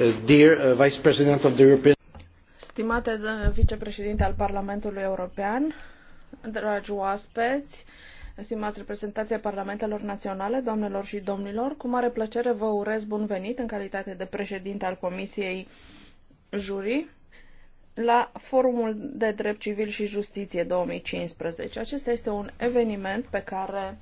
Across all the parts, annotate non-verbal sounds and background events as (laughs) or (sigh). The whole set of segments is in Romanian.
Uh, Stimate vicepreședinte al Parlamentului European, dragi oaspeți, stimați reprezentanții Parlamentelor Naționale, doamnelor și domnilor, cu mare plăcere vă urez bun venit în calitate de președinte al Comisiei Juri la Forumul de Drept Civil și Justiție 2015. Acesta este un eveniment pe care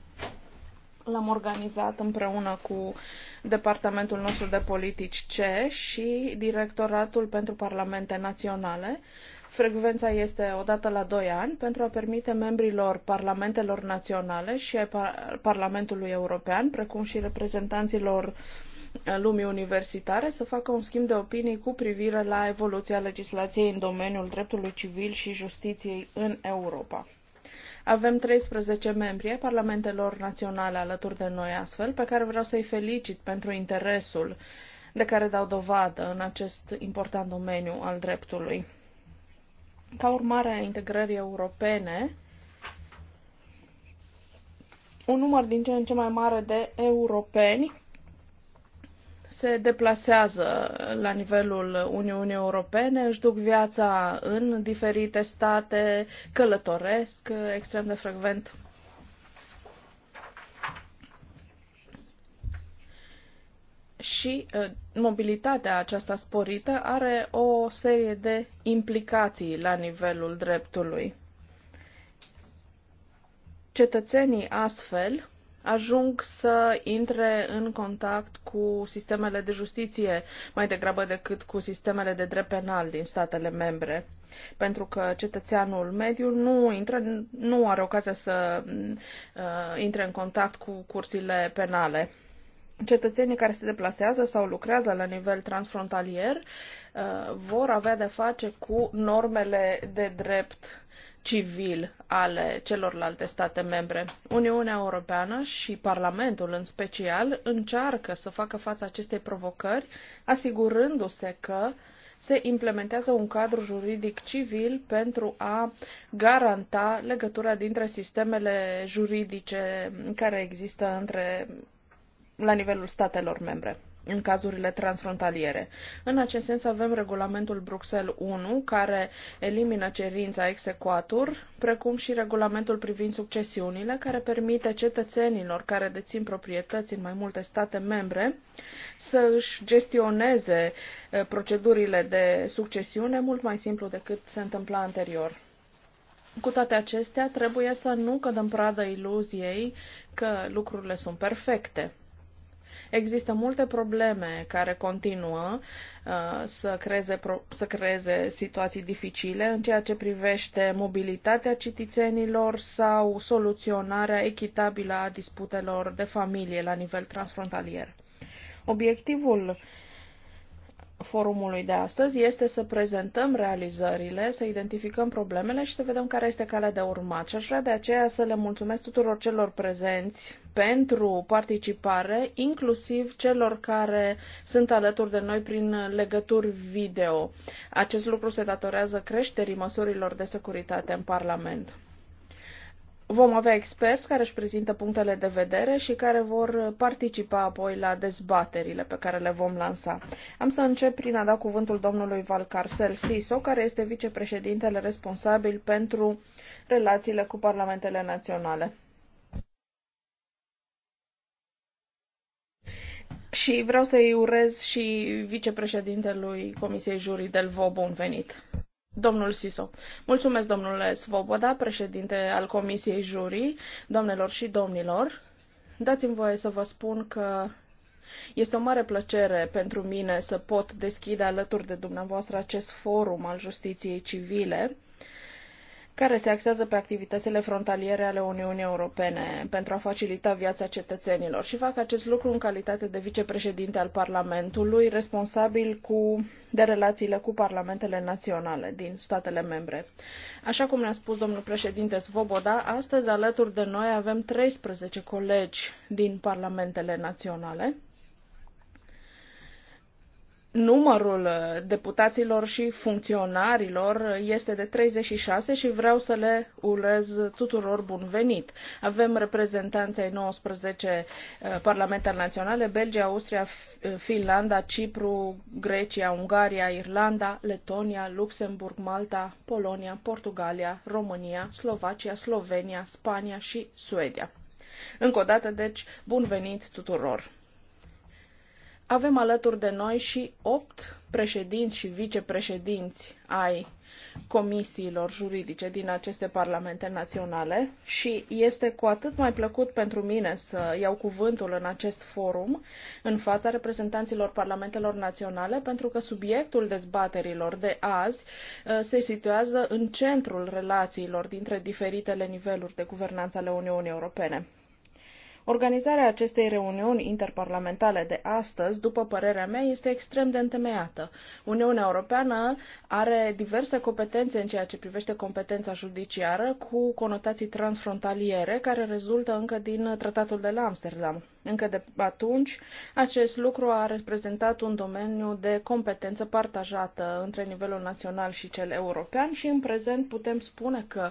l-am organizat împreună cu departamentul nostru de politici C și Directoratul pentru Parlamente Naționale. Frecvența este o dată la 2 ani pentru a permite membrilor parlamentelor naționale și ai Parlamentului European, precum și reprezentanților eh, lumii universitare să facă un schimb de opinii cu privire la evoluția legislației în domeniul dreptului civil și justiției în Europa. Avem 13 membri ai parlamentelor naționale alături de noi astfel, pe care vreau să-i felicit pentru interesul de care dau dovadă în acest important domeniu al dreptului. Ca urmare a integrării europene, un număr din ce în ce mai mare de europeni se deplasează la nivelul Uniunii Europene, își duc viața în diferite state, călătoresc extrem de frecvent. Și uh, mobilitatea aceasta sporită are o serie de implicații la nivelul dreptului. Cetățenii astfel ajung să intre în contact cu sistemele de justiție mai degrabă decât cu sistemele de drept penal din statele membre. Pentru că cetățeanul mediu nu, intră, nu are ocazia să uh, intre în contact cu curțile penale. Cetățenii care se deplasează sau lucrează la nivel transfrontalier uh, vor avea de face cu normele de drept civil ale celorlalte state membre. Uniunea Europeană și Parlamentul în special încearcă să facă față acestei provocări, asigurându-se că se implementează un cadru juridic civil pentru a garanta legătura dintre sistemele juridice care există între, la nivelul statelor membre în cazurile transfrontaliere. În acest sens avem regulamentul Bruxelles 1, care elimină cerința execuatur, precum și regulamentul privind succesiunile, care permite cetățenilor care dețin proprietăți în mai multe state membre să își gestioneze procedurile de succesiune mult mai simplu decât se întâmpla anterior. Cu toate acestea, trebuie să nu cădem pradă iluziei că lucrurile sunt perfecte Există multe probleme care continuă uh, să, creeze, să creeze situații dificile în ceea ce privește mobilitatea cetățenilor sau soluționarea echitabilă a disputelor de familie la nivel transfrontalier. Obiectivul forumului de astăzi este să prezentăm realizările, să identificăm problemele și să vedem care este calea de urmat. Și aș vrea de aceea să le mulțumesc tuturor celor prezenți pentru participare, inclusiv celor care sunt alături de noi prin legături video. Acest lucru se datorează creșterii măsurilor de securitate în Parlament. Vom avea experți care își prezintă punctele de vedere și care vor participa apoi la dezbaterile pe care le vom lansa. Am să încep prin a da cuvântul domnului Valcarcel Siso, care este vicepreședintele responsabil pentru relațiile cu parlamentele naționale. Și vreau să-i urez și vicepreședintelui Comisiei Jurii VO bun venit. Domnul Siso. Mulțumesc, domnule Svoboda, președinte al Comisiei Jurii, doamnelor și domnilor. Dați-mi voie să vă spun că este o mare plăcere pentru mine să pot deschide alături de dumneavoastră acest forum al justiției civile care se axează pe activitățile frontaliere ale Uniunii Europene pentru a facilita viața cetățenilor și fac acest lucru în calitate de vicepreședinte al Parlamentului, responsabil cu, de relațiile cu parlamentele naționale din statele membre. Așa cum ne-a spus domnul președinte Svoboda, astăzi alături de noi avem 13 colegi din parlamentele naționale numărul uh, deputaților și funcționarilor este de 36 și vreau să le urez tuturor bun venit. Avem reprezentanței 19 uh, parlamente naționale, Belgia, Austria, uh, Finlanda, Cipru, Grecia, Ungaria, Irlanda, Letonia, Luxemburg, Malta, Polonia, Portugalia, România, Slovacia, Slovenia, Spania și Suedia. Încă o dată, deci, bun venit tuturor! Avem alături de noi și opt președinți și vicepreședinți ai comisiilor juridice din aceste parlamente naționale și este cu atât mai plăcut pentru mine să iau cuvântul în acest forum în fața reprezentanților parlamentelor naționale pentru că subiectul dezbaterilor de azi uh, se situează în centrul relațiilor dintre diferitele niveluri de guvernanță ale Uniunii Europene. Organizarea acestei reuniuni interparlamentare de astăzi, după părerea mea, este extrem de întemeiată. Uniunea Europeană are diverse competențe în ceea ce privește competența judiciară cu conotații transfrontaliere care rezultă încă din Tratatul de la Amsterdam. Încă de atunci, acest lucru a reprezentat un domeniu de competență partajată între nivelul național și cel european și în prezent putem spune că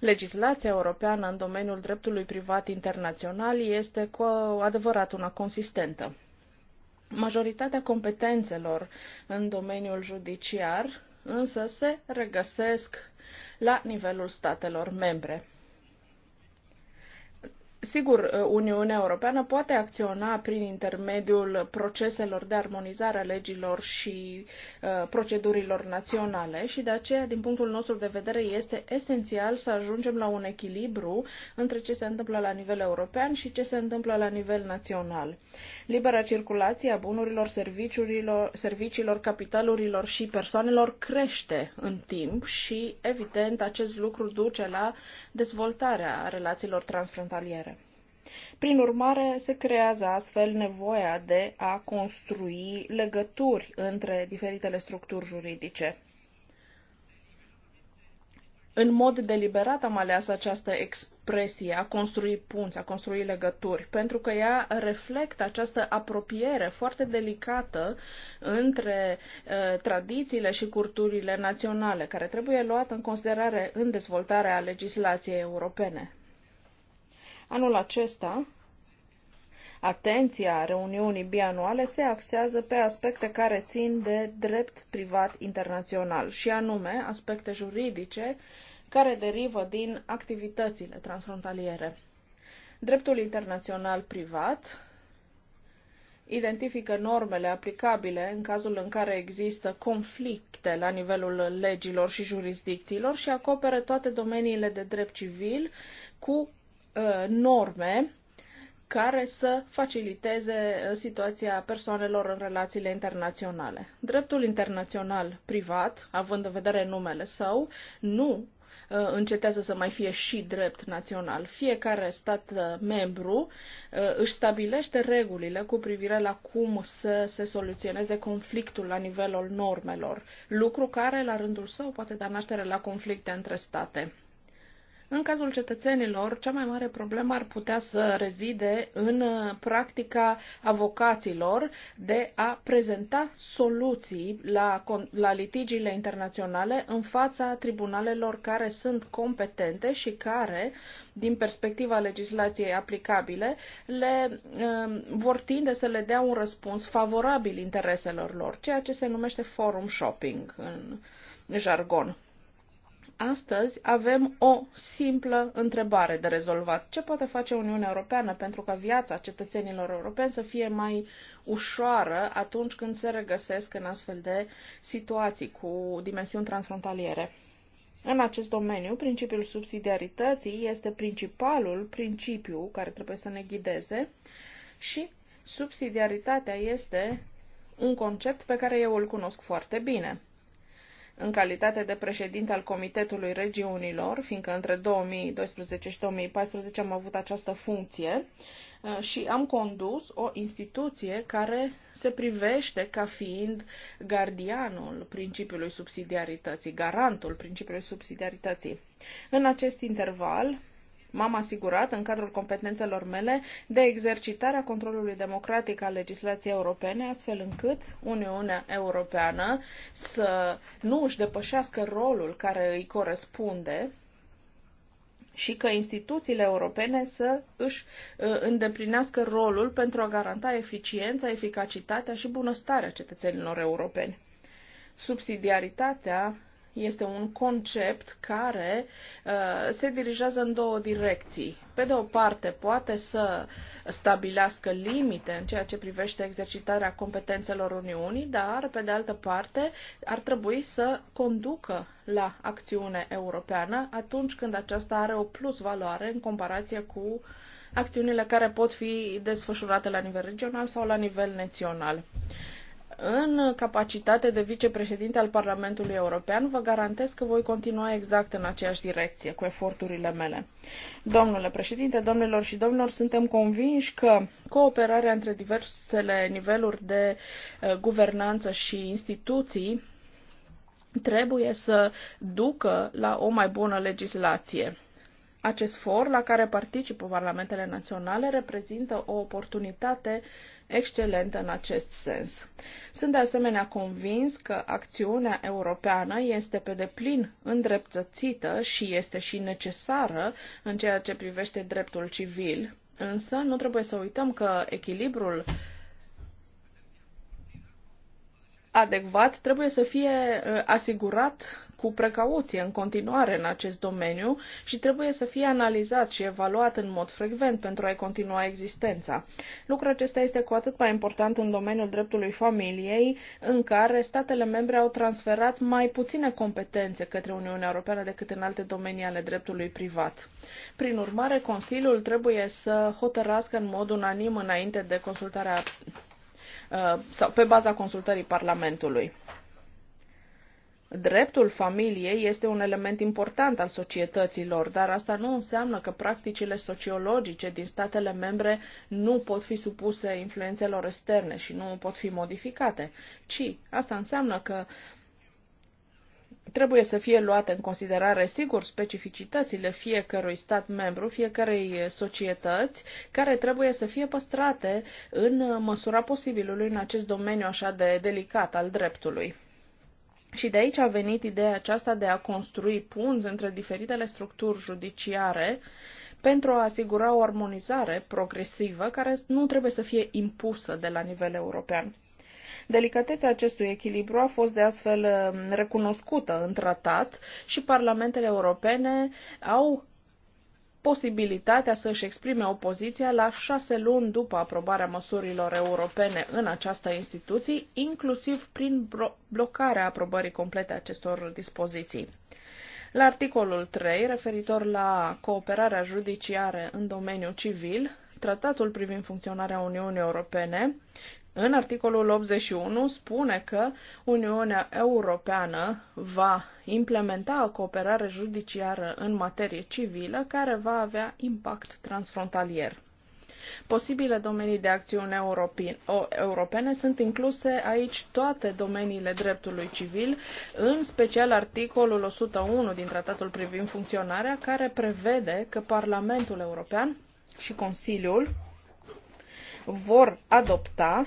legislația europeană în domeniul dreptului privat internațional este cu adevărat una consistentă. Majoritatea competențelor în domeniul judiciar însă se regăsesc la nivelul statelor membre. Sigur, uh, Uniunea Europeană poate acționa prin intermediul proceselor de armonizare a legilor și uh, procedurilor naționale și de aceea, din punctul nostru de vedere, este esențial să ajungem la un echilibru între ce se întâmplă la nivel european și ce se întâmplă la nivel național. Libera circulație a bunurilor, serviciilor, serviciilor capitalurilor și persoanelor crește în timp și, evident, acest lucru duce la dezvoltarea relațiilor transfrontaliere. Prin urmare, se creează astfel nevoia de a construi legături între diferitele structuri juridice. În mod deliberat am ales această expresie, a construi punți, a construi legături, pentru că ea reflectă această apropiere foarte delicată între uh, tradițiile și culturile naționale, care trebuie luată în considerare în dezvoltarea legislației europene. Anul acesta, atenția reuniunii bianuale se axează pe aspecte care țin de drept privat internațional, și anume aspecte juridice care derivă din activitățile transfrontaliere. Dreptul internațional privat identifică normele aplicabile în cazul în care există conflicte la nivelul legilor și jurisdicțiilor și acoperă toate domeniile de drept civil cu Uh, norme care să faciliteze uh, situația persoanelor în relațiile internaționale. Dreptul internațional privat, având în vedere numele său, nu uh, încetează să mai fie și drept național. Fiecare stat membru își stabilește regulile cu privire la cum să se soluționeze conflictul la nivelul normelor, lucru care, la rândul său, poate da naștere la conflicte între state. În cazul cetățenilor, cea mai mare problemă ar putea să rezide în uh, practica avocaților de a prezenta soluții la, la litigiile internaționale în fața tribunalelor care sunt competente și care, din perspectiva legislației aplicabile, le uh, vor tinde să le dea un răspuns favorabil intereselor lor, ceea ce se numește forum shopping în jargon. Astăzi avem o simplă întrebare de rezolvat. Ce poate face Uniunea Europeană pentru ca viața cetățenilor europeni să fie mai ușoară atunci când se regăsesc în astfel de situații cu dimensiuni transfrontaliere? În acest domeniu, principiul subsidiarității este principalul principiu care trebuie să ne ghideze și subsidiaritatea este un concept pe care eu îl cunosc foarte bine în calitate de președinte al Comitetului Regiunilor, fiindcă între 2012 și 2014 am avut această funcție uh, și am condus o instituție care se privește ca fiind gardianul principiului subsidiarității, garantul principiului subsidiarității. În acest interval, m-am asigurat, în cadrul competențelor mele, de exercitarea controlului democratic al legislației europene, astfel încât Uniunea Europeană să nu își depășească rolul care îi corespunde și că instituțiile europene să își uh, îndeplinească rolul pentru a garanta eficiența, eficacitatea și bunăstarea cetățenilor europeni. Subsidiaritatea este un concept care uh, se dirigează în două direcții. Pe de o parte, poate să stabilească limite în ceea ce privește exercitarea competențelor Uniunii, dar, pe de altă parte, ar trebui să conducă la acțiune europeană atunci când aceasta are o plus valoare în comparație cu acțiunile care pot fi desfășurate la nivel regional sau la nivel național. În capacitate de vicepreședinte al Parlamentului European, vă garantez că voi continua exact în aceeași direcție cu eforturile mele. Domnule președinte, domnilor și domnilor, suntem convinși că cooperarea între diversele niveluri de eh, guvernanță și instituții trebuie să ducă la o mai bună legislație. Acest for la care participă parlamentele naționale reprezintă o oportunitate uh, excelentă în acest sens. Sunt de asemenea convins că acțiunea europeană este pe deplin îndreptățită și este și necesară în ceea ce privește dreptul civil, însă nu trebuie să uităm că echilibrul adecvat trebuie să fie uh, asigurat cu precauție în continuare în acest domeniu și trebuie să fie analizat și evaluat în mod frecvent pentru a-i continua existența. Lucrul acesta este cu atât mai important în domeniul dreptului familiei, în care statele membre au transferat mai puține competențe către Uniunea Europeană decât în alte domenii ale dreptului privat. Prin urmare, Consiliul trebuie să hotărască în mod unanim înainte de consultarea uh, sau pe baza consultării Parlamentului. Dreptul familiei este un element important al societăților, dar asta nu înseamnă că practicile sociologice din statele membre nu pot fi supuse influențelor externe și nu pot fi modificate, ci asta înseamnă că trebuie să fie luate în considerare, sigur, specificitățile fiecărui stat membru, fiecarei societăți, care trebuie să fie păstrate în măsura posibilului în acest domeniu așa de delicat al dreptului. Și de aici a venit ideea aceasta de a construi punți între diferitele structuri judiciare pentru a asigura o armonizare progresivă care nu trebuie să fie impusă de la nivel european. Delicatețea acestui echilibru a fost de astfel um, recunoscută în tratat și parlamentele europene au posibilitatea să își exprime opoziția la șase luni după aprobarea măsurilor europene în această instituție, inclusiv prin blocarea aprobării complete a acestor dispoziții. La articolul 3, referitor la cooperarea judiciară în domeniul civil, Tratatul privind funcționarea Uniunii Europene în articolul 81 spune că Uniunea Europeană va implementa o cooperare judiciară în materie civilă care va avea impact transfrontalier. Posibile domenii de acțiune europene sunt incluse aici toate domeniile dreptului civil, în special articolul 101 din Tratatul privind funcționarea, care prevede că Parlamentul European și Consiliul vor adopta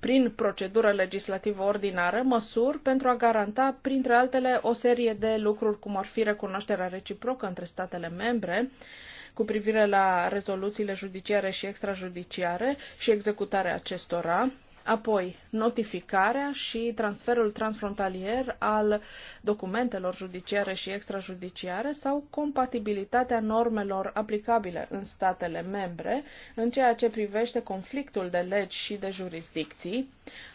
prin procedură legislativă ordinară măsuri pentru a garanta, printre altele, o serie de lucruri, cum ar fi recunoașterea reciprocă între statele membre, cu privire la rezoluțiile judiciare și extrajudiciare și executarea acestora, Apoi, notificarea și transferul transfrontalier al documentelor judiciare și extrajudiciare sau compatibilitatea normelor aplicabile în statele membre în ceea ce privește conflictul de legi și de jurisdicții,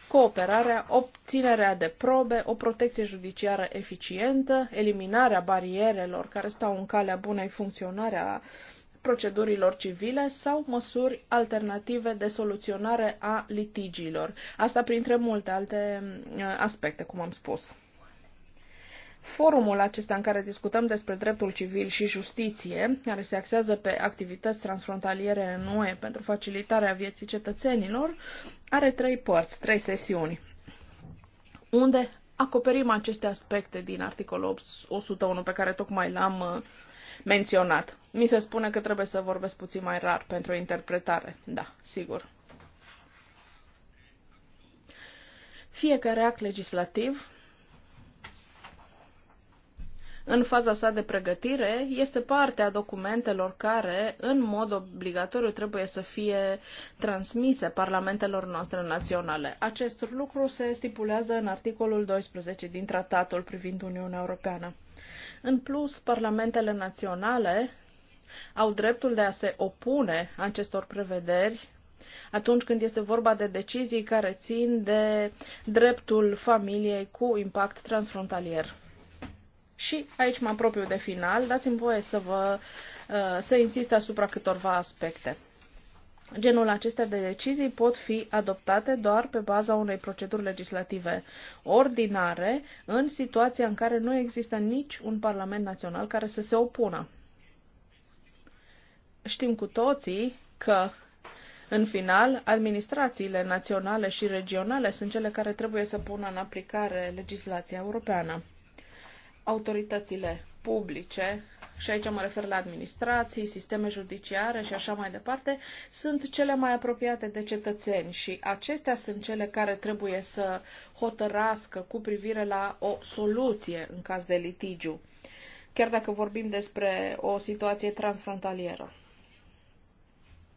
cooperarea, obținerea de probe, o protecție judiciară eficientă, eliminarea barierelor care stau în calea bunei funcționare a procedurilor civile sau măsuri alternative de soluționare a litigiilor. Asta printre multe alte uh, aspecte, cum am spus. Forumul acesta în care discutăm despre dreptul civil și justiție, care se axează pe activități transfrontaliere în UE pentru facilitarea vieții cetățenilor, are trei părți, trei sesiuni, unde acoperim aceste aspecte din articolul 101 pe care tocmai l-am uh, menționat. Mi se spune că trebuie să vorbesc puțin mai rar pentru interpretare. Da, sigur. Fiecare act legislativ în faza sa de pregătire, este parte a documentelor care, în mod obligatoriu, trebuie să fie transmise parlamentelor noastre naționale. Acest lucru se stipulează în articolul 12 din Tratatul privind Uniunea Europeană. În plus, parlamentele naționale au dreptul de a se opune acestor prevederi atunci când este vorba de decizii care țin de dreptul familiei cu impact transfrontalier. Și aici mă apropiu de final, dați-mi voie să vă uh, să insist asupra câtorva aspecte. Genul acesta de decizii pot fi adoptate doar pe baza unei proceduri legislative ordinare, în situația în care nu există nici un Parlament Național care să se opună. Știm cu toții că, în final, administrațiile naționale și regionale sunt cele care trebuie să pună în aplicare legislația europeană. Autoritățile publice și aici mă refer la administrații, sisteme judiciare și așa mai departe, sunt cele mai apropiate de cetățeni și acestea sunt cele care trebuie să hotărască cu privire la o soluție în caz de litigiu, chiar dacă vorbim despre o situație transfrontalieră.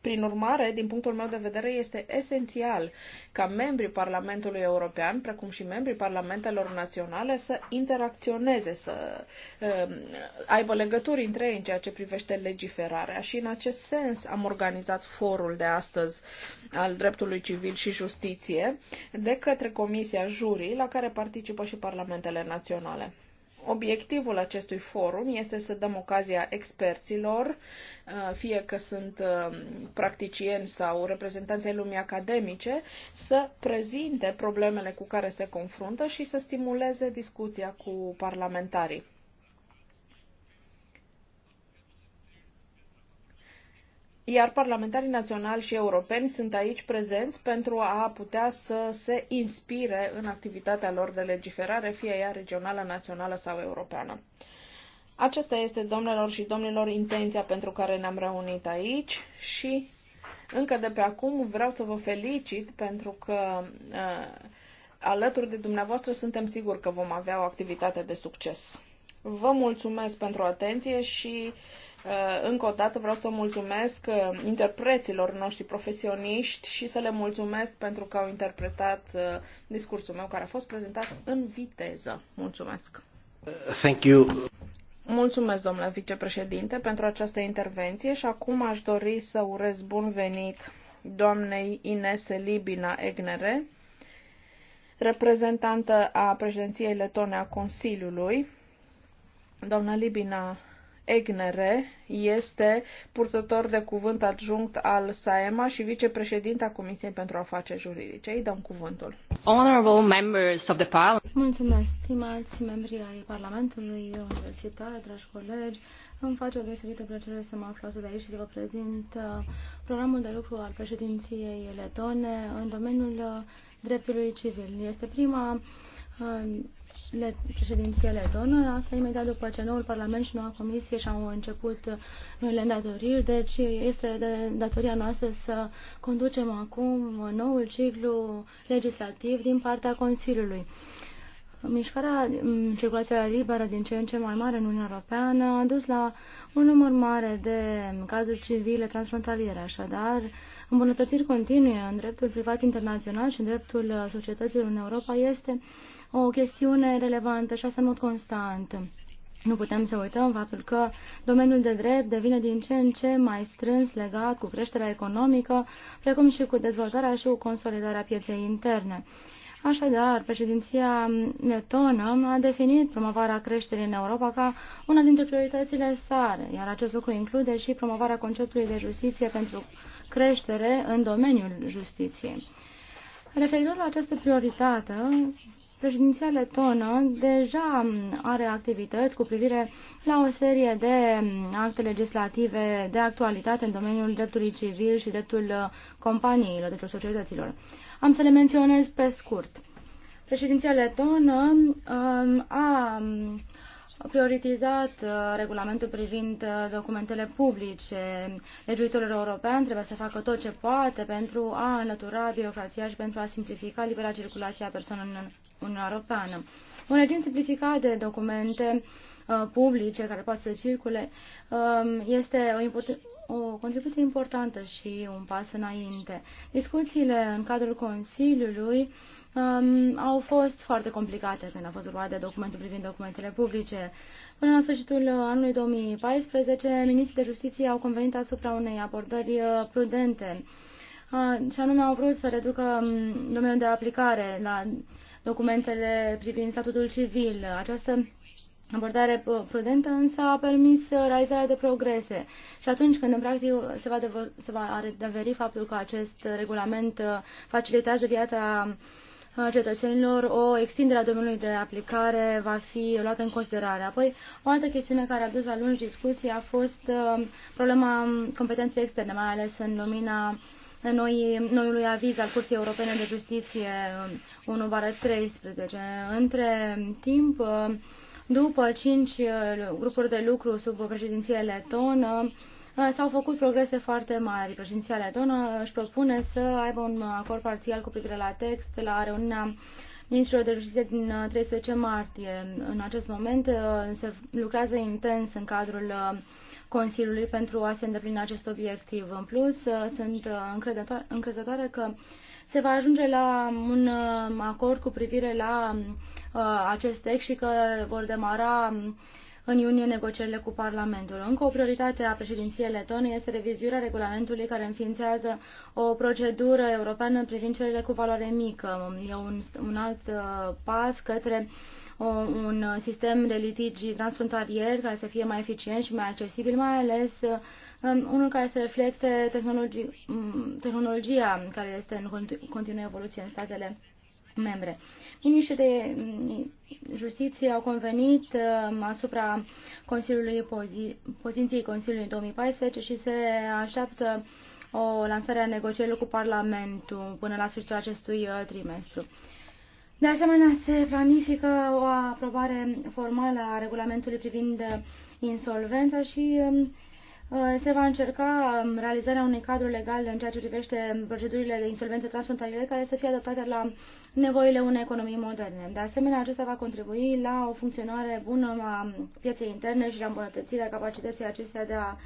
Prin urmare, din punctul meu de vedere, este esențial ca membrii Parlamentului European, precum și membrii Parlamentelor Naționale, să interacționeze, să um, aibă legături între ei în ceea ce privește legiferarea. Și în acest sens am organizat forul de astăzi al dreptului civil și justiție de către Comisia Jurii, la care participă și Parlamentele Naționale. Obiectivul acestui forum este să dăm ocazia experților, uh, fie că sunt uh, practicieni sau reprezentanții lumii academice, să prezinte problemele cu care se confruntă și să stimuleze discuția cu parlamentarii. iar parlamentarii naționali și europeni sunt aici prezenți pentru a putea să se inspire în activitatea lor de legiferare, fie ea regională, națională sau europeană. Aceasta este, domnilor și domnilor, intenția pentru care ne-am reunit aici și încă de pe acum vreau să vă felicit pentru că ă, alături de dumneavoastră suntem siguri că vom avea o activitate de succes. Vă mulțumesc pentru atenție și uh, Eh, încă o dată vreau să mulțumesc eh, interpreților noștri profesioniști și să le mulțumesc pentru că au interpretat eh, discursul meu care a fost prezentat în viteză. Mulțumesc! Thank you. Mulțumesc, domnule vicepreședinte, pentru această intervenție și acum aș dori să urez bun venit doamnei Inese Libina Egnere, reprezentantă a președinției letone a Consiliului. Doamna Libina Egnere este purtător de cuvânt adjunct al SAEMA și vicepreședinta Comisiei pentru Afaceri Juridice. Îi dăm cuvântul. Honorable members of the Parliament. Mulțumesc, stimați membri ai Parlamentului Universitar, dragi colegi. Îmi face o deosebită plăcere să mă aflu de aici și să vă prezint uh, programul de lucru al președinției letone în domeniul uh, dreptului civil. Este prima le, președinția letonă, asta imediat după ce noul Parlament și noua Comisie și-au început noile îndatoriri, deci este de datoria noastră să conducem acum noul ciclu legislativ din partea Consiliului. Mișcarea, circulația liberă din ce în ce mai mare în Uniunea Europeană a dus la un număr mare de cazuri civile transfrontaliere, așadar îmbunătățiri continue în dreptul privat internațional și în dreptul societăților în Europa este o chestiune relevantă și asta în mod constant. Nu putem să uităm faptul că domeniul de drept devine din ce în ce mai strâns legat cu creșterea economică, precum și cu dezvoltarea și cu consolidarea pieței interne. Așadar, președinția letonă a definit promovarea creșterii în Europa ca una dintre prioritățile sale, iar acest lucru include și promovarea conceptului de justiție pentru creștere în domeniul justiției. Referitor la această prioritate, Președinția letonă deja are activități cu privire la o serie de acte legislative de actualitate în domeniul dreptului civil și dreptul uh, companiilor, dreptul societăților. Am să le menționez pe scurt. Președinția letonă um, a um, prioritizat uh, regulamentul privind uh, documentele publice. Legiuitorul european trebuie să facă tot ce poate pentru a înlătura birocrația și pentru a simplifica libera circulație a persoanelor Uniunea Europeană. Un regim simplificat de documente uh, publice care pot să circule um, este o, o contribuție importantă și un pas înainte. Discuțiile în cadrul Consiliului um, au fost foarte complicate când a fost vorba de documentul privind documentele publice. Până la sfârșitul anului 2014, ministrii de justiție au convenit asupra unei abordări uh, prudente uh, și anume au vrut să reducă um, domeniul de aplicare la documentele privind statutul civil. Această abordare uh, prudentă însă a permis uh, realizarea de progrese și atunci când în practic se va, devo- se va adeveri faptul că acest regulament uh, facilitează viața cetățenilor, o extindere a domeniului de aplicare va fi luată în considerare. Apoi, o altă chestiune care a dus la lungi discuții a fost problema competenței externe, mai ales în lumina noi, noiului aviz al Curții Europene de Justiție 1 um, 13. Între timp, um, după cinci uh, grupuri de lucru sub președinția letonă, uh, S-au făcut progrese foarte mari. Președinția letonă își propune să aibă un acord parțial cu privire la text la reuniunea ministrilor de justiție din 13 uh, martie. În acest moment se lucrează intens în cadrul Consiliului pentru a se îndeplini acest obiectiv. În plus, uh, sunt uh, încrezătoare că se va ajunge la un uh, acord cu privire la acest text și că vor demara um, în iunie negocierile cu Parlamentul. Încă o prioritate a președinției letone este revizuirea regulamentului care înființează o procedură europeană privind cererile cu valoare mică. E un, un alt uh, pas către uh, o un sistem de litigi transfrontalier care să fie mai eficient și mai accesibil, mai ales um, unul care să reflecte tehnologi um, tehnologia care este în continuă evoluție în statele membre. Miniștrii de um, justiție au convenit asupra Consiliului pozi poziției Consiliului 2014 și se așteaptă o lansare a negocierilor cu Parlamentul până la sfârșitul acestui uh, trimestru. De asemenea, se planifică o aprobare formală a regulamentului privind insolvența și um, uh, se va încerca um, realizarea unui cadru legal în ceea ce privește procedurile de insolvență transfrontaliere care să fie adaptate la nevoile unei economii moderne. De asemenea, acesta va contribui la o funcționare bună a pieței interne și la îmbunătățirea capacității acestea de a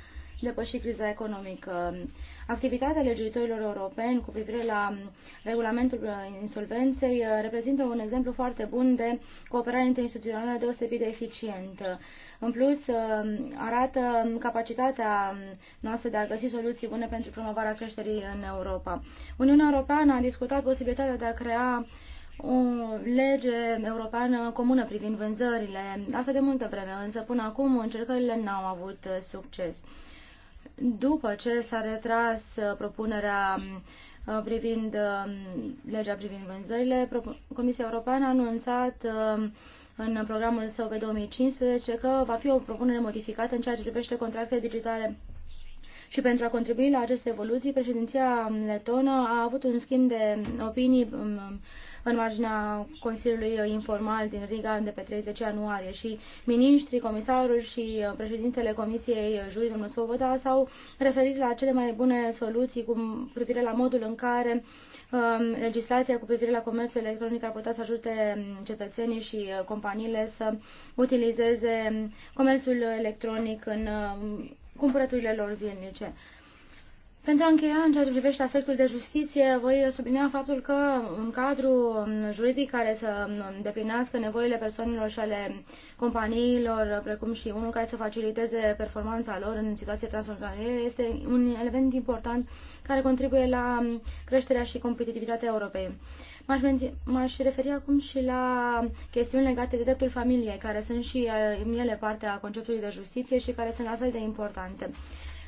depăși criza economică. Activitatea legiuitorilor europeni cu privire la regulamentul uh, insolvenței uh, reprezintă un exemplu foarte bun de cooperare interinstituțională deosebit de eficientă. În plus, uh, arată capacitatea noastră de a găsi soluții bune pentru promovarea creșterii în Europa. Uniunea Europeană a discutat posibilitatea de a crea o lege europeană comună privind vânzările. Asta de multă vreme, însă până acum încercările n-au avut succes. După ce s-a retras uh, propunerea um, uh, privind um, legea privind vânzările, Comisia Europeană a anunțat um, în programul său pe 2015 că va fi o propunere modificată în ceea ce privește contractele digitale. Și pentru a contribui la aceste evoluții, președinția letonă a avut un schimb de opinii în marginea Consiliului Informal din Riga de pe 30 ianuarie și miniștrii, comisarul și uh, președintele Comisiei Juri, domnul Soboda, s-au referit la cele mai bune soluții cu privire la modul în care um, legislația cu privire la comerțul electronic ar putea să ajute um, cetățenii și uh, companiile să utilizeze um, comerțul electronic în cumpărăturile lor zilnice. Pentru a încheia în ceea ce privește aspectul de justiție, voi sublinia faptul că un cadru um, juridic care să um, îndeplinească nevoile persoanelor și ale companiilor, precum și unul care să faciliteze performanța lor în situații transfrontaliere, este un element important care contribuie la um, creșterea și competitivitatea Europei. M-aș, m-aș referi acum și la chestiuni legate de dreptul familiei, care sunt și uh, ele parte a conceptului de justiție și care sunt la fel de importante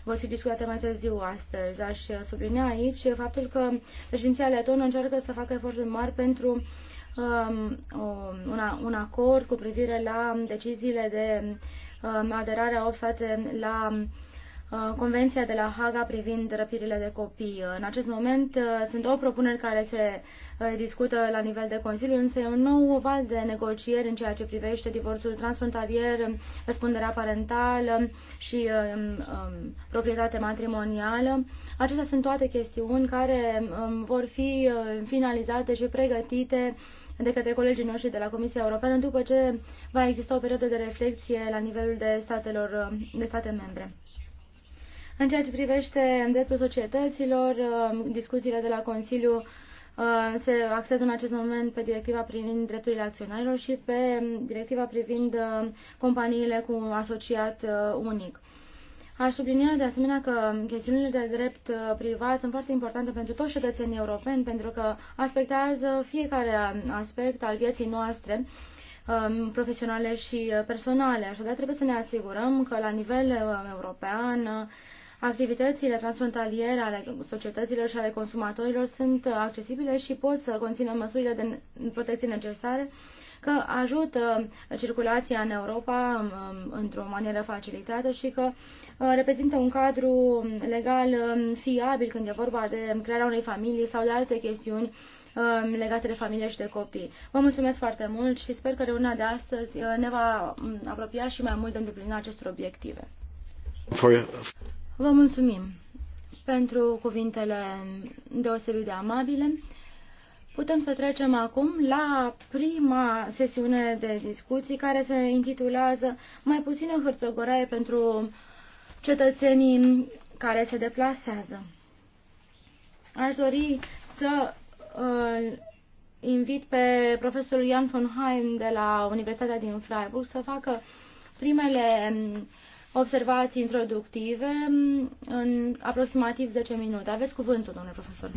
vor fi discutate mai târziu astăzi. Aș sublinea aici faptul că președinția letonă încearcă să facă eforturi mari pentru um, un, un acord cu privire la deciziile de um, aderare a 8 state la Uh, Convenția de la Haga privind răpirile de copii. Uh, în acest moment uh, sunt două propuneri care se discută la nivel de Consiliu, însă e un nou val de negocieri în ceea ce privește divorțul transfrontalier, răspunderea parentală și um, um, proprietate matrimonială. Acestea sunt toate chestiuni care um, vor fi finalizate și pregătite de către colegii noștri de la Comisia Europeană după ce va exista o perioadă de reflexie la nivelul de, statelor, de state membre. În ceea ce privește dreptul societăților, uh, discuțiile de la Consiliu uh, se axează în acest moment pe directiva privind drepturile acționarilor și pe um, directiva privind uh, companiile cu asociat unic. Aș sublinia de asemenea că chestiunile de drept privat sunt foarte importante pentru toți cetățenii europeni, pentru că aspectează fiecare aspect al vieții noastre, um, profesionale și personale. Așadar, trebuie să ne asigurăm că la nivel european Activitățile transfrontaliere ale societăților și ale consumatorilor sunt accesibile și pot să conțină măsurile de protecție necesare că ajută circulația în Europa um, um, într-o manieră facilitată și că uh, reprezintă un cadru legal um, fiabil când e vorba de crearea unei familii sau de alte chestiuni legate de familie și de copii. Vă mulțumesc foarte mult și sper că reuniunea de astăzi uh, ne va apropia și mai mult de îndeplinirea acestor obiective. Vă mulțumim pentru cuvintele deosebit de amabile. Putem să trecem acum la prima sesiune de discuții care se intitulează Mai puțină hârțogoraie pentru cetățenii care se deplasează. Aș dori să uh, invit pe profesorul Jan von Heim de la Universitatea din Freiburg să facă primele um, observații introductive în aproximativ 10 minute. Aveți cuvântul, domnule profesor.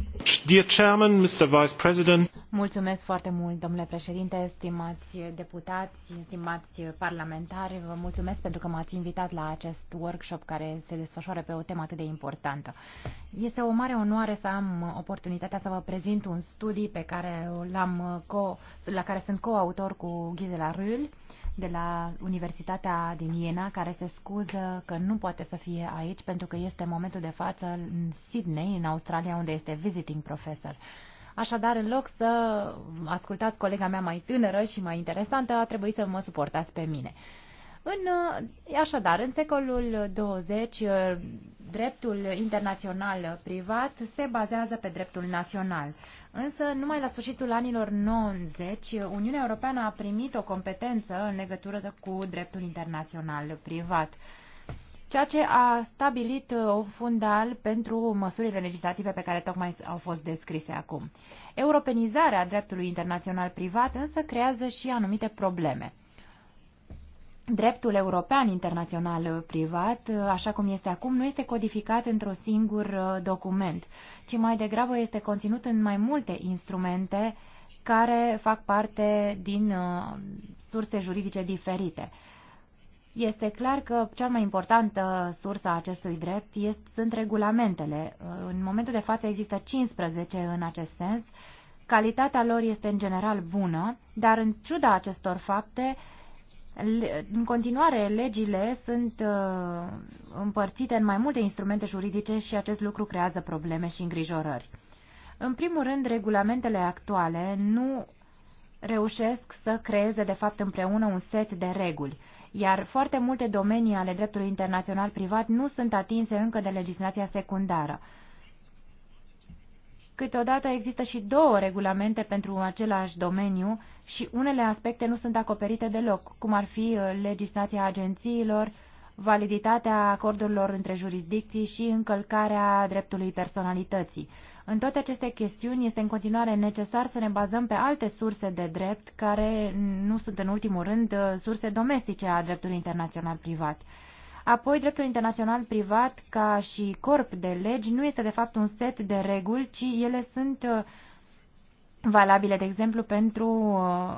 Dear Chairman, Mr. Vice President. Mulțumesc foarte mult, domnule președinte, stimați deputați, stimați parlamentari. Vă mulțumesc pentru că m-ați invitat la acest workshop care se desfășoară pe o temă atât de importantă. Este o mare onoare să am oportunitatea să vă prezint un studiu pe care l-am co- la care sunt coautor cu Ghizela Rül de la Universitatea din Iena, care se scuză că nu poate să fie aici pentru că este momentul de față în Sydney, în Australia, unde este visiting professor. Așadar, în loc să ascultați colega mea mai tânără și mai interesantă, a trebuit să mă suportați pe mine. În, așadar, în secolul 20, dreptul internațional privat se bazează pe dreptul național. Însă, numai la sfârșitul anilor 90, Uniunea Europeană a primit o competență în legătură cu dreptul internațional privat, ceea ce a stabilit uh, un fundal pentru măsurile legislative pe care tocmai au fost descrise acum. Europenizarea dreptului internațional privat însă creează și anumite probleme. Dreptul european internațional uh, privat, uh, așa cum este acum, nu este codificat într-un singur uh, document, ci mai degrabă este conținut în mai multe instrumente care fac parte din surse juridice diferite. Este clar că cea mai importantă sursă a acestui drept este, sunt regulamentele. În momentul de față există 15 în acest sens. Calitatea lor este în general bună, dar în ciuda acestor fapte, în continuare, legile sunt uh, împărțite în mai multe instrumente juridice și acest lucru creează probleme și îngrijorări. În primul rând, regulamentele actuale nu reușesc să creeze, de fapt, împreună un set de reguli, iar foarte multe domenii ale dreptului internațional privat nu sunt atinse încă de legislația secundară. Câteodată există și două regulamente pentru același domeniu și unele aspecte nu sunt acoperite deloc, cum ar fi uh, legislația agențiilor, validitatea acordurilor între jurisdicții și încălcarea dreptului personalității. În toate aceste chestiuni este în continuare necesar să ne bazăm pe alte surse de drept care nu sunt în ultimul rând uh, surse domestice a dreptului internațional privat. Apoi, dreptul internațional privat ca și corp de legi nu este de fapt un set de reguli, ci ele sunt uh, valabile, de exemplu, pentru uh,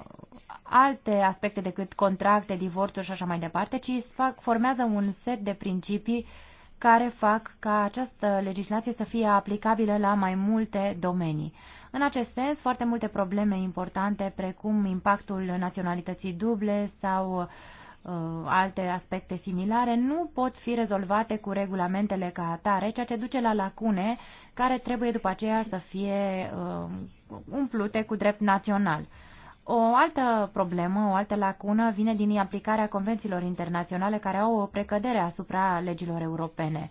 alte aspecte decât contracte, divorțuri și așa mai departe, ci fac, formează un set de principii care fac ca această legislație să fie aplicabilă la mai multe domenii. În acest sens, foarte multe probleme importante, precum impactul naționalității duble sau Uh, alte aspecte similare nu pot fi rezolvate cu regulamentele ca atare, ceea ce duce la lacune care trebuie după aceea să fie uh, umplute cu drept național. O altă problemă, o altă lacună vine din aplicarea convențiilor internaționale care au o precădere asupra legilor europene.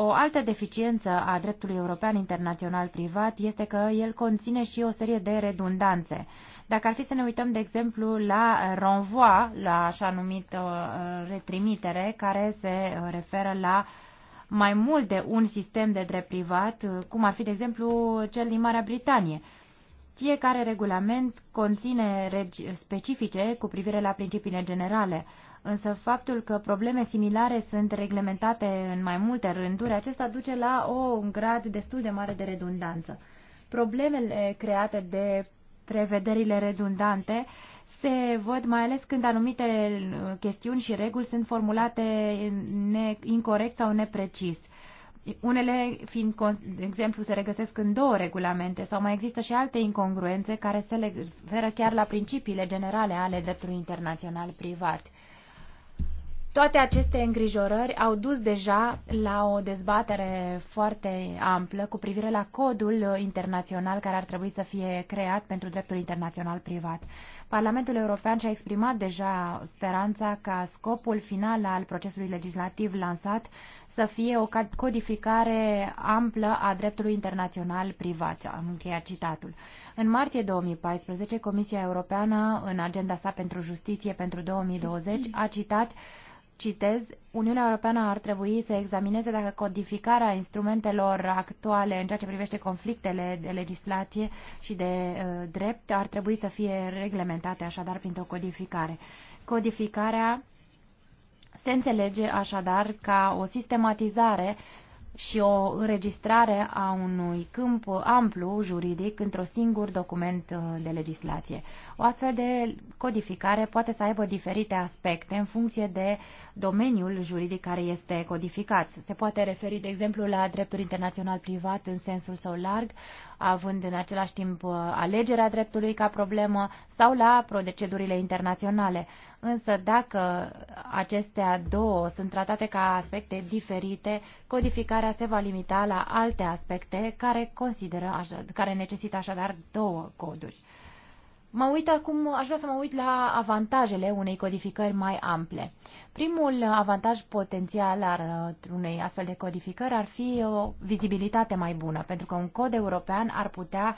O altă deficiență a dreptului european internațional privat este că el conține și o serie de redundanțe. Dacă ar fi să ne uităm, de exemplu, la renvoi, la așa numită uh, retrimitere, care se uh, referă la mai mult de un sistem de drept privat, uh, cum ar fi, de exemplu, cel din Marea Britanie. Fiecare regulament conține regi specifice cu privire la principiile generale. Însă faptul că probleme similare sunt reglementate în mai multe rânduri, acesta duce la o, un grad destul de mare de redundanță. Problemele create de prevederile redundante se văd mai ales când anumite uh, chestiuni și reguli sunt formulate incorrect sau neprecis. Unele, fiind, de exemplu, se regăsesc în două regulamente sau mai există și alte incongruențe care se referă chiar la principiile generale ale dreptului internațional privat. Toate aceste îngrijorări au dus deja la o dezbatere foarte amplă cu privire la codul internațional care ar trebui să fie creat pentru dreptul internațional privat. Parlamentul European și-a exprimat deja speranța ca scopul final al procesului legislativ lansat să fie o codificare amplă a dreptului internațional privat. Am încheiat citatul. În martie 2014, Comisia Europeană, în agenda sa pentru justiție pentru 2020, a citat Citez, Uniunea Europeană ar trebui să examineze dacă codificarea instrumentelor actuale în ceea ce privește conflictele de legislație și de uh, drept ar trebui să fie reglementate așadar printr-o codificare. Codificarea se înțelege așadar ca o sistematizare și o înregistrare a unui câmp amplu juridic într-un singur document uh, de legislație. O astfel de codificare poate să aibă diferite aspecte în funcție de domeniul juridic care este codificat. Se poate referi, de exemplu, la dreptul internațional privat în sensul său larg, având în același timp uh, alegerea dreptului ca problemă, sau la procedurile internaționale. Însă dacă acestea două sunt tratate ca aspecte diferite, codificarea se va limita la alte aspecte care, consideră, care necesită așadar două coduri. Mă uit acum, aș vrea să mă uit la avantajele unei codificări mai ample. Primul avantaj potențial al unei astfel de codificări ar fi o vizibilitate mai bună, pentru că un cod european ar putea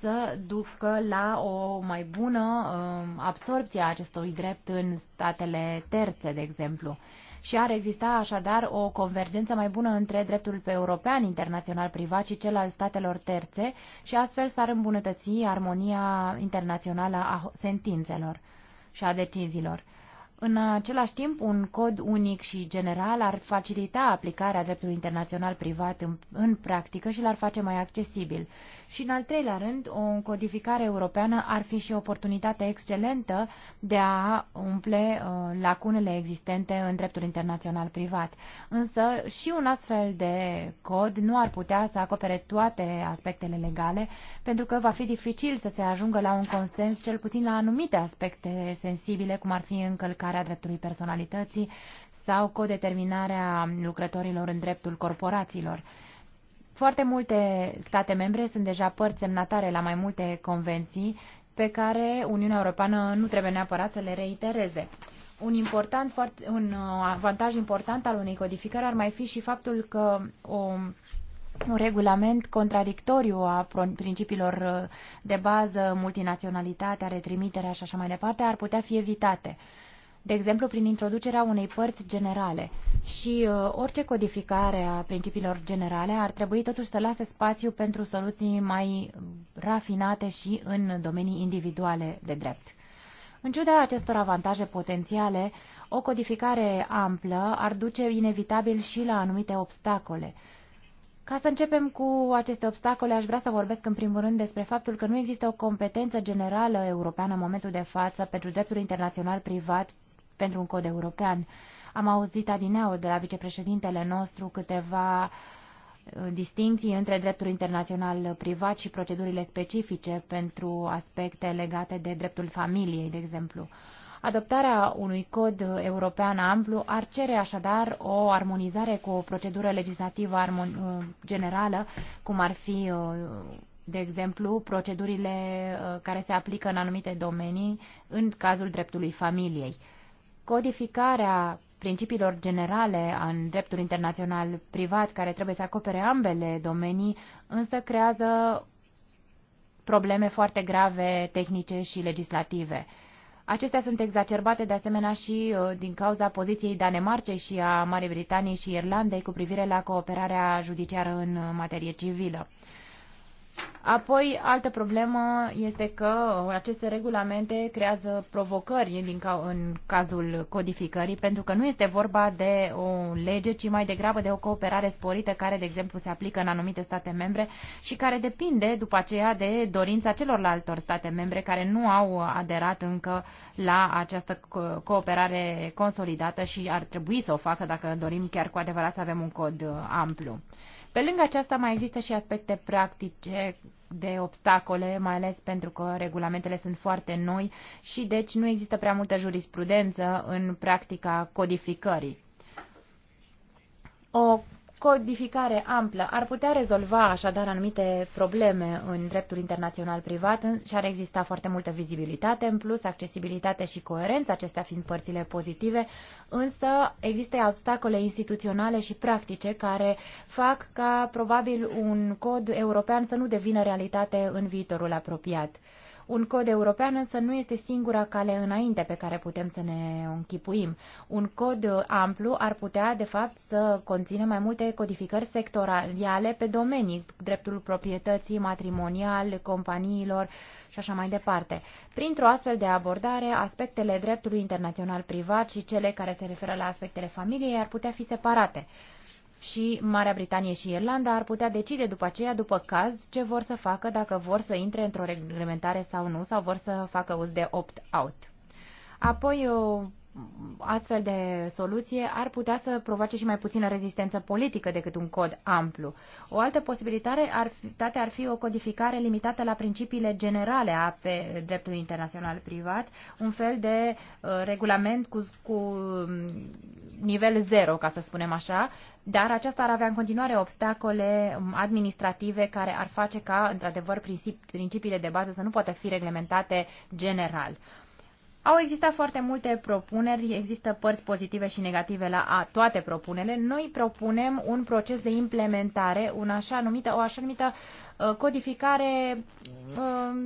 să ducă la o mai bună um, absorpție a acestui drept în statele terțe, de exemplu și ar exista așadar o convergență mai bună între dreptul pe european internațional privat și cel al statelor terțe și astfel s-ar îmbunătăți armonia internațională a sentințelor și a deciziilor. În același timp, un cod unic și general ar facilita aplicarea dreptului internațional privat în, în practică și l-ar face mai accesibil. Și, în al treilea rând, o codificare europeană ar fi și o oportunitate excelentă de a umple uh, lacunele existente în dreptul internațional privat. Însă, și un astfel de cod nu ar putea să acopere toate aspectele legale, pentru că va fi dificil să se ajungă la un consens, cel puțin la anumite aspecte sensibile, cum ar fi încălcarea afirmarea dreptului personalității sau codeterminarea lucrătorilor în dreptul corporațiilor. Foarte multe state membre sunt deja părți semnatare la mai multe convenții pe care Uniunea Europeană nu trebuie neapărat să le reitereze. Un, important, un uh, avantaj important al unei codificări ar mai fi și faptul că o, un regulament contradictoriu a principiilor uh, de bază, multinaționalitatea, retrimiterea și așa mai departe, ar putea fi evitate de exemplu prin introducerea unei părți generale. Și uh, orice codificare a principiilor generale ar trebui totuși să lase spațiu pentru soluții mai rafinate și în domenii individuale de drept. În ciuda acestor avantaje potențiale, o codificare amplă ar duce inevitabil și la anumite obstacole. Ca să începem cu aceste obstacole, aș vrea să vorbesc în primul rând despre faptul că nu există o competență generală europeană în momentul de față pentru dreptul internațional privat pentru un cod european. Am auzit adineauri de la vicepreședintele nostru câteva uh, distinții între dreptul internațional privat și procedurile specifice pentru aspecte legate de dreptul familiei, de exemplu. Adoptarea unui cod european amplu ar cere așadar o armonizare cu o procedură legislativă uh, generală, cum ar fi, uh, de exemplu, procedurile care se aplică în anumite domenii în cazul dreptului familiei. Codificarea principiilor generale în dreptul internațional privat, care trebuie să acopere ambele domenii, însă creează probleme foarte grave tehnice și legislative. Acestea sunt exacerbate de asemenea și uh, din cauza poziției Danemarcei și a Marii Britanii și Irlandei cu privire la cooperarea judiciară în materie civilă. Apoi, altă problemă este că aceste regulamente creează provocări din ca, în cazul codificării, pentru că nu este vorba de o lege, ci mai degrabă de o cooperare sporită care, de exemplu, se aplică în anumite state membre și care depinde după aceea de dorința celorlaltor state membre care nu au aderat încă la această cooperare consolidată și ar trebui să o facă dacă dorim chiar cu adevărat să avem un cod uh, amplu. Pe lângă aceasta mai există și aspecte practice de obstacole, mai ales pentru că regulamentele sunt foarte noi și deci nu există prea multă jurisprudență în practica codificării. O codificare amplă ar putea rezolva așadar anumite probleme în dreptul internațional privat și ar exista foarte multă vizibilitate în plus, accesibilitate și coerență, acestea fiind părțile pozitive, însă există obstacole instituționale și practice care fac ca probabil un cod european să nu devină realitate în viitorul apropiat. Un cod european însă nu este singura cale înainte pe care putem să ne închipuim. Un cod amplu ar putea, de fapt, să conțină mai multe codificări sectoriale pe domenii, dreptul proprietății, matrimonial, companiilor și așa mai departe. Printr-o astfel de abordare, aspectele dreptului internațional privat și cele care se referă la aspectele familiei ar putea fi separate și Marea Britanie și Irlanda ar putea decide după aceea, după caz, ce vor să facă, dacă vor să intre într-o reglementare sau nu, sau vor să facă uz de opt-out. Apoi, o astfel de soluție ar putea să provoace și mai puțină rezistență politică decât un cod amplu. O altă posibilitate ar fi, ar fi o codificare limitată la principiile generale a pe dreptul internațional privat, un fel de uh, regulament cu, cu mm, nivel zero, ca să spunem așa, dar aceasta ar avea în continuare obstacole um, administrative care ar face ca, într-adevăr, principiile de bază să nu poată fi reglementate general. Au existat foarte multe propuneri, există părți pozitive și negative la a, toate propunerile. Noi propunem un proces de implementare, un așa numită, o așa numită uh, codificare um,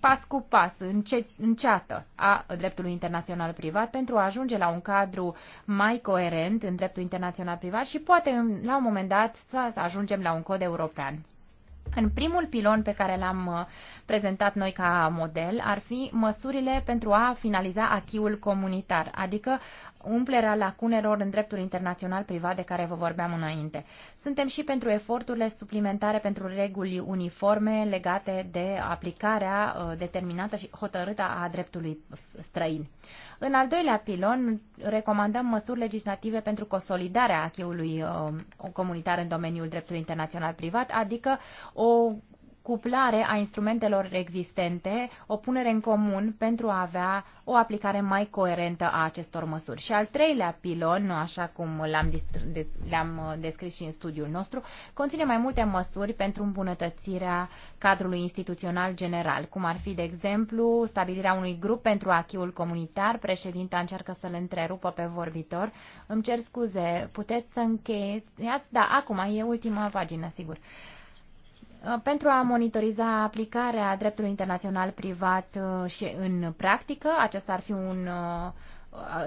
pas cu pas, înceată a dreptului internațional privat pentru a ajunge la un cadru mai coerent în dreptul internațional privat și poate la un moment dat să ajungem la un cod european. În primul pilon pe care l-am uh, prezentat noi ca model ar fi măsurile pentru a finaliza achiul comunitar, adică umplerea lacunelor în dreptul internațional privat de care vă vorbeam înainte. Suntem și pentru eforturile suplimentare pentru reguli uniforme legate de aplicarea uh, determinată și hotărâtă a dreptului străin. În al doilea pilon, recomandăm măsuri legislative pentru consolidarea acheului uh, comunitar în domeniul dreptului internațional privat, adică o cuplare a instrumentelor existente, o punere în comun pentru a avea o aplicare mai coerentă a acestor măsuri. Și al treilea pilon, așa cum l-am, am uh, descris și în studiul nostru, conține mai multe măsuri pentru îmbunătățirea cadrului instituțional general, cum ar fi, de exemplu, stabilirea unui grup pentru achiul comunitar. Președinta încearcă să-l întrerupă pe vorbitor. Îmi cer scuze, puteți să încheieți? Da, acum e ultima pagină, sigur. Uh, Uh, pentru a monitoriza aplicarea dreptului internațional privat uh, și în practică, acesta ar fi un uh,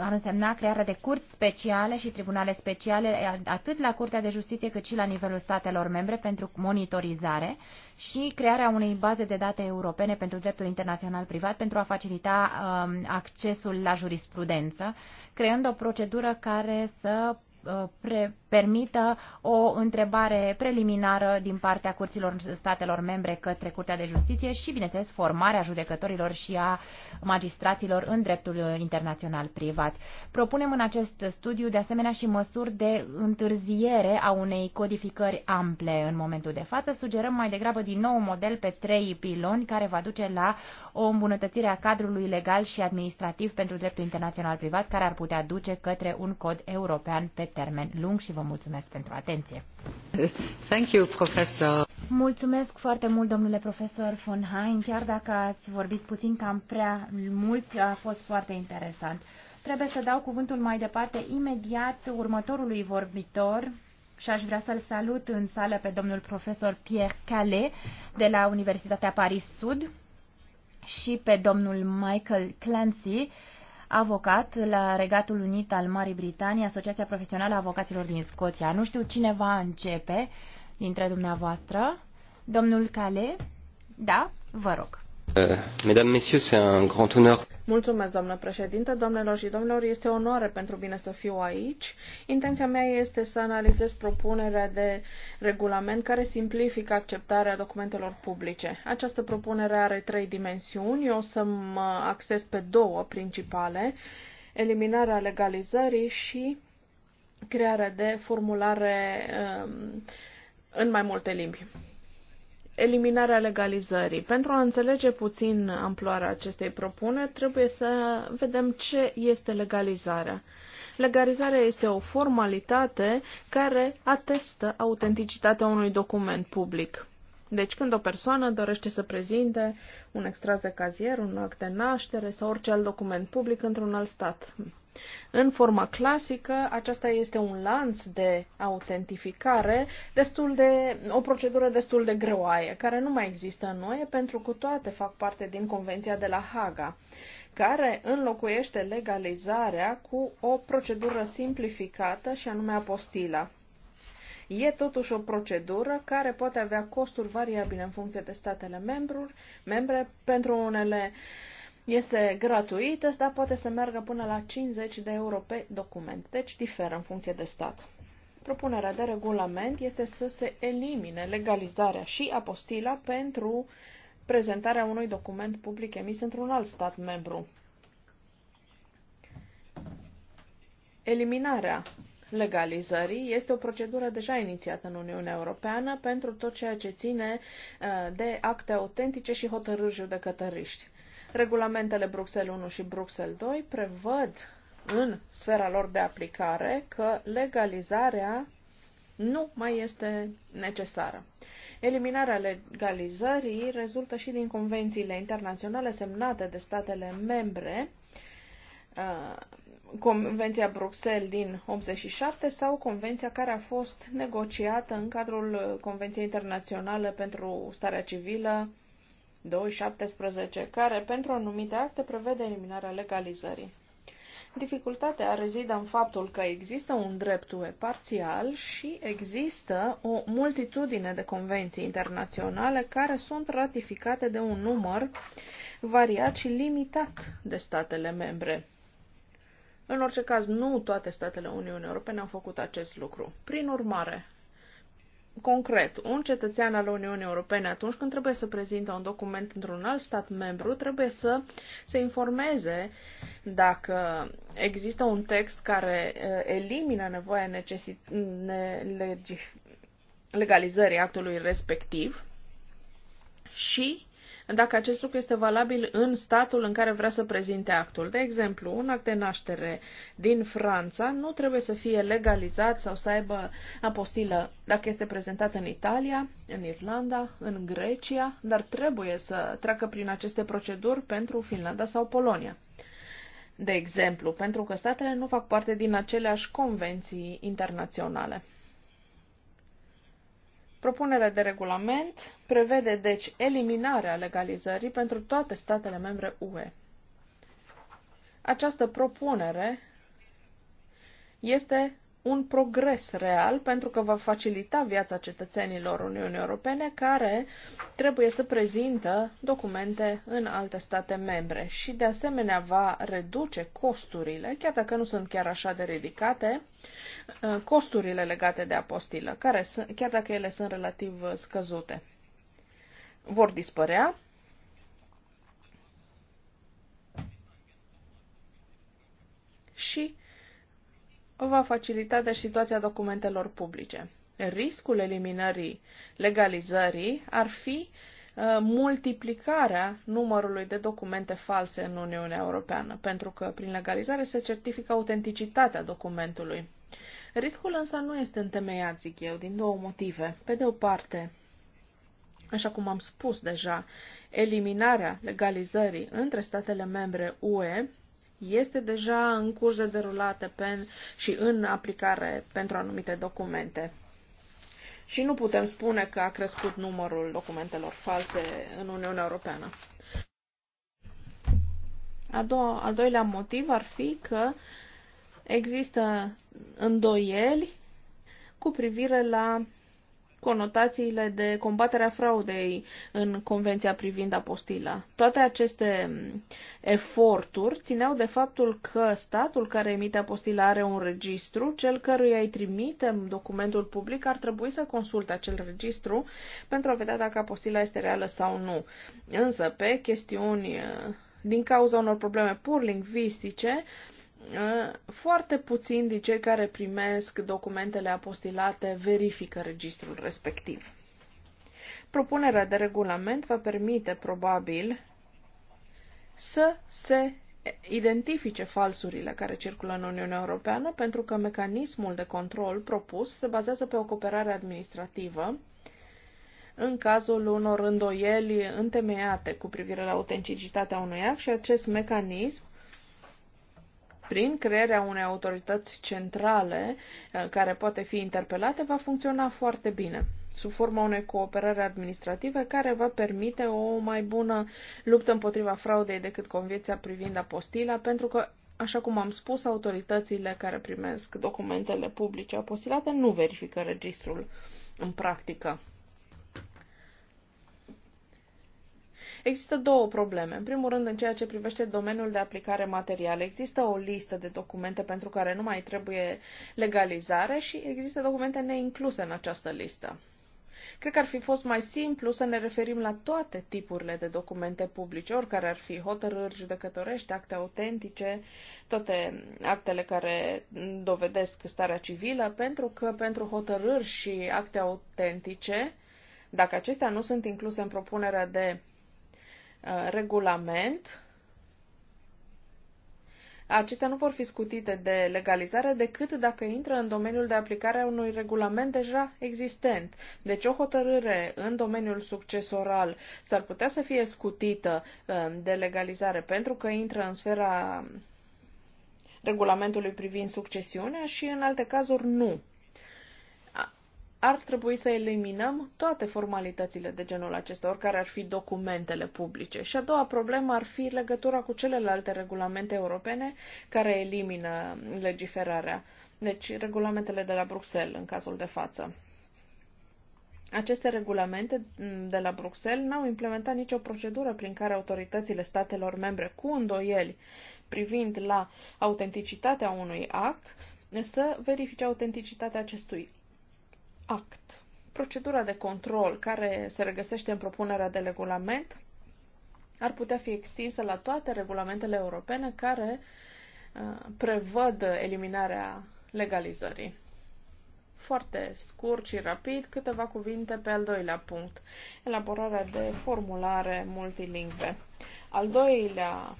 ar însemna crearea de curți speciale și tribunale speciale atât la Curtea de Justiție cât și la nivelul statelor membre pentru monitorizare și crearea unei baze de date europene pentru dreptul internațional privat pentru a facilita um, accesul la jurisprudență, creând o procedură care să uh, pre permită o întrebare preliminară din partea curților statelor membre către Curtea de Justiție și, bineînțeles, formarea judecătorilor și a magistraților în dreptul internațional privat. Propunem în acest studiu, de asemenea, și măsuri de întârziere a unei codificări ample în momentul de față. Sugerăm mai degrabă din nou un model pe trei piloni care va duce la o îmbunătățire a cadrului legal și administrativ pentru dreptul internațional privat care ar putea duce către un cod european pe termen lung și vă mulțumesc pentru atenție. Thank you, professor. Mulțumesc foarte mult, domnule profesor von Hain. Chiar dacă ați vorbit puțin cam prea mult, a fost foarte interesant. Trebuie să dau cuvântul mai departe imediat următorului vorbitor și aș vrea să-l salut în sală pe domnul profesor Pierre Calais de la Universitatea Paris Sud și pe domnul Michael Clancy, avocat la Regatul Unit al Marii Britanii, Asociația Profesională a Avocaților din Scoția. Nu știu cine va începe dintre dumneavoastră. Domnul Cale? Da? Vă rog. Eh, mesdames, Messieurs, c'est un grand honneur. Mulțumesc, doamnă președinte, doamnelor și domnilor, este o onoare pentru mine să fiu aici. Intenția mea este să analizez propunerea de regulament care simplifică acceptarea documentelor publice. Această propunere are trei dimensiuni, eu o să mă axez pe două principale, eliminarea legalizării și crearea de formulare um, în mai multe limbi eliminarea legalizării. Pentru a înțelege puțin amploarea acestei propuneri, trebuie să vedem ce este legalizarea. Legalizarea este o formalitate care atestă autenticitatea unui document public. Deci când o persoană dorește să prezinte un extras de cazier, un act de naștere sau orice alt document public într-un alt stat în forma clasică, aceasta este un lanț de autentificare, destul de, o procedură destul de greoaie, care nu mai există în noi, pentru că toate fac parte din Convenția de la Haga care înlocuiește legalizarea cu o procedură simplificată și anume apostila. E totuși o procedură care poate avea costuri variabile în funcție de statele membru, membre. Pentru unele uh, este gratuită, dar poate să meargă până la 50 de euro pe document, deci diferă în funcție de stat. Propunerea de regulament este să se elimine legalizarea și apostila pentru prezentarea unui document public emis într-un alt stat membru. Eliminarea legalizării este o procedură deja inițiată în Uniunea Europeană pentru tot ceea ce ține uh, de acte autentice și hotărâri judecătăriști. Regulamentele Bruxelles 1 și Bruxelles 2 prevăd în sfera lor de aplicare că legalizarea nu mai este necesară. Eliminarea legalizării rezultă și din convențiile internaționale semnate de statele membre, uh, Convenția Bruxelles din 87 sau convenția care a fost negociată în cadrul Convenției Internaționale pentru Starea Civilă 2017, care pentru anumite acte prevede eliminarea legalizării. Dificultatea rezidă în faptul că există un drept UE parțial și există o multitudine de convenții internaționale care sunt ratificate de un număr variat și limitat de statele membre. În orice caz, nu toate statele Uniunii Europene au făcut acest lucru. Prin urmare, Concret, un cetățean al Uniunii Europene, atunci când trebuie să prezinte un document într-un alt stat membru, trebuie să se informeze dacă există un text care eh, elimină nevoia necesi- legalizării actului respectiv și dacă acest lucru este valabil în statul în care vrea să prezinte actul. De exemplu, un act de naștere din Franța nu trebuie să fie legalizat sau să aibă apostilă dacă este prezentat în Italia, în Irlanda, în Grecia, dar trebuie să treacă prin aceste proceduri pentru Finlanda sau Polonia. De exemplu, pentru că statele nu fac parte din aceleași convenții internaționale. Propunerea de regulament prevede, deci, eliminarea legalizării pentru toate statele membre UE. Această propunere este un progres real pentru că va facilita viața cetățenilor Uniunii Europene care trebuie să prezintă documente în alte state membre și de asemenea va reduce costurile, chiar dacă nu sunt chiar așa de ridicate, Uh, costurile legate de apostilă, care sunt, chiar dacă ele sunt relativ uh, scăzute, vor dispărea. Și va facilita de situația documentelor publice. Riscul eliminării legalizării ar fi uh, multiplicarea numărului de documente false în Uniunea Europeană, pentru că prin legalizare se certifică autenticitatea documentului. Riscul însă nu este întemeiat, zic eu, din două motive. Pe de o parte, așa cum am spus deja, eliminarea legalizării între statele membre UE este deja în curs de derulată pen și în aplicare pentru anumite documente. Și nu putem spune că a crescut numărul documentelor false în Uniunea Europeană. A doua, al doilea motiv ar fi că uh, Există îndoieli cu privire la conotațiile de combaterea fraudei în Convenția privind apostila. Toate aceste eforturi țineau de faptul că statul care emite apostila are un registru, cel căruia îi trimitem documentul public ar trebui să consulte acel registru pentru a vedea dacă apostila este reală sau nu. Însă, pe chestiuni din cauza unor probleme pur lingvistice, uh, Uh, foarte puțin din cei care primesc documentele apostilate verifică registrul respectiv. Propunerea de regulament va permite, probabil, să se identifice falsurile care circulă în Uniunea Europeană, pentru că mecanismul de control propus se bazează pe o cooperare administrativă în cazul unor îndoieli întemeiate cu privire la autenticitatea unui act și acest mecanism prin crearea unei autorități centrale uh, care poate fi interpelate, va funcționa foarte bine sub forma unei cooperări administrative care va permite o mai bună luptă împotriva fraudei decât convenția privind apostila, pentru că, așa cum am spus, autoritățile care primesc documentele publice apostilate nu verifică registrul în practică. Există două probleme. În primul rând, în ceea ce privește domeniul de aplicare material, există o listă de documente pentru care nu mai trebuie legalizare și există documente neincluse în această listă. Cred că ar fi fost mai simplu să ne referim la toate tipurile de documente publice, oricare ar fi hotărâri judecătorești, acte autentice, toate actele care dovedesc starea civilă, pentru că pentru hotărâri și acte autentice, dacă acestea nu sunt incluse în propunerea de Uh, regulament, acestea nu vor fi scutite de legalizare decât dacă intră în domeniul de aplicare a unui regulament deja existent. Deci o hotărâre în domeniul succesoral s-ar putea să fie scutită uh, de legalizare pentru că intră în sfera regulamentului privind succesiunea și în alte cazuri nu ar trebui să eliminăm toate formalitățile de genul acesta, oricare ar fi documentele publice. Și a doua problemă ar fi legătura cu celelalte regulamente europene care elimină legiferarea. Deci, regulamentele de la Bruxelles, în cazul de față. Aceste regulamente mm, de la Bruxelles n-au implementat nicio procedură prin care autoritățile statelor membre cu îndoieli privind la autenticitatea unui act să verifice autenticitatea acestui act. Procedura de control care se regăsește în propunerea de regulament ar putea fi extinsă la toate regulamentele europene care uh, prevăd eliminarea legalizării. Foarte scurt și rapid, câteva cuvinte pe al doilea punct, elaborarea de formulare multilingve. Al doilea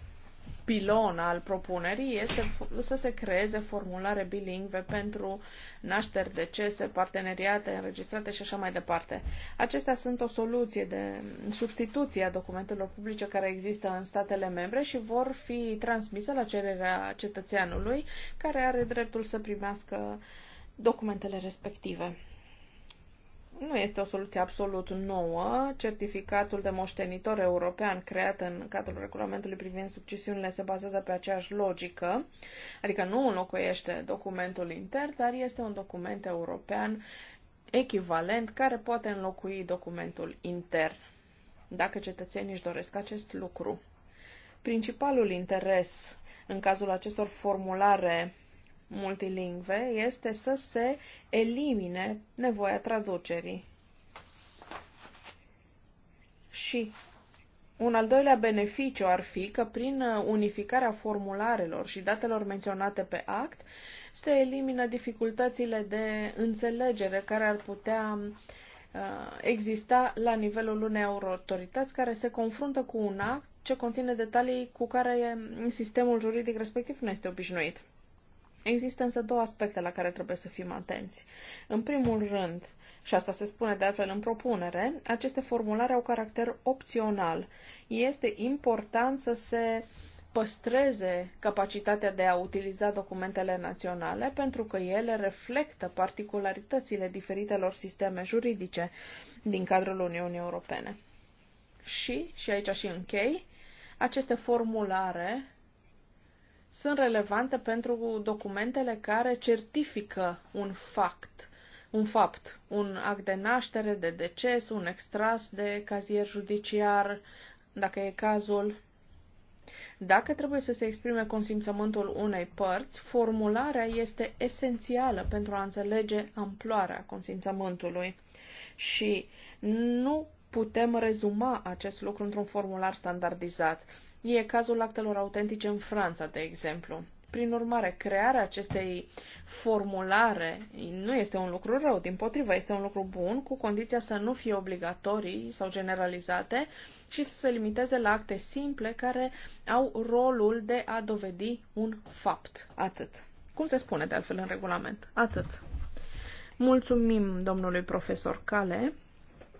pilon al propunerii este să se creeze formulare bilingve pentru nașteri, decese, parteneriate înregistrate și așa mai departe. Acestea sunt o soluție de substituție a documentelor publice care există în statele membre și vor fi transmise la cererea cetățeanului care are dreptul să primească documentele respective nu este o soluție absolut nouă. Certificatul de moștenitor european creat în cadrul regulamentului privind succesiunile se bazează pe aceeași logică, adică nu înlocuiește documentul intern, dar este un document european echivalent care poate înlocui documentul intern, dacă cetățenii își doresc acest lucru. Principalul interes în cazul acestor formulare multilingve este să se elimine nevoia traducerii. Și un al doilea beneficiu ar fi că prin uh, unificarea formularelor și datelor menționate pe act se elimină dificultățile de înțelegere care ar putea uh, exista la nivelul unei autorități care se confruntă cu un act ce conține detalii cu care mm, sistemul juridic respectiv nu este obișnuit. Există însă două aspecte la care trebuie să fim atenți. În primul rând, și asta se spune de altfel în propunere, aceste formulare au caracter opțional. Este important să se păstreze capacitatea de a utiliza documentele naționale pentru că ele reflectă particularitățile diferitelor sisteme juridice din cadrul Uniunii Europene. Și, și aici și închei, aceste formulare sunt relevante pentru documentele care certifică un fapt, un fapt, un act de naștere, de deces, un extras de cazier judiciar, dacă e cazul. Dacă trebuie să se exprime consimțământul unei părți, formularea este esențială pentru a înțelege amploarea consimțământului și nu putem rezuma acest lucru într-un formular standardizat. E cazul actelor autentice în Franța, de exemplu. Prin urmare, crearea acestei formulare nu este un lucru rău, din potrivă, este un lucru bun, cu condiția să nu fie obligatorii sau generalizate și să se limiteze la acte simple care au rolul de a dovedi un fapt. Atât. Cum se spune de altfel în regulament? Atât. Mulțumim domnului profesor Cale.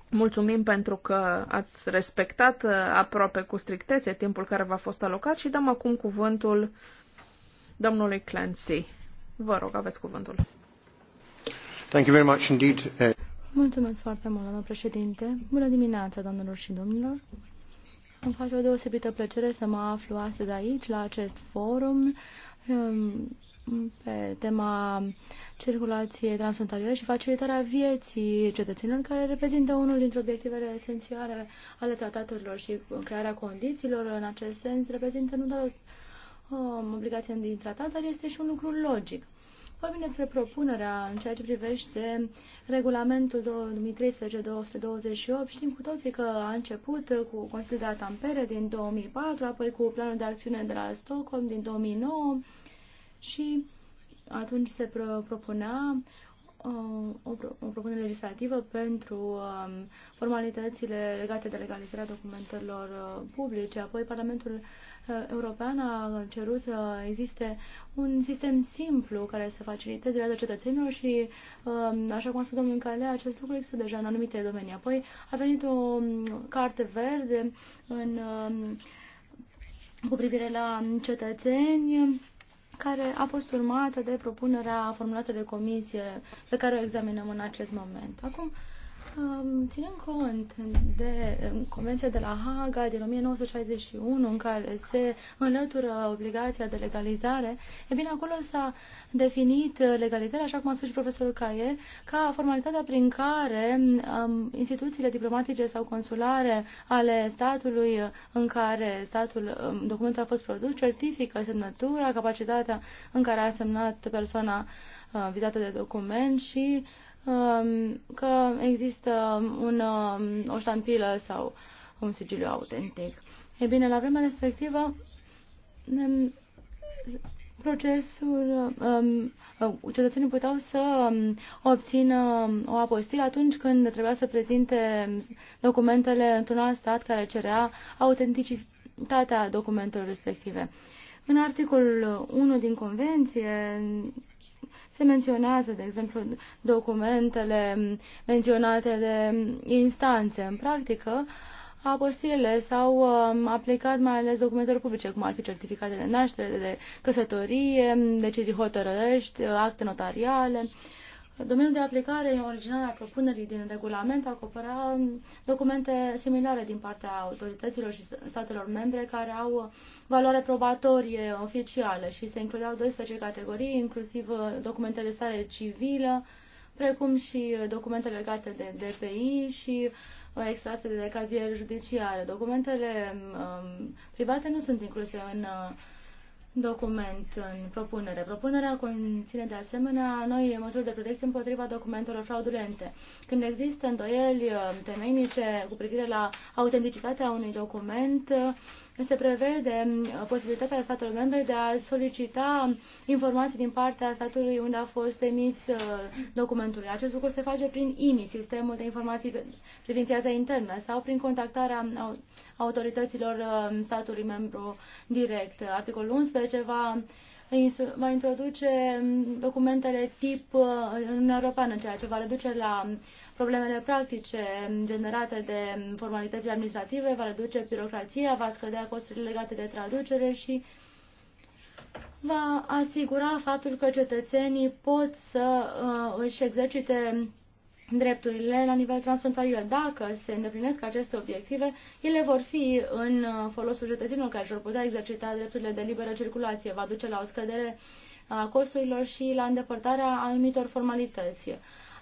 Mulțumim pentru că ați respectat uh, aproape cu strictețe timpul care v-a fost alocat și dăm acum cuvântul domnului Clancy. Vă rog, aveți cuvântul. Thank you very much indeed. Mulțumesc foarte mult, domnul președinte. Bună dimineața, domnilor și domnilor. Îmi face o deosebită plăcere să mă aflu astăzi aici, la acest forum, um, pe tema circulație transfrontalieră și facilitarea vieții cetățenilor, care reprezintă unul dintre obiectivele esențiale ale tratatelor și uh, crearea condițiilor în acest sens reprezintă nu doar um, obligație din tratat, dar este și un lucru logic. Vorbim despre propunerea în ceea ce privește regulamentul 2013-228. Știm cu toții că a început cu Consiliul de la Tampere din 2004, apoi cu planul de acțiune de la Stockholm din 2009 și atunci se propunea uh, o, o propunere legislativă pentru um, formalitățile legate de legalizarea documentelor uh, publice. Apoi Parlamentul uh, European a cerut să existe un sistem simplu care să faciliteze viața cetățenilor și, um, așa cum a spus domnul Calea, acest lucru există deja în anumite domenii. Apoi a venit o um, carte verde în, cu privire la cetățeni care a fost urmată de propunerea formulată de comisie pe care o examinăm în acest moment. Acum, Ținând cont de um, Convenția de la Haga din 1961, în care se înlătură obligația de legalizare, e bine, acolo s-a definit uh, legalizarea, așa cum a spus și profesorul Caie, ca formalitatea prin care um, instituțiile diplomatice sau consulare ale statului uh, în care statul, um, documentul a fost produs certifică semnătura, capacitatea în care a semnat persoana uh, vizată de document și uh, Um, că există un, um, o ștampilă sau un sigiliu autentic. E bine, la vremea respectivă, um, procesul, uh, cetățenii puteau să obțină o apostilă atunci când trebuia să prezinte documentele într-un alt stat care cerea autenticitatea documentelor respective. În articolul 1 din Convenție se menționează, de exemplu, documentele menționate de instanțe. În practică, apostilele s-au um, aplicat mai ales documentelor publice, cum ar fi certificate de naștere, de căsătorie, decizii hotărărești, acte notariale. Uh, Domeniul de aplicare original al propunerii din regulament acopera documente similare din partea autorităților și statelor membre care au valoare probatorie oficială și se includeau 12 categorii, inclusiv documentele stare civilă, precum și documente legate de DPI și extrase de cazier judiciare. Documentele um, private nu sunt incluse în uh, document în propunere. Propunerea conține de asemenea noi măsuri de protecție împotriva documentelor fraudulente. Când există îndoieli uh, temeinice cu privire la autenticitatea unui document, se prevede uh, posibilitatea statelor membre de a solicita informații din partea statului unde a fost emis uh, documentul. Acest lucru se face prin IMI, Sistemul de Informații privind piața internă, sau prin contactarea autorităților uh, statului membru direct. Articolul 11 va va introduce um, documentele tip în Europeană, ceea ce va reduce la uh, problemele practice generate de formalitățile administrative, va reduce birocrația, va scădea costurile legate de traducere și va asigura faptul că cetățenii pot să uh, își exercite drepturile la nivel transfrontalier. Dacă se îndeplinesc aceste obiective, ele vor fi în uh, folosul cetățenilor care își vor putea exercita drepturile de liberă circulație. Va duce la o scădere a costurilor și la îndepărtarea anumitor formalități.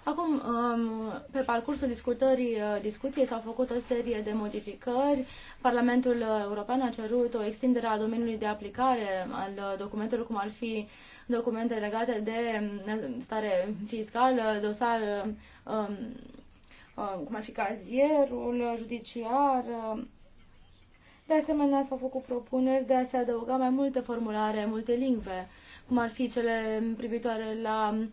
Acum, um, pe parcursul discutării, uh, discuției s-au făcut o serie de modificări. Parlamentul European a cerut o extindere a domeniului de aplicare al documentelor, cum ar fi documente legate de um, stare fiscală, dosar, um, cum ar fi cazierul, judiciar. De asemenea, s-au făcut propuneri de a se adăuga mai multe formulare multilingve, cum ar fi cele privitoare la uh,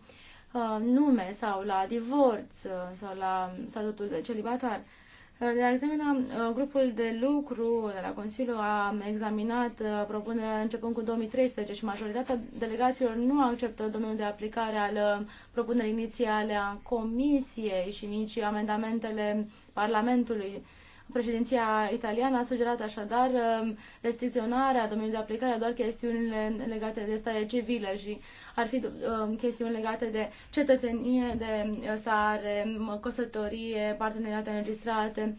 Uh, nume sau la divorț uh, sau la statutul de celibatar. Uh, de asemenea, grupul de lucru de la Consiliu a examinat propunerea începând cu 2013 și majoritatea delegațiilor nu acceptă domeniul de aplicare al propunerii inițiale a Comisiei și nici amendamentele Parlamentului. Președinția italiană a sugerat așadar restricționarea domeniului de aplicare a doar chestiunile legate de stare civilă și ar fi um, chestiuni legate de cetățenie, de uh, stare, căsătorie, parteneriate înregistrate,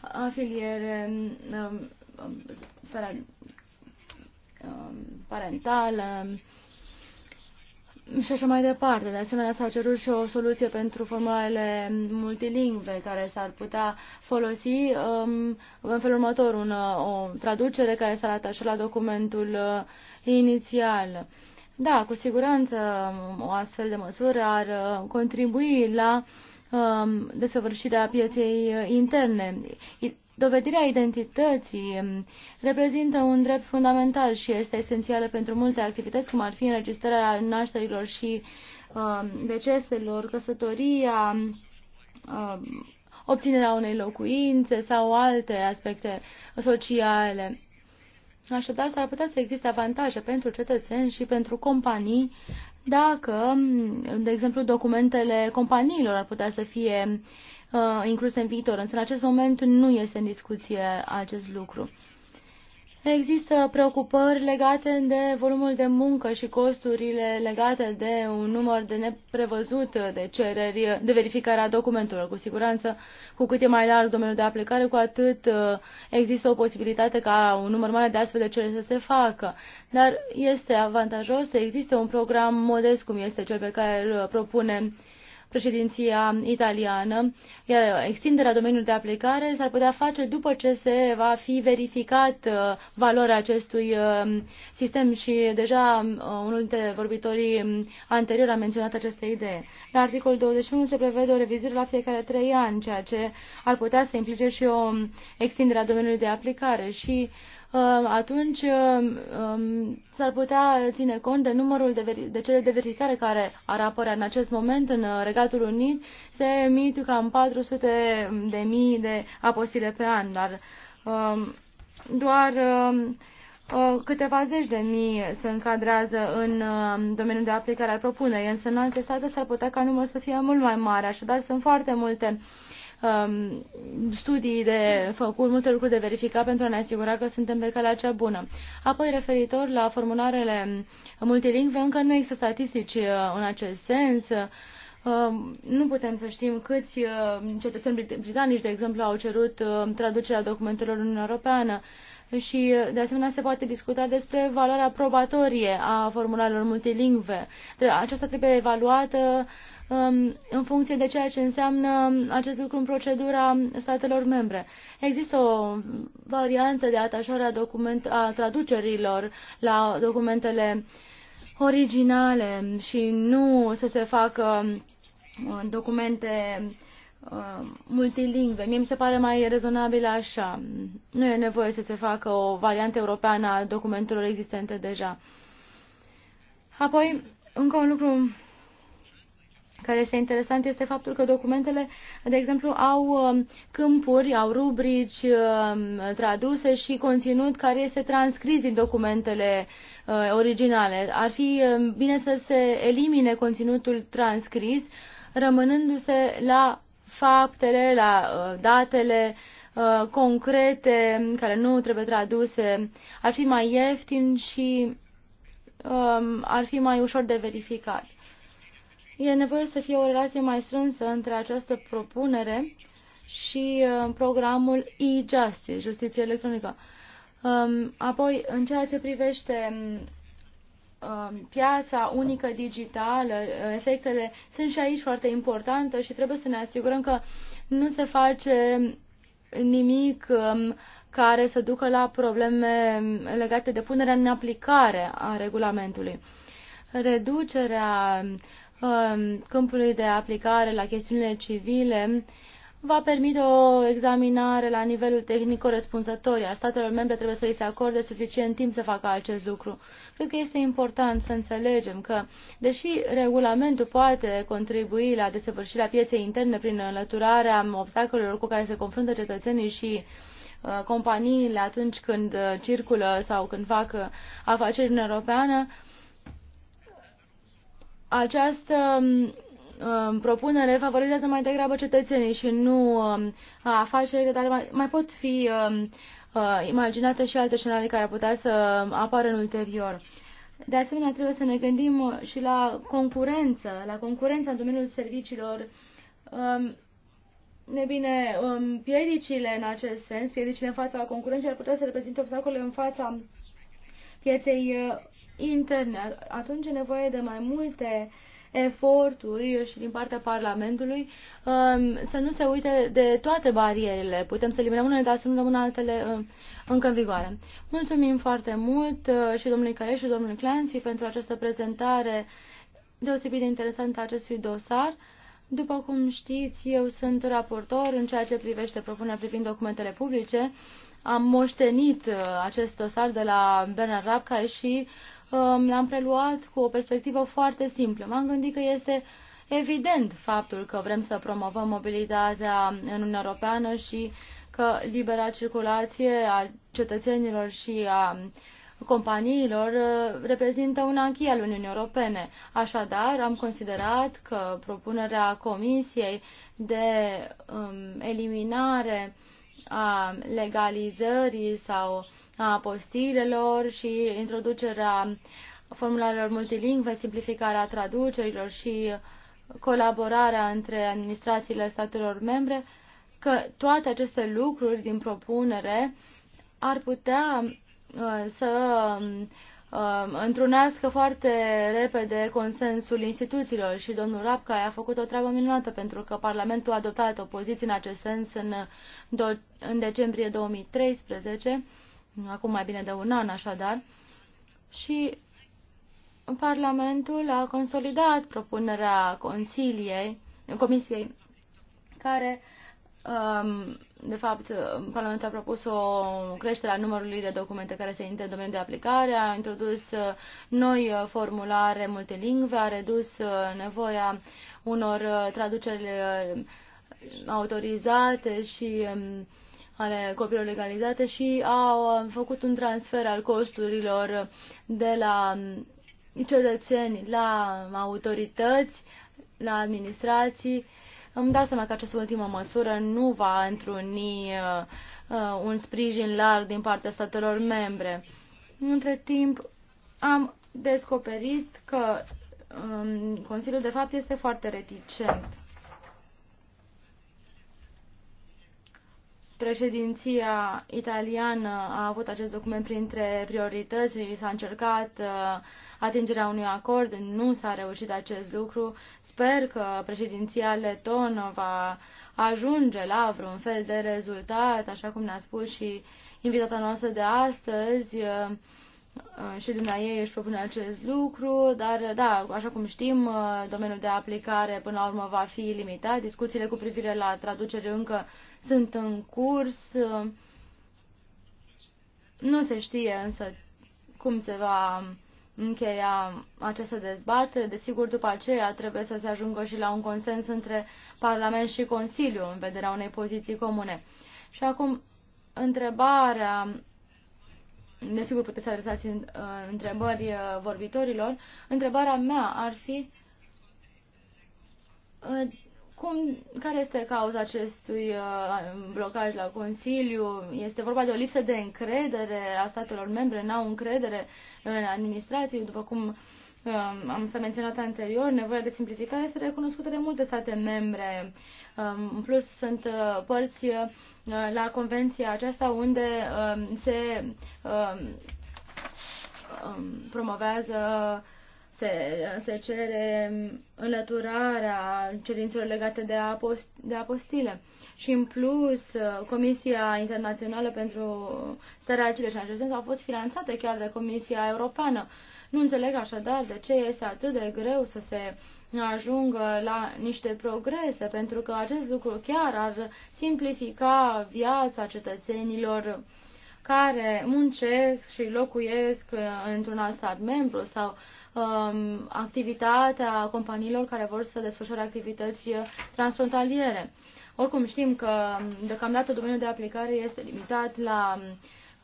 afiliere, um, um, starea um, parentală, și așa mai departe. De asemenea, s-au cerut și o soluție pentru formularele multilingve care s-ar putea folosi um, în felul următor, un, o traducere care s-ar atașa la documentul uh, inițial. Uh, da, cu siguranță um, o astfel de măsură ar uh, contribui la um, desăvârșirea pieței uh, interne. Dovedirea identității um, reprezintă un drept fundamental și este esențială pentru multe activități, cum ar fi înregistrarea nașterilor și um, deceselor, căsătoria, um, obținerea unei locuințe sau alte aspecte sociale. Așadar, s-ar putea să existe avantaje pentru cetățeni și pentru companii dacă, de exemplu, documentele companiilor ar putea să fie uh, incluse în viitor. Însă, în acest moment, nu este în discuție acest lucru. Există preocupări legate de volumul de muncă și costurile legate de un număr de neprevăzut de cereri de verificare a documentelor. Cu siguranță, cu cât e mai larg domeniul de aplicare, cu atât uh, există o posibilitate ca un număr mare de astfel de cereri să se facă. Dar este avantajos să existe un program modest cum este cel pe care îl propune președinția italiană, iar extinderea domeniului de aplicare s-ar putea face după ce se va fi verificat uh, valoarea acestui uh, sistem și deja uh, unul dintre vorbitorii um, anterior a menționat această idee. La articolul 21 se prevede o revizuire la fiecare trei ani, ceea ce ar putea să implice și o um, extindere a domeniului de aplicare și uh, Ehm, atunci ehm, ehm, s-ar putea ține cont de numărul de, de cele de verificare care ar apărea în acest moment în uh, Regatul Unit. Se emit cam 400 de mii de apostile pe an, dar doar câteva zeci de mii se încadrează în domeniul de aplicare al propunerii, însă în alte state s-ar putea ca numărul să fie mult mai mare, așadar sunt foarte multe uh, um, studii de făcut, multe lucruri de verificat pentru a ne asigura că suntem pe calea cea bună. Apoi, referitor la formularele multilingve, încă nu există statistici uh, în acest sens. Um, nu putem să știm câți uh, cetățeni britanici, de exemplu, au cerut uh, traducerea documentelor în Europeană și de asemenea se poate discuta despre valoarea probatorie a formularelor multilingve. Aceasta trebuie evaluată Um, în funcție de ceea ce înseamnă acest lucru în procedura statelor membre. Există o variantă de atașare a, document, a traducerilor la documentele originale și nu să se facă um, documente um, multilingve. Mie mi se pare mai rezonabil așa. Nu e nevoie să se facă o variantă europeană a documentelor existente deja. Apoi, încă un lucru care este interesant este faptul că documentele, de exemplu, au um, câmpuri, au rubrici um, traduse și conținut care este transcris din documentele uh, originale. Ar fi um, bine să se elimine conținutul transcris, rămânându-se la faptele, la uh, datele uh, concrete care nu trebuie traduse. Ar fi mai ieftin și ar fi mai ușor de verificat. E nevoie să fie o relație mai strânsă între această propunere și uh, programul e-justice, justiție electronică. Um, apoi, în ceea ce privește um, piața unică digitală, efectele sunt și aici foarte importante și trebuie să ne asigurăm că nu se face nimic um, care să ducă la probleme legate de punerea în aplicare a regulamentului. Reducerea uh, Um, câmpului de aplicare la chestiunile civile va permite o examinare la nivelul tehnic corespunzător, iar statelor membre trebuie să îi se acorde suficient timp să facă acest lucru. Cred că este important să înțelegem că, deși regulamentul poate contribui la desăvârșirea pieței interne prin înlăturarea obstacolelor cu care se confruntă cetățenii și uh, companiile atunci când uh, circulă sau când fac uh, afaceri în Europeană, această um, um, propunere favorizează mai degrabă cetățenii și nu um, afacerile, dar mai pot fi uh, imaginate și alte scenarii care ar putea să apară în ulterior. De asemenea, trebuie să ne gândim și la concurență, la concurența în domeniul serviciilor. Ne bine, piedicile în acest sens, piedicile în fața concurenței ar putea să reprezinte obstacole în fața pieței uh, interne. Atunci e nevoie de mai multe eforturi și din partea Parlamentului um, să nu se uite de toate barierele. Putem să eliminăm unele, dar să nu rămână altele uh, încă în vigoare. Mulțumim foarte mult uh, și domnului Caleș și domnului Clancy pentru această prezentare deosebit de interesantă a acestui dosar. După cum știți, eu sunt raportor în ceea ce privește propunerea privind documentele publice am moștenit uh, acest dosar de la Bernard Rapkay și um, l-am preluat cu o perspectivă foarte simplă. M-am gândit că este evident faptul că vrem să promovăm mobilitatea în Uniunea Europeană și că libera circulație a cetățenilor și a companiilor uh, reprezintă un anchi al Uniunii Europene. Așadar, am considerat că propunerea Comisiei de um, eliminare uh, a legalizării sau a postilelor și introducerea formularelor multilingve, simplificarea traducerilor și colaborarea între administrațiile statelor membre, că toate aceste lucruri din propunere ar putea uh, să um, Um, întrunească foarte repede consensul instituțiilor și domnul Rapkai a făcut o treabă minunată pentru că Parlamentul a adoptat o poziție în acest sens în, în decembrie 2013, acum mai bine de un an așadar, și Parlamentul a consolidat propunerea Consiliei, Comisiei, care um, de fapt, Parlamentul a propus o creștere a numărului de documente care se intre în domeniul de aplicare, a introdus uh, noi uh, formulare multilingve, a redus uh, nevoia unor traduceri autorizate și um, ale copiilor legalizate și au făcut un transfer al costurilor de la um, cetățeni la autorități, la administrații, îmi dau seama că această ultimă măsură nu va întruni uh, un sprijin larg din partea statelor membre. Între timp, am descoperit că um, Consiliul, de fapt, este foarte reticent. Președinția italiană a avut acest document printre priorități și s-a încercat uh, atingerea unui acord. Nu s-a reușit acest lucru. Sper că președinția letonă va ajunge la vreun fel de rezultat, așa cum ne-a spus și invitata noastră de astăzi uh, uh, și dumneavoastră își propune acest lucru, dar da, așa cum știm, uh, domeniul de aplicare până la urmă va fi limitat. Discuțiile cu privire la traducere încă sunt în curs. Nu se știe însă cum se va încheia această dezbatere. Desigur, după aceea trebuie să se ajungă și la un consens între Parlament și Consiliu în vederea unei poziții comune. Și acum, întrebarea, desigur puteți să adresați uh, întrebări uh, vorbitorilor, întrebarea mea ar fi uh, cum, care este cauza acestui uh, blocaj la Consiliu? Este vorba de o lipsă de încredere a statelor membre, n-au încredere în administrație, după cum um, am să menționat anterior, nevoia de simplificare este recunoscută de multe state membre. Um, în plus, sunt uh, părți uh, la convenția aceasta unde um, se promovează se, se cere înlăturarea cerințelor legate de, apost, de apostile. Și în plus, Comisia Internațională pentru Starea Acilei și în a fost finanțată chiar de Comisia Europeană. Nu înțeleg așadar de ce este atât de greu să se ajungă la niște progrese, pentru că acest lucru chiar ar simplifica viața cetățenilor care muncesc și locuiesc într-un alt stat membru sau uh, um, activitatea companiilor care vor să desfășoare activități transfrontaliere. Oricum știm că deocamdată domeniul de aplicare este limitat la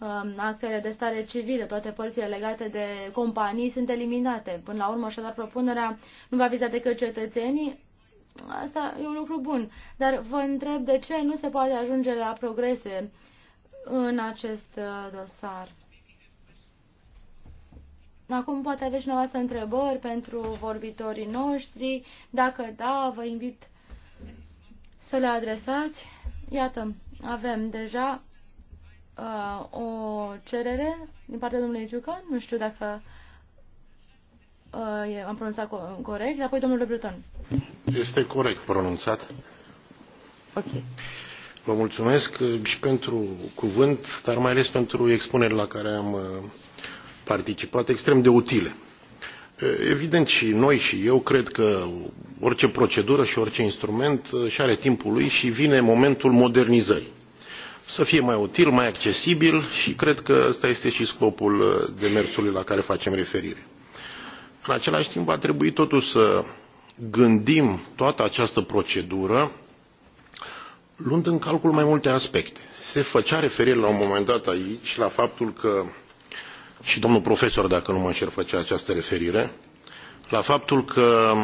um, actele de stare civilă, toate părțile legate de companii sunt eliminate. Până la urmă, așadar, propunerea nu va viza decât cetățenii, Asta e un lucru bun, dar vă întreb de ce nu se poate ajunge la progrese în acest uh, dosar. Acum poate aveți să întrebări pentru vorbitorii noștri. Dacă da, vă invit să le adresați. Iată, avem deja uh, o cerere din partea domnului Giuca. Nu știu dacă uh, am pronunțat co corect. Apoi domnul Bruton. Este corect pronunțat. Ok. Vă mulțumesc și pentru cuvânt, dar mai ales pentru expunerile la care am uh, participat extrem de utile. Evident și noi și eu cred că orice procedură și orice instrument și are timpul lui și vine momentul modernizării. Să fie mai util, mai accesibil și cred că ăsta este și scopul demersului la care facem referire. În același timp va trebui totuși să gândim toată această procedură luând în calcul mai multe aspecte. Se făcea referire la un moment dat aici la faptul că și domnul profesor, dacă nu mă înșel, făcea această referire, la faptul că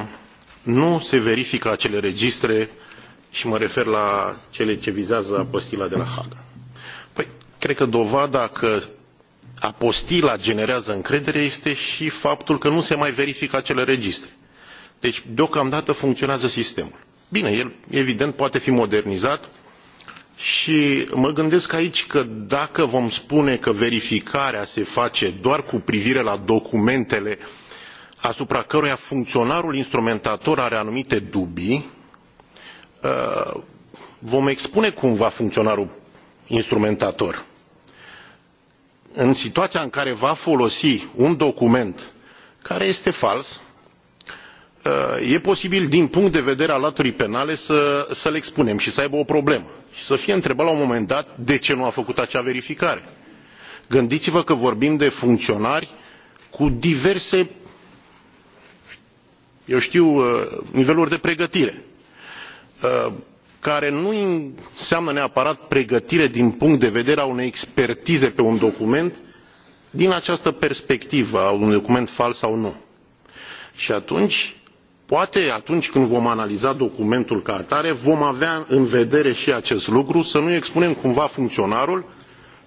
nu se verifică acele registre și mă refer la cele ce vizează apostila de la Haga. Păi, cred că dovada că apostila generează încredere este și faptul că nu se mai verifică acele registre. Deci, deocamdată funcționează sistemul. Bine, el evident poate fi modernizat, și mă gândesc aici că dacă vom spune că verificarea se face doar cu privire la documentele asupra căruia funcționarul instrumentator are anumite dubii ă, vom expune cumva funcționarul instrumentator. în situația în care va folosi un document care este fals Uh, e posibil din punct de vedere al laturii penale să, l expunem și să aibă o problemă și să fie întrebat la un moment dat de ce nu a făcut acea verificare. gândiți vă că vorbim de funcționari cu diverse eu știu uh, niveluri de pregătire uh, care nu înseamnă neapărat pregătire din punct de vedere al unei expertize pe un document din această perspectivă a unui document fals sau nu. și atunci poate atunci când vom analiza documentul ca atare vom avea în vedere și acest lucru să nu expunem cumva funcționarul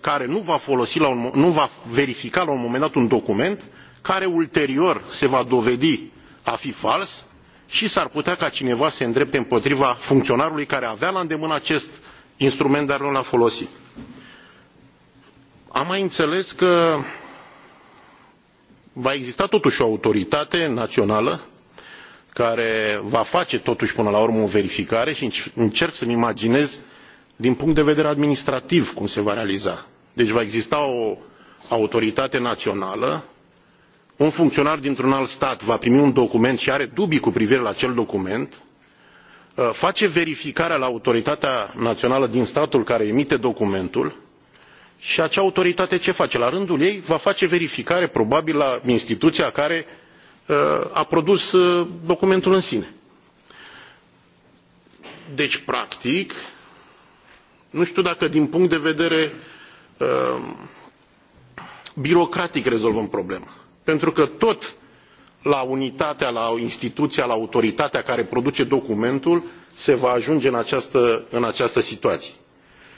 care nu va, folosi la un, nu va verifica la un moment dat un document care ulterior se va dovedi a fi fals și s ar putea ca cineva să se îndrepte împotriva funcționarului care avea la îndemână acest instrument dar nu l a folosit. am mai înțeles că va exista totuși o autoritate națională care va face totuși până la urmă o verificare și încerc să mi imaginez din punct de vedere administrativ cum se va realiza. deci va exista o autoritate națională un funcționar dintr un alt stat va primi un document și are dubii cu privire la acel document ă, face verificarea la autoritatea națională din statul care emite documentul și acea autoritate ce face? la rândul ei va face verificare probabil la instituția care Uh, a produs uh, documentul în sine. Deci, practic, nu știu dacă din punct de vedere uh, birocratic rezolvăm problema. Pentru că tot la unitatea, la instituția, la autoritatea care produce documentul se va ajunge în această, în această situație.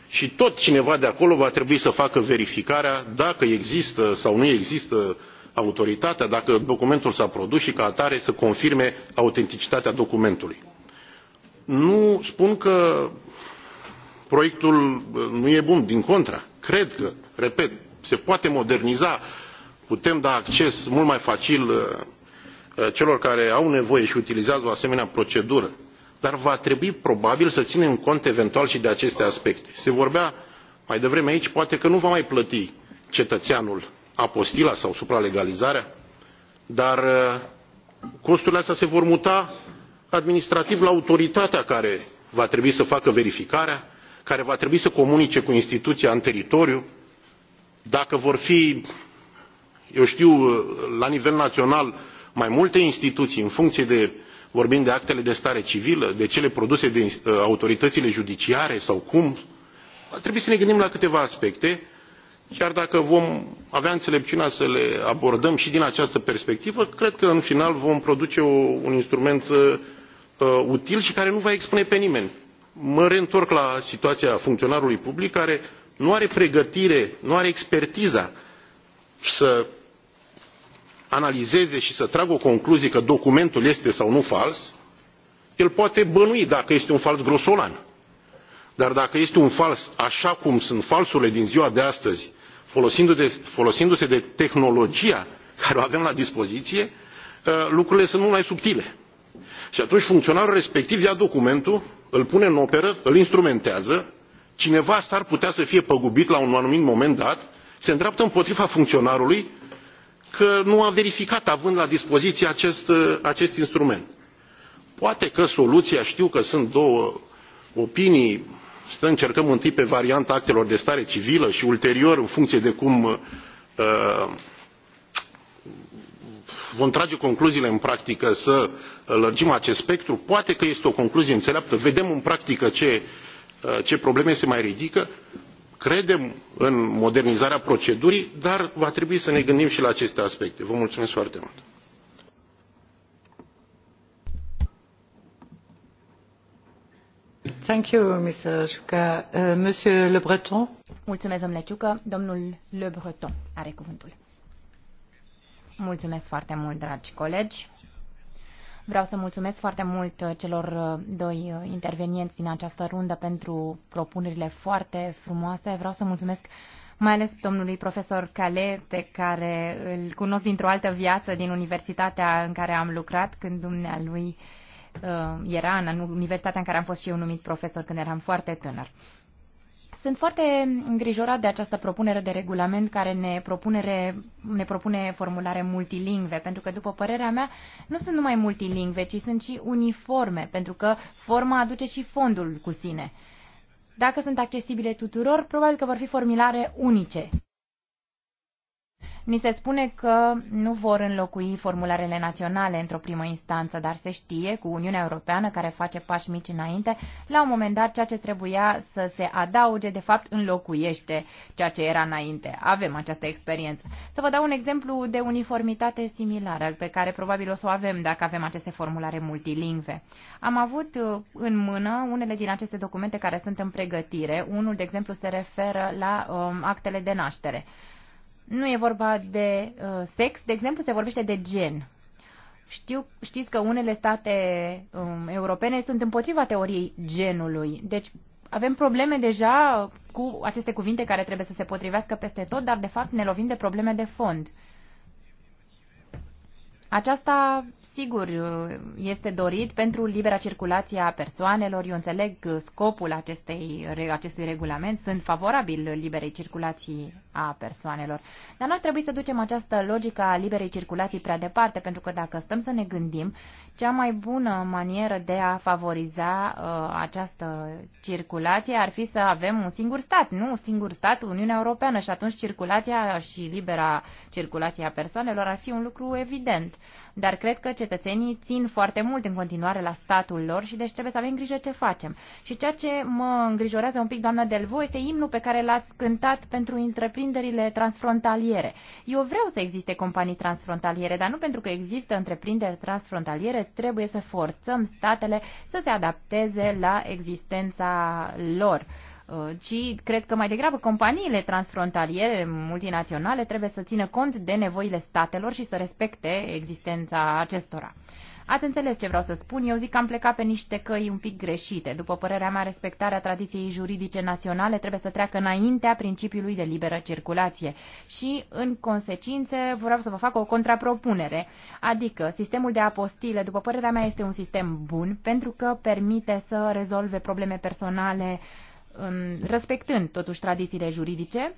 Și tot cineva de acolo va trebui să facă verificarea dacă există sau nu există autoritatea dacă documentul s a produs și ca atare să confirme autenticitatea documentului. nu spun că proiectul uh, nu e bun din contra. cred că repet se poate moderniza putem da acces mult mai facil uh, uh, celor care au nevoie și utilizează o asemenea procedură dar va trebui probabil să ținem cont eventual și de aceste aspecte. se vorbea mai devreme aici poate că nu va mai plăti cetățeanul apostila sau supralegalizarea dar uh, costurile astea se vor muta administrativ la autoritatea care va trebui să facă verificarea care va trebui să comunice cu instituția în teritoriu dacă vor fi eu știu uh, la nivel național mai multe instituții în funcție de vorbim de actele de stare civilă de cele produse de uh, autoritățile judiciare sau cum va trebui să ne gândim la câteva aspecte chiar dacă vom avea înțelepciunea să le abordăm și din această perspectivă cred că în final vom produce o, un instrument uh, uh, util și care nu va expune pe nimeni. mă reîntorc la situația funcționarului public care nu are pregătire nu are expertiza să analizeze și să tragă o concluzie că documentul este sau nu fals el poate bănui dacă este un fals grosolan dar dacă este un fals așa cum sunt falsurile din ziua de astăzi folosindu, se de tehnologia care o avem la dispoziție uh, lucrurile sunt mult mai subtile și atunci funcționarul respectiv ia documentul îl pune în operă îl instrumentează cineva s ar putea să fie păgubit la un anumit moment dat se îndreaptă împotriva funcționarului că nu a verificat având la dispoziție acest, uh, acest instrument. poate că soluția știu că sunt două opinii să încercăm întâi pe varianta actelor de stare civilă și ulterior, în funcție de cum uh, vom trage concluziile în practică să lărgim acest spectru poate că este o concluzie înțeleaptă vedem în practică ce, uh, ce probleme se mai ridică credem în modernizarea procedurii dar va trebui să ne gândim și la aceste aspecte. vă mulțumesc foarte mult. Uh, mulțumesc, Domnul Le Breton are cuvântul. Mulțumesc foarte mult, dragi colegi. Vreau să mulțumesc foarte mult uh, celor uh, doi intervenienți din această rundă pentru propunerile foarte frumoase. Vreau să mulțumesc mai ales domnului profesor Cale, pe care îl cunosc dintr-o altă viață din universitatea în care am lucrat, când dumnealui lui. Uh, era în universitatea în care am fost și eu numit profesor când eram foarte tânăr. Sunt foarte îngrijorat de această propunere de regulament care ne, propunere, ne propune formulare multilingve, pentru că, după părerea mea, nu sunt numai multilingve, ci sunt și uniforme, pentru că forma aduce și fondul cu sine. Dacă sunt accesibile tuturor, probabil că vor fi formulare unice. Ni se spune că nu vor înlocui formularele naționale într-o primă instanță, dar se știe cu Uniunea Europeană care face pași mici înainte, la un moment dat ceea ce trebuia să se adauge, de fapt înlocuiește ceea ce era înainte. Avem această experiență. Să vă dau un exemplu de uniformitate similară, pe care probabil o să o avem dacă avem aceste formulare multilingve. Am avut uh, în mână unele din aceste documente care sunt în pregătire. Unul, de exemplu, se referă la um, actele de naștere. Nu e vorba de uh, sex, de exemplu, se vorbește de gen. Știu, știți că unele state um, europene sunt împotriva teoriei genului. Deci avem probleme deja cu aceste cuvinte care trebuie să se potrivească peste tot, dar de fapt ne lovim de probleme de fond. Aceasta, sigur, este dorit pentru libera circulație a persoanelor. Eu înțeleg scopul acestei, acestui regulament. Sunt favorabil liberei circulații a persoanelor. Dar nu ar trebui să ducem această logică a liberei circulații prea departe, pentru că dacă stăm să ne gândim, cea mai bună manieră de a favoriza uh, această circulație ar fi să avem un singur stat, nu un singur stat, Uniunea Europeană, și atunci circulația și libera circulație a persoanelor ar fi un lucru evident dar cred că cetățenii țin foarte mult în continuare la statul lor și deci trebuie să avem grijă ce facem. Și ceea ce mă îngrijorează un pic, doamna Delvo, este imnul pe care l-ați cântat pentru întreprinderile transfrontaliere. Eu vreau să existe companii transfrontaliere, dar nu pentru că există întreprinderi transfrontaliere, trebuie să forțăm statele să se adapteze la existența lor. Uh, ci cred că mai degrabă companiile transfrontaliere multinaționale trebuie să țină cont de nevoile statelor și să respecte existența acestora. Ați înțeles ce vreau să spun, eu zic că am plecat pe niște căi un pic greșite. După părerea mea, respectarea tradiției juridice naționale trebuie să treacă înaintea principiului de liberă circulație. Și, în consecință, vreau să vă fac o contrapropunere. Adică, sistemul de apostile, după părerea mea, este un sistem bun pentru că permite să rezolve probleme personale uh, respectând totuși tradițiile juridice.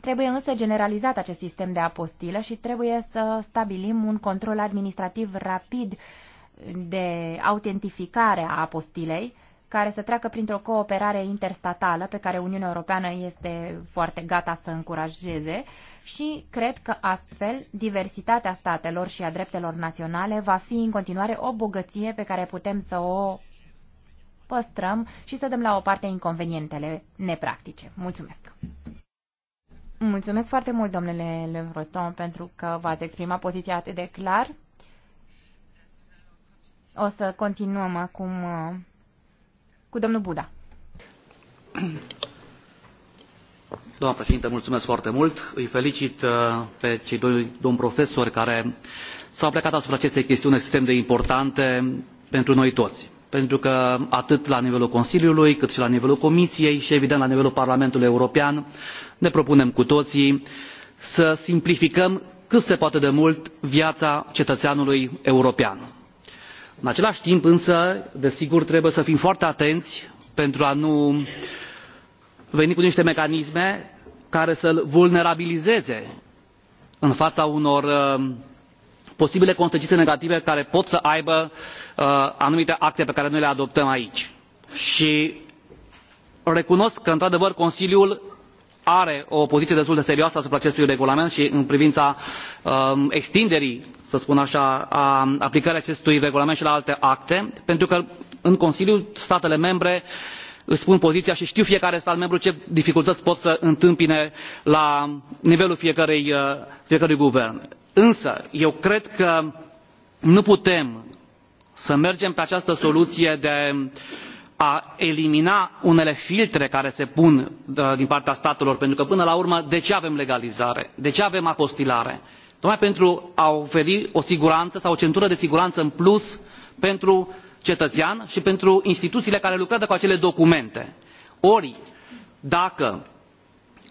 Trebuie însă generalizat acest sistem de apostilă și trebuie să stabilim un control administrativ rapid de autentificare a apostilei, care să treacă printr-o cooperare interstatală pe care Uniunea Europeană este foarte gata să încurajeze și cred că astfel diversitatea statelor și a dreptelor naționale va fi în continuare o bogăție pe care putem să o păstrăm și să dăm la o parte inconvenientele nepractice. Mulțumesc! Mulțumesc foarte mult, domnule Le pentru că v-ați exprimat poziția atât de clar. O să continuăm acum uh, cu domnul Buda. Doamna președintă, mulțumesc foarte mult. Îi felicit uh, pe cei doi domn profesori care s-au plecat asupra acestei chestiuni extrem de importante pentru noi toți pentru că atât la nivelul consiliului cât și la nivelul comisiei și evident la nivelul parlamentului european ne propunem cu toții să simplificăm cât se poate de mult viața cetățeanului european. în același timp însă desigur trebuie să fim foarte atenți pentru a nu veni cu niște mecanisme care să îl vulnerabilizeze în fața unor uh, posibile consecințe negative care pot să aibă uh, anumite acte pe care noi le adoptăm aici și recunosc că într adevăr consiliul are o poziție destul de serioasă asupra acestui regulament și în privința um, extinderii să spun așa a aplicării acestui regulament și la alte acte pentru că în consiliu statele membre își spun poziția și știu fiecare stat membru ce dificultăți pot să întâmpine la nivelul uh, fiecărui guvern însă eu cred că nu putem să mergem pe această soluție de a elimina unele filtre care se pun uh, din partea statelor pentru că până la urmă de ce avem legalizare de ce avem apostilare? tocmai pentru a oferi o siguranță sau o centură de siguranță în plus pentru cetățean și pentru instituțiile care lucrează cu acele documente. ori dacă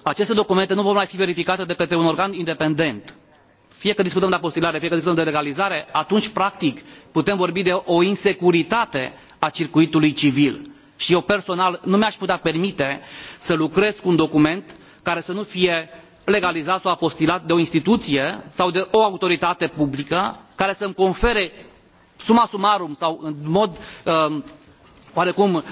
aceste documente nu vor mai fi verificate de către un organ independent fie că discutăm de apostilare fie că discutăm de legalizare atunci practic putem vorbi de o insecuritate a circuitului civil și eu personal nu mi aș putea permite să lucrez cu un document care să nu fie legalizat sau apostilat de o instituție sau de o autoritate publică care să îmi confere summa summarum sau în mod um, oarecum uh,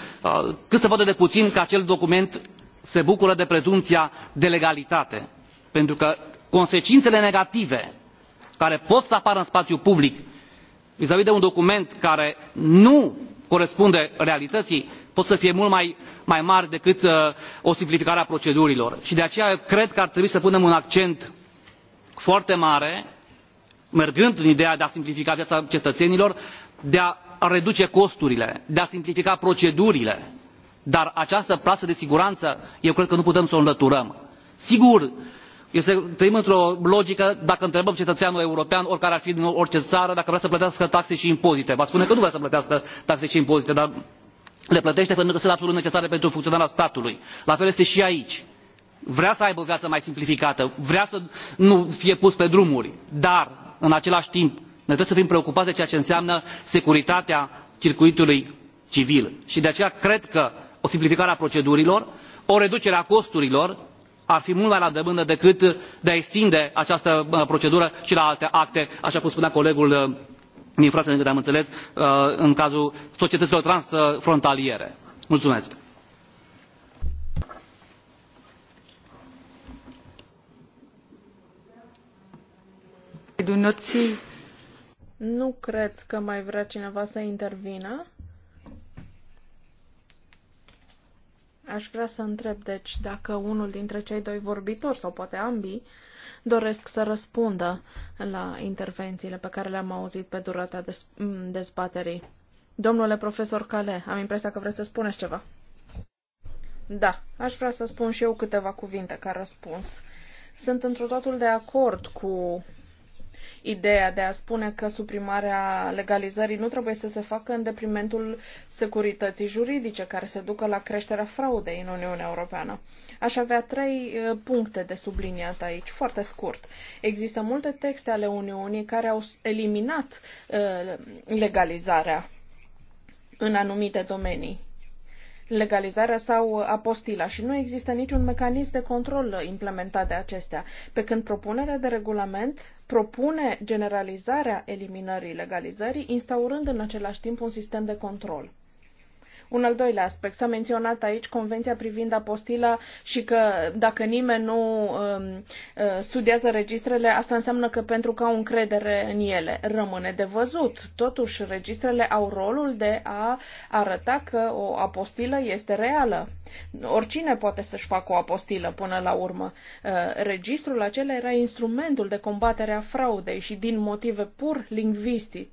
cât se poate de puțin că acel document se bucură de prezumția de legalitate pentru că consecințele negative care pot să apară în spațiul public vis de un document care nu corespunde realității pot să fie mult mai, mai mari decât uh, o simplificare a procedurilor și de aceea cred că ar trebui să punem un accent foarte mare mergând în ideea de a simplifica viața cetățenilor de a reduce costurile de a simplifica procedurile dar această plasă de siguranță eu cred că nu putem să o înlăturăm. sigur trăim într o logică dacă întrebăm cetățeanul european oricare ar fi din orice țară dacă vrea să plătească taxe și impozite va spune că nu vrea să plătească taxe și impozite dar le plătește pentru că sunt absolut necesare pentru funcționarea statului. la fel este și aici vrea să aibă o viață mai simplificată vrea să nu fie pus pe drumuri dar în același timp noi trebuie să fim preocupați de ceea ce înseamnă securitatea circuitului civil și de aceea cred că o simplificare a procedurilor o reducere a costurilor ar fi mult mai la îndemână decât de a extinde această procedură și la alte acte așa cum spunea colegul din franța din câte am înțeles în cazul societăților transfrontaliere. mulțumesc. Nu cred că mai vrea cineva să intervină. Aș vrea să întreb, deci, dacă unul dintre cei doi vorbitori, sau poate ambii, doresc să răspundă la intervențiile pe care le-am auzit pe durata dezbaterii. Domnule profesor Cale, am impresia că vreți să spuneți ceva. Da, aș vrea să spun și eu câteva cuvinte ca răspuns. Sunt într o totul de acord cu ideea de a spune că suprimarea legalizării nu trebuie să se facă în deprimentul securității juridice, care se ducă la creșterea fraudei în Uniunea Europeană. Aș avea trei uh, puncte de subliniat aici, foarte scurt. Există multe texte ale Uniunii care au eliminat uh, legalizarea în anumite domenii legalizarea sau apostila și nu există niciun mecanism de control implementat de acestea, pe când propunerea de regulament propune generalizarea eliminării legalizării, instaurând în același timp un sistem de control. Un al doilea aspect, s-a menționat aici convenția privind apostila și că dacă nimeni nu um, uh, studiază registrele, asta înseamnă că pentru că au încredere în ele rămâne de văzut. Totuși, registrele au rolul de a arăta că o apostilă este reală. Oricine poate să-și facă o apostilă până la urmă. Uh, registrul acela era instrumentul de combatere a fraudei și din motive pur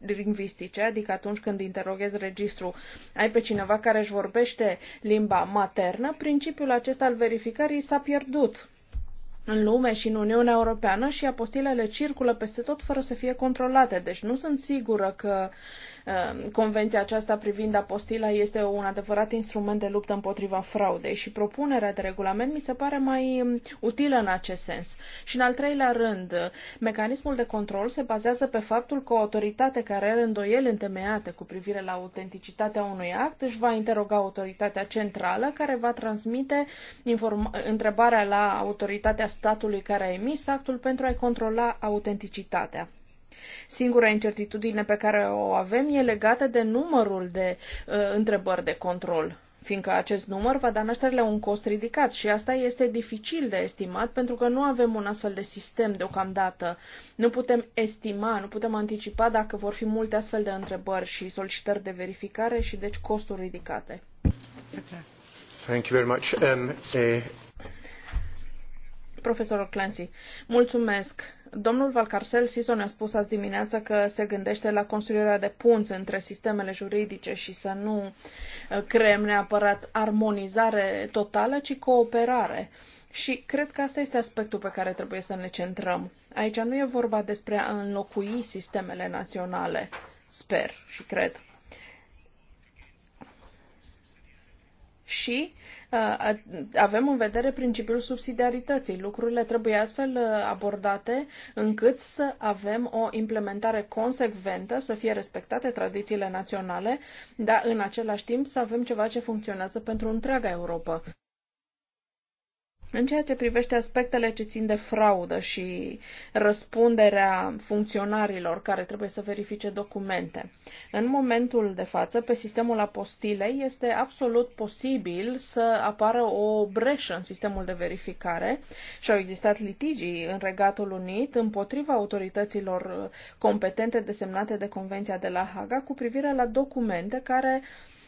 lingvistice, adică atunci când interoghezi registru, ai pe cineva care care își vorbește limba maternă, principiul acesta al verificării s-a pierdut în lume și în Uniunea Europeană și apostilele circulă peste tot fără să fie controlate. Deci nu sunt sigură că Ehm, convenția aceasta privind apostila este un adevărat instrument de luptă împotriva fraudei și propunerea de regulament mi se pare mai mm, utilă în acest sens. Și în al treilea rând, mecanismul de control se bazează pe faptul că o autoritate care are îndoieli întemeiate cu privire la autenticitatea unui act își va interoga autoritatea centrală care va transmite întrebarea la autoritatea statului care a emis actul pentru a-i controla autenticitatea. Singura incertitudine pe care o avem e legată de numărul de uh, întrebări de control fiindcă acest număr va da naștere la un cost ridicat și asta este dificil de estimat pentru că nu avem un astfel de sistem deocamdată. Nu putem estima, nu putem anticipa dacă vor fi multe astfel de întrebări și solicitări de verificare și deci costuri ridicate. Thank you very much. Um, eh... Profesorul Clancy, mulțumesc. Domnul Valcarcel Siso ne-a spus azi dimineață că se gândește la construirea de punți între sistemele juridice și să nu uh, creăm neapărat armonizare totală, ci cooperare. Și cred că asta este aspectul pe care trebuie să ne centrăm. Aici nu e vorba despre a înlocui sistemele naționale, sper și cred. Și avem în vedere principiul subsidiarității. Lucrurile trebuie astfel uh, abordate încât să avem o implementare consecventă, să fie respectate tradițiile naționale, dar în același timp să avem ceva ce funcționează pentru întreaga Europa. În ceea ce privește aspectele ce țin de fraudă și răspunderea funcționarilor care trebuie să verifice documente, în momentul de față, pe sistemul apostilei este absolut posibil să apară o breșă în sistemul de verificare și au existat litigii în Regatul Unit împotriva autorităților competente desemnate de Convenția de la Haga cu privire la documente care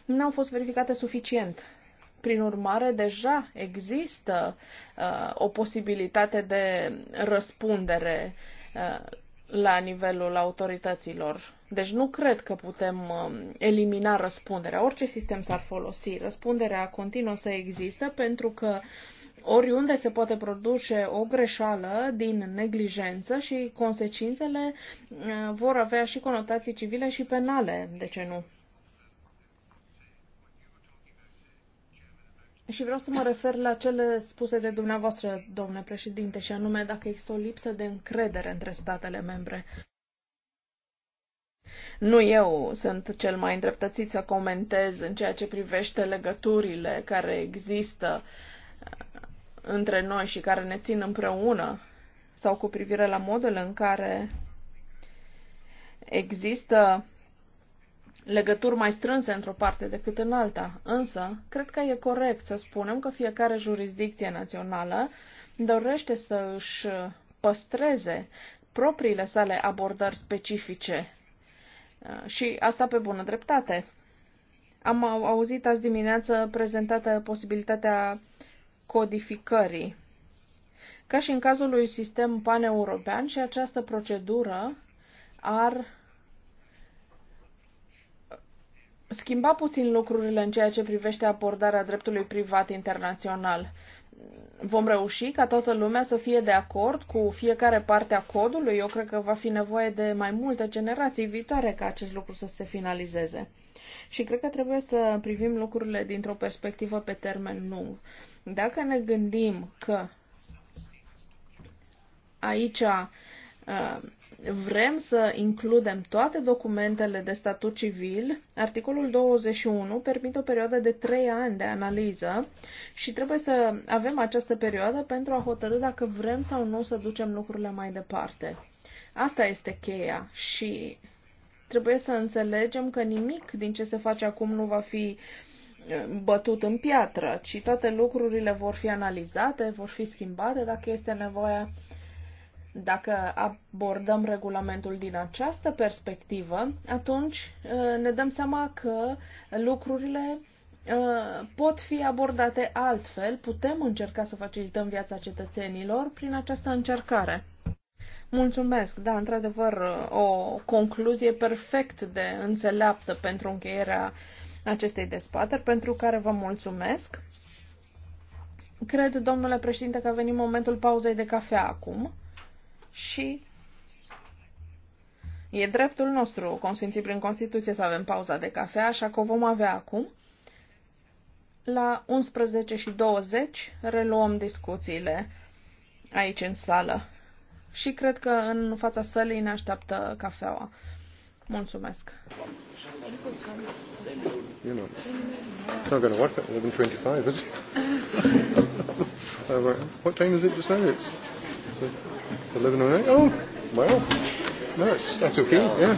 nu au fost verificate suficient prin urmare, deja există uh, o posibilitate de răspundere uh, la nivelul autorităților. Deci nu cred că putem uh, elimina răspunderea. Orice sistem s-ar folosi, răspunderea continuă să existe pentru că oriunde se poate produce o greșeală din neglijență și consecințele uh, vor avea și conotații civile și penale. De ce nu? Și vreau să mă refer la cele spuse de dumneavoastră, domnule președinte, și anume dacă există o lipsă de încredere între statele membre. Nu eu sunt cel mai îndreptățit să comentez în ceea ce privește legăturile care există uh, între noi și care ne țin împreună sau cu privire la modul în care există legături mai strânse într-o parte decât în alta, însă cred că e corect să spunem că fiecare jurisdicție națională dorește să își păstreze propriile sale abordări specifice uh, și asta pe bună dreptate. Am auzit azi dimineață prezentată posibilitatea codificării. Ca și în cazul lui sistem paneuropean și această procedură ar schimba puțin lucrurile în ceea ce privește abordarea dreptului privat internațional. Vom reuși ca toată lumea să fie de acord cu fiecare parte a codului? Eu cred că va fi nevoie de mai multe generații viitoare ca acest lucru să se finalizeze. Și cred că trebuie să privim lucrurile dintr-o perspectivă pe termen lung. Dacă ne gândim că aici uh, vrem să includem toate documentele de statut civil, articolul 21 permite o perioadă de 3 ani de analiză și trebuie să avem această perioadă pentru a hotărâ dacă vrem sau nu să ducem lucrurile mai departe. Asta este cheia și trebuie să înțelegem că nimic din ce se face acum nu va fi eh, bătut în piatră, ci toate lucrurile vor fi analizate, vor fi schimbate dacă este nevoie dacă abordăm regulamentul din această perspectivă, atunci uh, ne dăm seama că lucrurile uh, pot fi abordate altfel, putem încerca să facilităm viața cetățenilor prin această încercare. Mulțumesc, da, într-adevăr, o concluzie perfect de înțeleaptă pentru încheierea acestei despateri, pentru care vă mulțumesc. Cred, domnule președinte, că a venit momentul pauzei de cafea acum și e dreptul nostru, consfințit prin Constituție, să avem pauza de cafea, așa că o vom avea acum. La 11 și 20 reluăm discuțiile aici în sală. Și cred că în fața sălii ne așteaptă cafeaua. Mulțumesc. You know, it's not going to work at 11.25, is it? (laughs) Uh, what time is it It's 11 and 8? Oh, well, no, that's okay, yeah.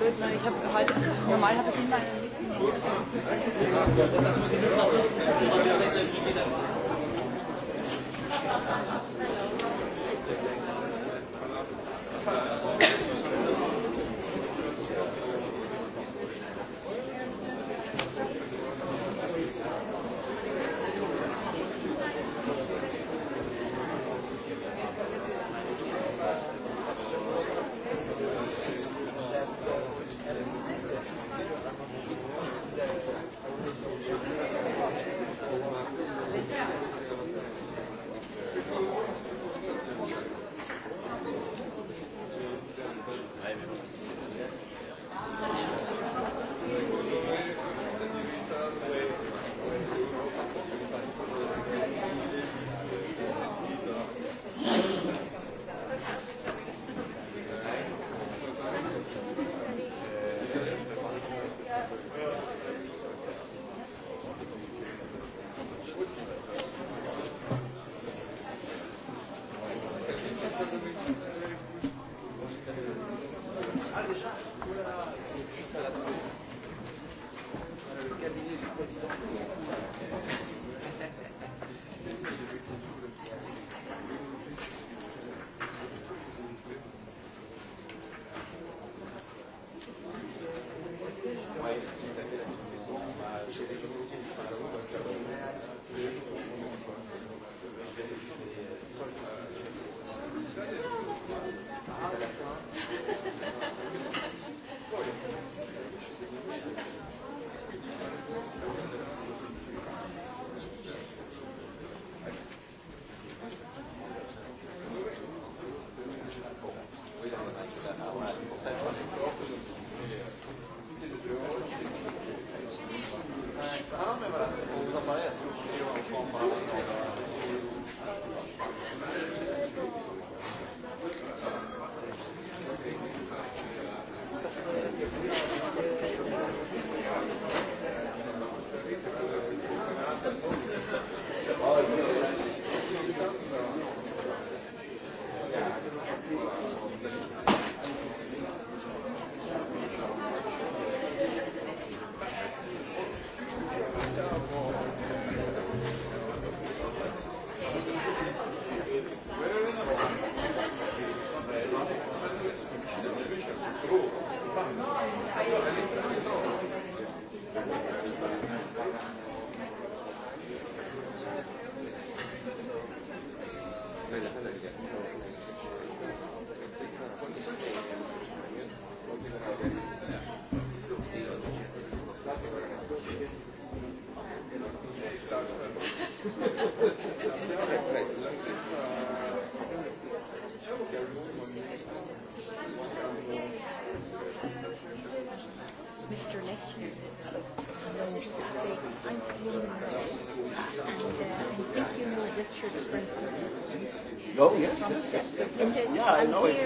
blöd, ne? ich habe heute, normal habe ich immer einen mit. it. Yeah, I know it.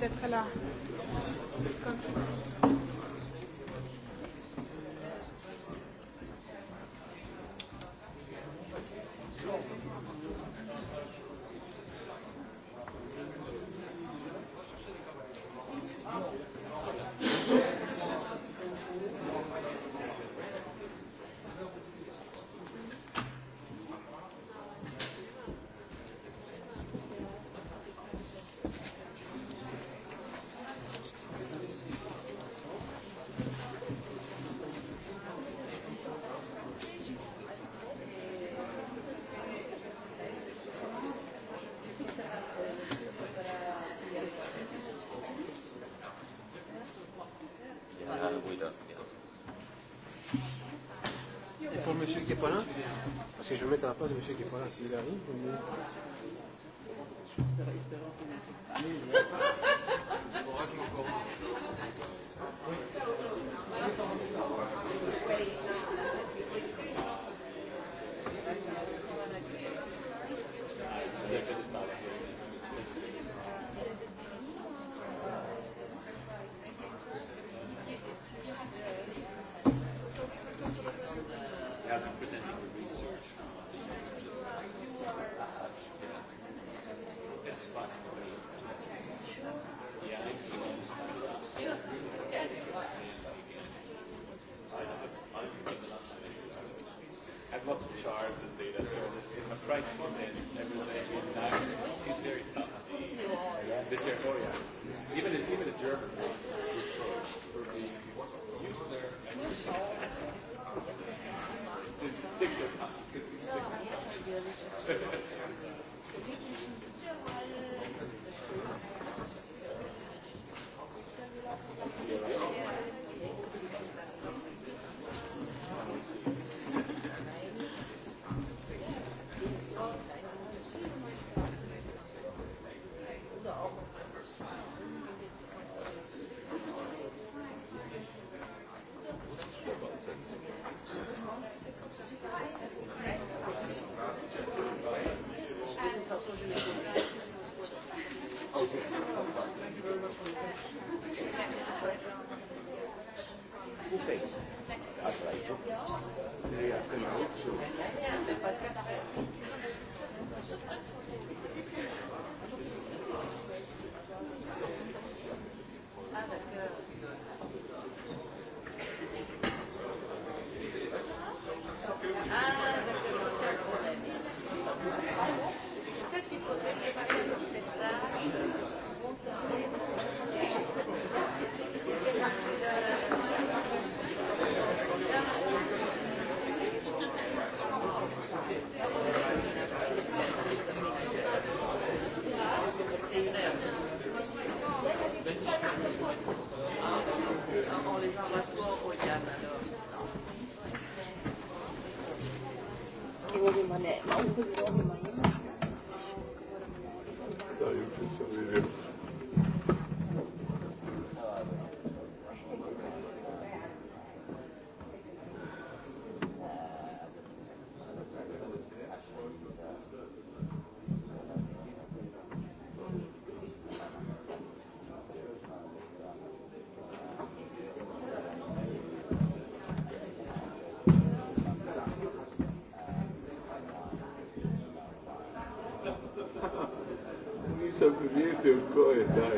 d'être là. Comme... Parce que je vais mettre à la place de M. Guépard s'il arrive. Mais... proprietari. Da,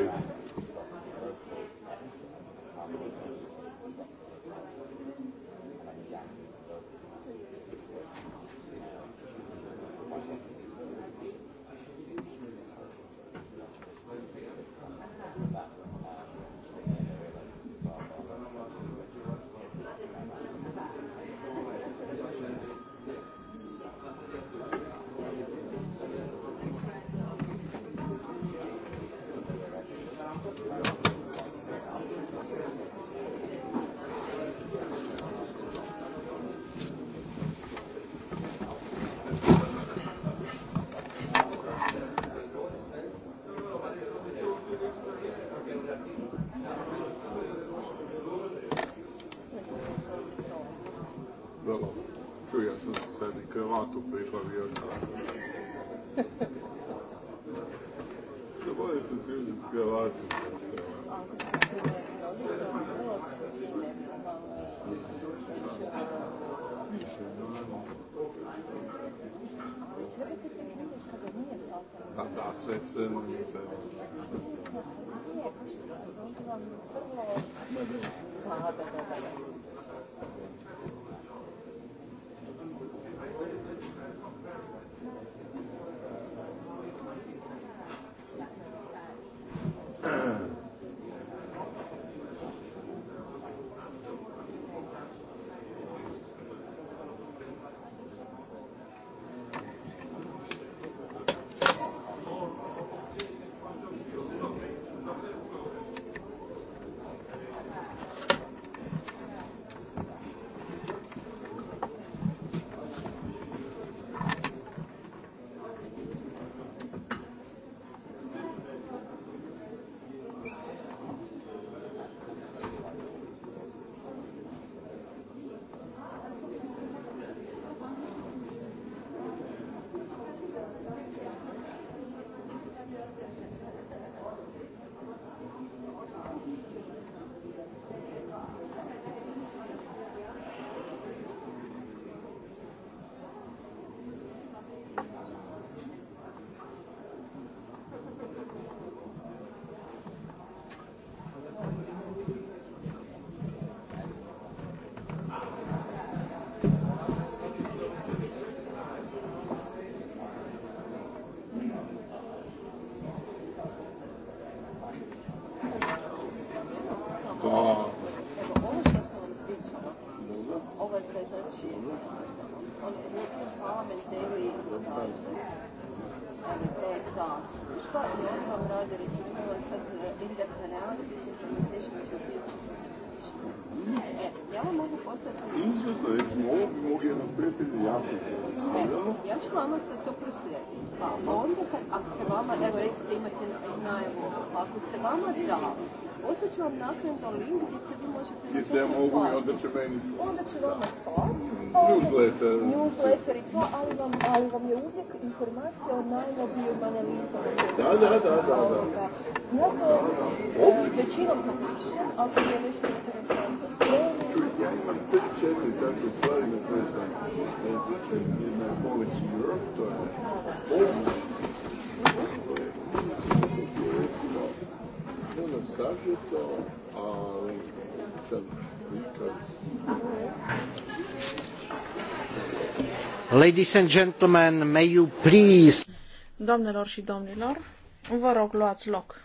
ono da će meni slati. Onda će vama slati. Newsletter. Newsletter i to, ali vam, ali vam je uvijek informacija o najnovijim analizama. Da, da, da, da. da. Ja to e, većinom napišem, ako mi je nešto interesantno spremno. Čuj, ja imam te četiri takve stvari na koje sam utječen. Jedna je Policy Europe, to je ono savjeto, ali sam Ladies and gentlemen, may you please... Doamnelor și domnilor, vă rog luați loc.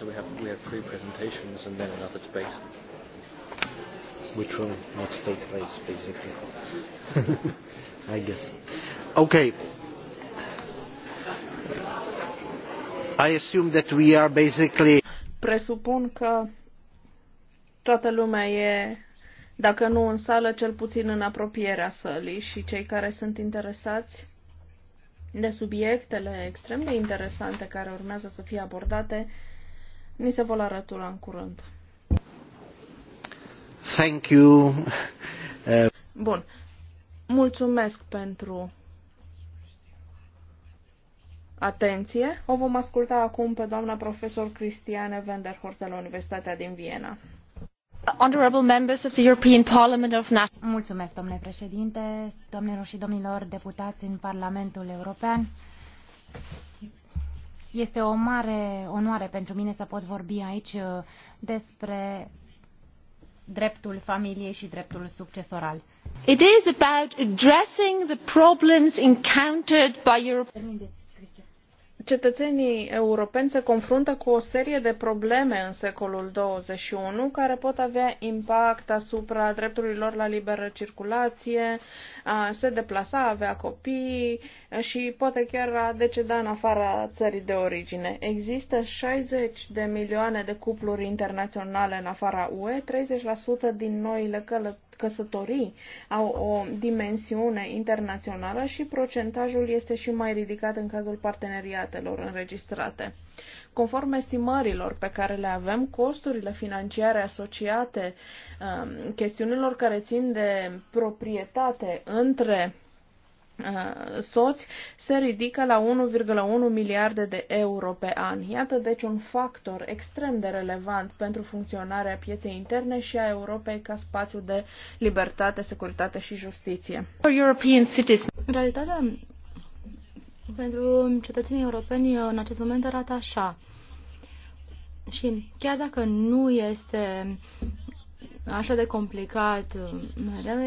so we have we have three presentations and then another debate, which will not take place basically. (laughs) (laughs) I guess. Okay. I assume that we are basically. Presupun că toată lumea e, dacă nu în sală, cel puțin în apropierea sălii și cei care sunt interesați de subiectele extrem de interesante care urmează să fie abordate ni se vor arătura în curând. Thank you. Uh, Bun. Mulțumesc pentru atenție. O vom asculta acum pe doamna profesor Cristiane Venderhorst de la Universitatea din Viena. Honorable members of the European Parliament of Mulțumesc, domnule președinte, domnilor și domnilor deputați în Parlamentul European. Este o mare onoare pentru mine să pot vorbi aici uh, despre dreptul familiei și dreptul succesoral. It is about addressing the problems encountered by Europe cetățenii europeni se confruntă cu o serie de probleme în secolul 21 care pot avea impact asupra drepturilor la liberă circulație, a se deplasa, a avea copii și poate chiar a deceda în afara țării de origine. Există 60 de milioane de cupluri internaționale în afara UE, 30% din noile călătorii căsătorii au o dimensiune internațională și procentajul este și mai ridicat în cazul parteneriatelor înregistrate. Conform estimărilor pe care le avem, costurile financiare asociate um, chestiunilor care țin de proprietate între Uh, soți se ridică la 1,1 miliarde de euro pe an. Iată deci un factor extrem de relevant pentru funcționarea pieței interne și a Europei ca spațiu de libertate, securitate și justiție. Realitatea pentru cetățenii europeni în acest moment arată așa. Și chiar dacă nu este așa de complicat.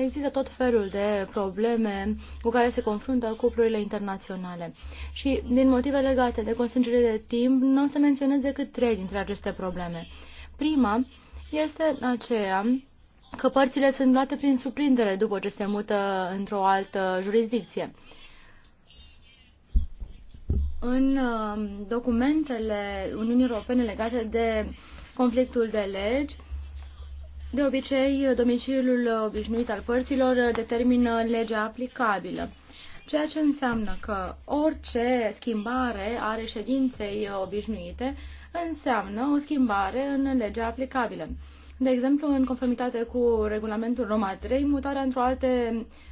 Există tot felul de probleme cu care se confruntă cuplurile internaționale. Și din motive legate de constrângere de timp, nu o să menționez decât trei dintre aceste probleme. Prima este aceea că părțile sunt luate prin surprindere după ce se mută într-o altă jurisdicție. În uh, documentele Uniunii Europene legate de conflictul de legi, de obicei, domiciliul obișnuit al părților determină legea aplicabilă, ceea ce înseamnă că orice schimbare a reședinței obișnuite înseamnă o schimbare în legea aplicabilă. De exemplu, în conformitate cu regulamentul Roma 3, mutarea într-o altă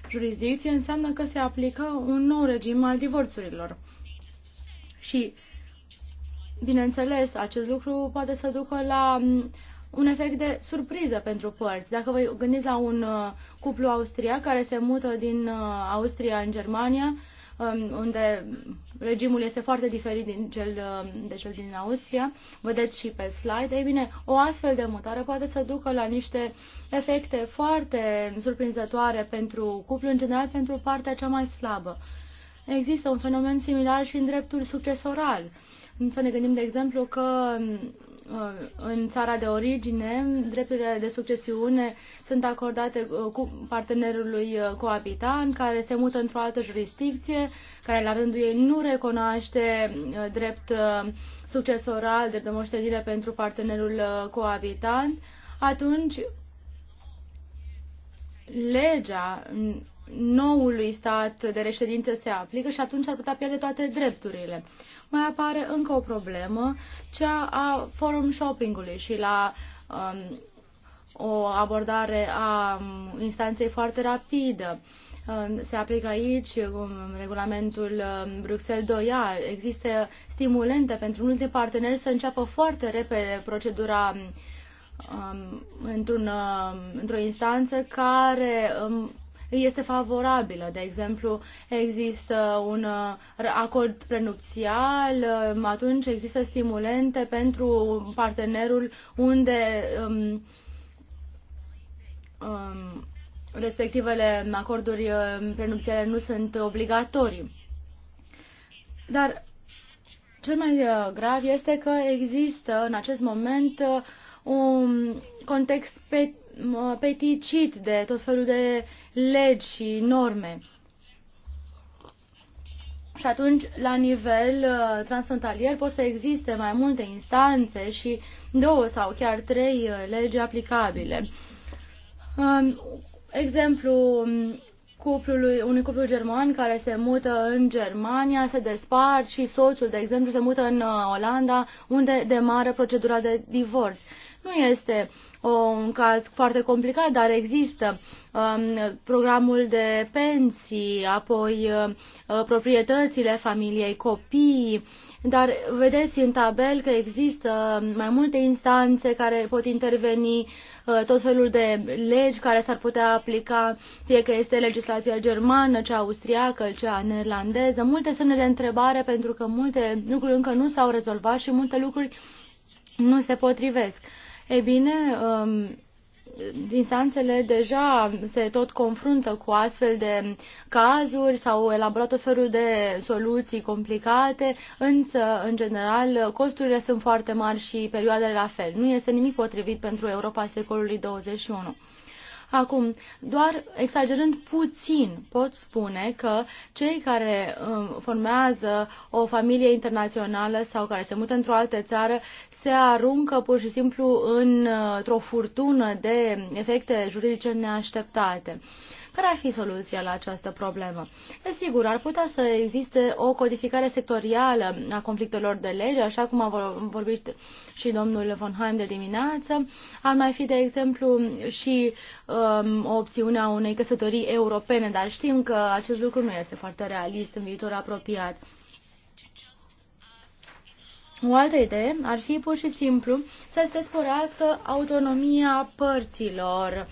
jurisdicție înseamnă că se aplică un nou regim al divorțurilor. Și, bineînțeles, acest lucru poate să ducă la un efect de surpriză pentru părți. Dacă vă gândiți la un uh, cuplu austriac care se mută din uh, Austria în Germania, um, unde regimul este foarte diferit din cel, uh, de cel din Austria, vedeți și pe slide, ei bine, o astfel de mutare poate să ducă la niște efecte foarte surprinzătoare pentru cuplu, în general pentru partea cea mai slabă. Există un fenomen similar și în dreptul succesoral. Să ne gândim, de exemplu, că um, Uh, în țara de origine, drepturile de succesiune sunt acordate uh, cu partenerului uh, coabitan, care se mută într-o altă jurisdicție, care la rândul ei nu recunoaște drept succesoral, drept de moștenire pentru partenerul coabitan, atunci legea noului stat de reședință se aplică și atunci ar putea pierde toate drepturile. Mai apare încă o problemă, cea a forum shoppingului și la um, o abordare a um, instanței foarte rapidă. Um, se aplică aici um, regulamentul Bruxelles 2A. Există stimulente pentru multe parteneri să înceapă foarte repede procedura um, într-un, um, într-o instanță care um, este favorabilă. De exemplu, există un uh, acord prenupțial, um, atunci există stimulente pentru partenerul unde um, um, respectivele acorduri um, prenupțiale nu sunt obligatorii. Dar cel mai uh, grav este că există în acest moment uh, un context pe peticit de tot felul de legi și norme. Și atunci, la nivel uh, transfrontalier, pot să existe mai multe instanțe și două sau chiar trei uh, legi aplicabile. Um, exemplu um, cuplului, unui cuplu german care se mută în Germania, se despart și soțul, de exemplu, se mută în uh, Olanda, unde demară procedura de divorț. Nu este o, uh, un caz foarte complicat, dar există um, programul de pensii, apoi uh, uh, proprietățile familiei, copii. dar vedeți în tabel că există mai multe instanțe care pot interveni, uh, tot felul de legi care s-ar putea aplica, fie că este legislația germană, cea austriacă, cea neerlandeză, multe semne de întrebare pentru că multe lucruri încă nu s-au rezolvat și multe lucruri nu se potrivesc. E bine, um, instanțele deja se tot confruntă cu astfel de cazuri, s-au elaborat tot felul de soluții complicate, însă, în general, costurile sunt foarte mari și perioadele la fel. Nu este nimic potrivit pentru Europa secolului 21. Acum, doar exagerând puțin, pot spune că cei care um, formează o familie internațională sau care se mută într-o altă țară se aruncă pur și simplu uh, într-o furtună de efecte juridice neașteptate. Care ar fi soluția la această problemă? Desigur, ar putea să existe o codificare sectorială a conflictelor de lege, așa cum a vorbit și domnul von Heim de dimineață. Ar mai fi, de exemplu, și um, opțiunea unei căsătorii europene, dar știm că acest lucru nu este foarte realist în viitor apropiat. O altă idee ar fi pur și simplu să se sporească autonomia părților.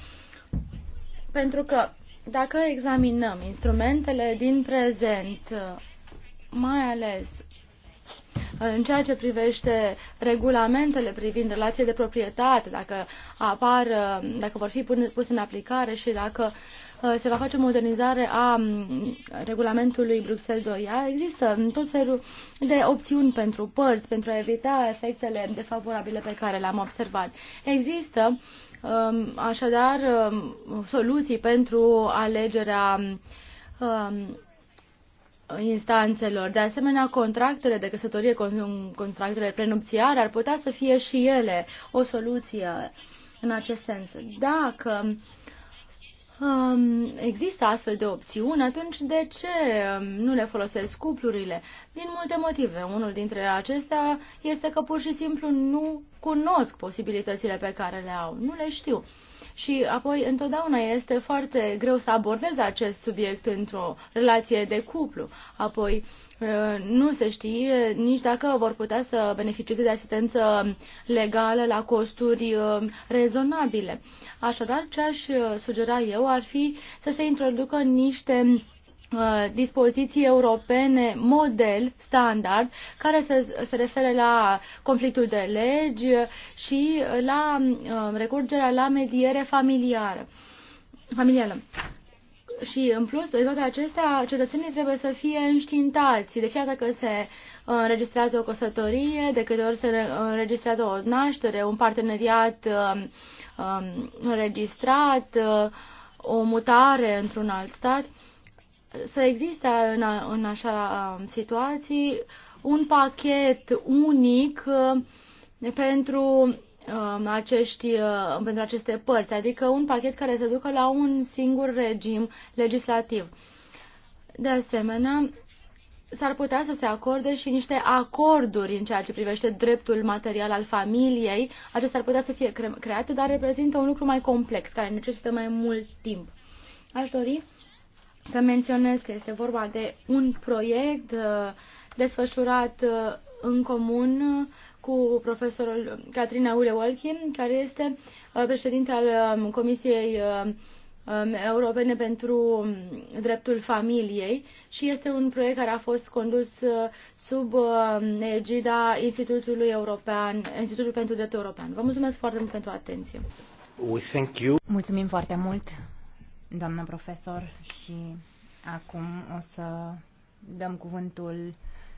Pentru că dacă examinăm instrumentele din prezent, mai ales uh, în ceea ce privește regulamentele privind relație de proprietate, dacă apar, uh, dacă vor fi puse în aplicare și dacă uh, se va face modernizare a mm, regulamentului Bruxelles 2. Există tot serul de opțiuni pentru părți, pentru a evita efectele defavorabile pe care le-am observat. Există Um, așadar um, soluții pentru alegerea um, instanțelor. De asemenea, contractele de căsătorie, contractele prenupțiare ar putea să fie și ele o soluție în acest sens. Dacă um, există astfel de opțiuni, atunci de ce um, nu le folosesc cuplurile? Din multe motive. Unul dintre acestea este că pur și simplu nu cunosc posibilitățile pe care le au, nu le știu. Și apoi, întotdeauna este foarte greu să abordezi acest subiect într-o relație de cuplu. Apoi, uh, nu se știe nici dacă vor putea să beneficieze de asistență legală la costuri uh, rezonabile. Așadar, ce aș uh, sugera eu ar fi să se introducă niște Uh, dispoziții europene model, standard, care se, se refere la conflictul de legi și la uh, recurgerea la mediere familiară, familială. Și în plus de toate acestea, cetățenii trebuie să fie înștiintați de fiecare că se uh, înregistrează o căsătorie, de câte ori se înregistrează o naștere, un parteneriat um, înregistrat, o mutare într-un alt stat să existe în, în așa um, situații un pachet unic uh, pentru um, acești, uh, pentru aceste părți, adică un pachet care se ducă la un singur regim legislativ. De asemenea, s-ar putea să se acorde și niște acorduri în ceea ce privește dreptul material al familiei. Acestea ar putea să fie create, dar reprezintă un lucru mai complex, care necesită mai mult timp. Aș dori să menționez că este vorba de un proiect uh, desfășurat uh, în comun uh, cu profesorul Catrina Ulewalkin, care este președinte al um, Comisiei um, um, Europene pentru Dreptul Familiei și este un proiect care a fost condus sub egida Institutului European, Institutul pentru Drept European. Vă mulțumesc foarte mult pentru atenție. We thank you. Mulțumim foarte mult doamnă profesor, și acum o să dăm cuvântul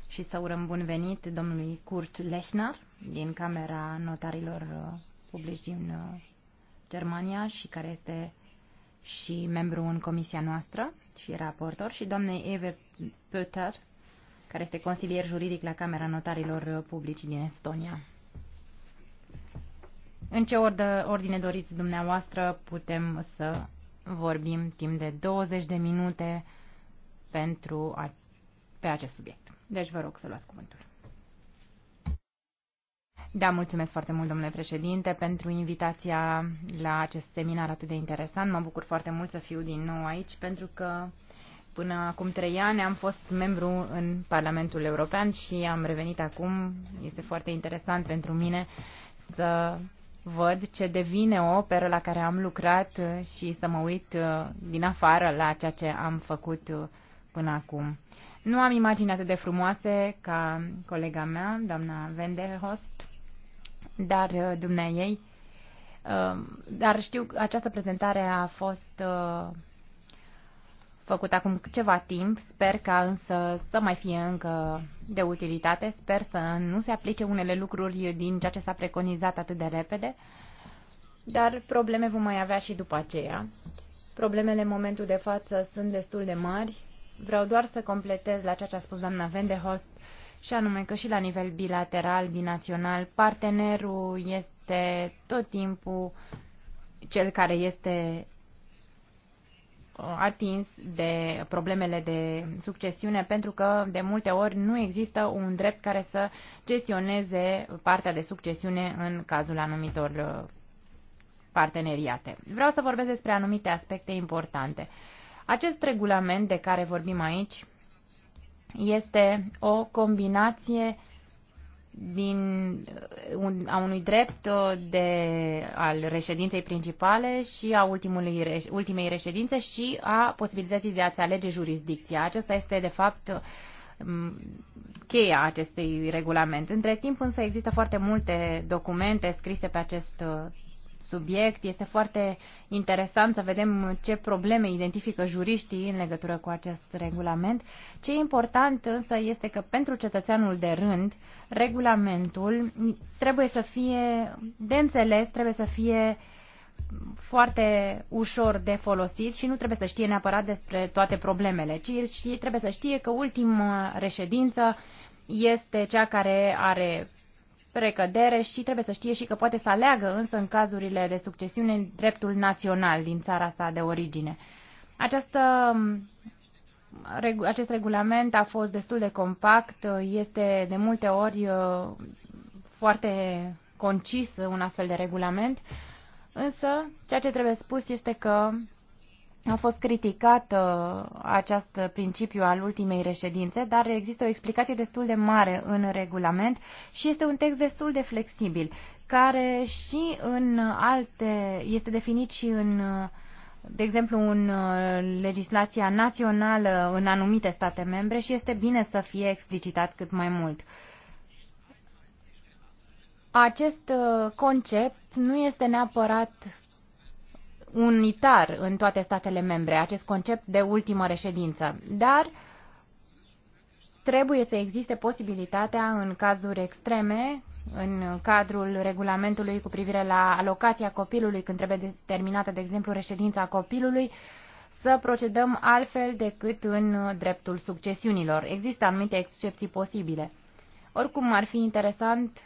și să urăm bun venit domnului Kurt Lechner din Camera Notarilor uh, Publici din uh, Germania și care este și membru în comisia noastră și raportor și doamnei Eve Pöter, care este consilier juridic la Camera Notarilor uh, Publici din Estonia. În ce ordine doriți dumneavoastră putem să vorbim timp de 20 de minute pentru a, pe acest subiect. Deci vă rog să luați cuvântul. Da, mulțumesc foarte mult, domnule președinte, pentru invitația la acest seminar atât de interesant. Mă bucur foarte mult să fiu din nou aici, pentru că până acum trei ani am fost membru în Parlamentul European și am revenit acum. Este foarte interesant pentru mine să văd ce devine o operă la care am lucrat uh, și să mă uit uh, din afară la ceea ce am făcut uh, până acum. Nu am imagini atât de frumoase ca colega mea, doamna Vendelhost, dar dumnea ei. Dar știu că această prezentare a fost făcut acum ceva timp. Sper ca însă să mai fie încă de utilitate. Sper să nu se aplice unele lucruri din ceea ce s-a preconizat atât de repede. Dar probleme vom mai avea și după aceea. Problemele în momentul de față sunt destul de mari. Vreau doar să completez la ceea ce a spus doamna Vendehost și anume că și la nivel bilateral, binațional, partenerul este tot timpul cel care este atins de problemele de succesiune pentru că de multe ori nu există un drept care să gestioneze partea de succesiune în cazul anumitor uh, parteneriate. Vreau să vorbesc despre anumite aspecte importante. Acest regulament de care vorbim aici este o combinație din, un, a unui drept uh, de, al reședinței principale și a ultimului, ultimei reședințe și a posibilității de a-ți alege jurisdicția. Aceasta este, de fapt, uh, cheia acestui regulament. Între timp, însă, există foarte multe documente scrise pe acest uh, subiect. Este foarte interesant să vedem ce probleme identifică juriștii în legătură cu acest regulament. Ce e important însă este că pentru cetățeanul de rând, regulamentul trebuie să fie de înțeles, trebuie să fie foarte ușor de folosit și nu trebuie să știe neapărat despre toate problemele, ci și trebuie să știe că ultima reședință este cea care are cădere și trebuie să știe și că poate să aleagă însă în cazurile de succesiune dreptul național din țara sa de origine. Această, acest regulament a fost destul de compact, este de multe ori uh, foarte concis un astfel de regulament, însă ceea ce trebuie spus este că a fost criticat uh, acest principiu al ultimei reședințe, dar există o explicație destul de mare în regulament și este un text destul de flexibil, care și în alte, este definit și în, uh, de exemplu, în uh, legislația națională în anumite state membre și este bine să fie explicitat cât mai mult. Acest uh, concept nu este neapărat unitar în toate statele membre, acest concept de ultimă reședință. Dar trebuie să existe posibilitatea în cazuri extreme, în cadrul regulamentului cu privire la alocația copilului, când trebuie determinată, de exemplu, reședința copilului, să procedăm altfel decât în dreptul succesiunilor. Există anumite excepții posibile. Oricum ar fi interesant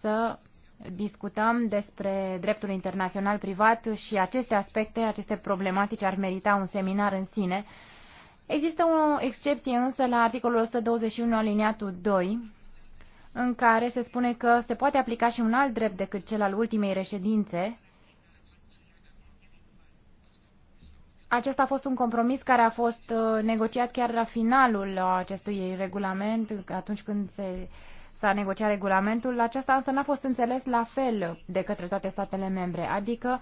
să discutăm despre dreptul internațional privat și aceste aspecte, aceste problematici ar merita un seminar în sine. Există o excepție însă la articolul 121 aliniatul 2, în care se spune că se poate aplica și un alt drept decât cel al ultimei reședințe. Acesta a fost un compromis care a fost uh, negociat chiar la finalul acestui regulament, atunci când se uh, s-a negociat regulamentul, Aceasta însă n-a fost înțeles la fel de către toate statele membre, adică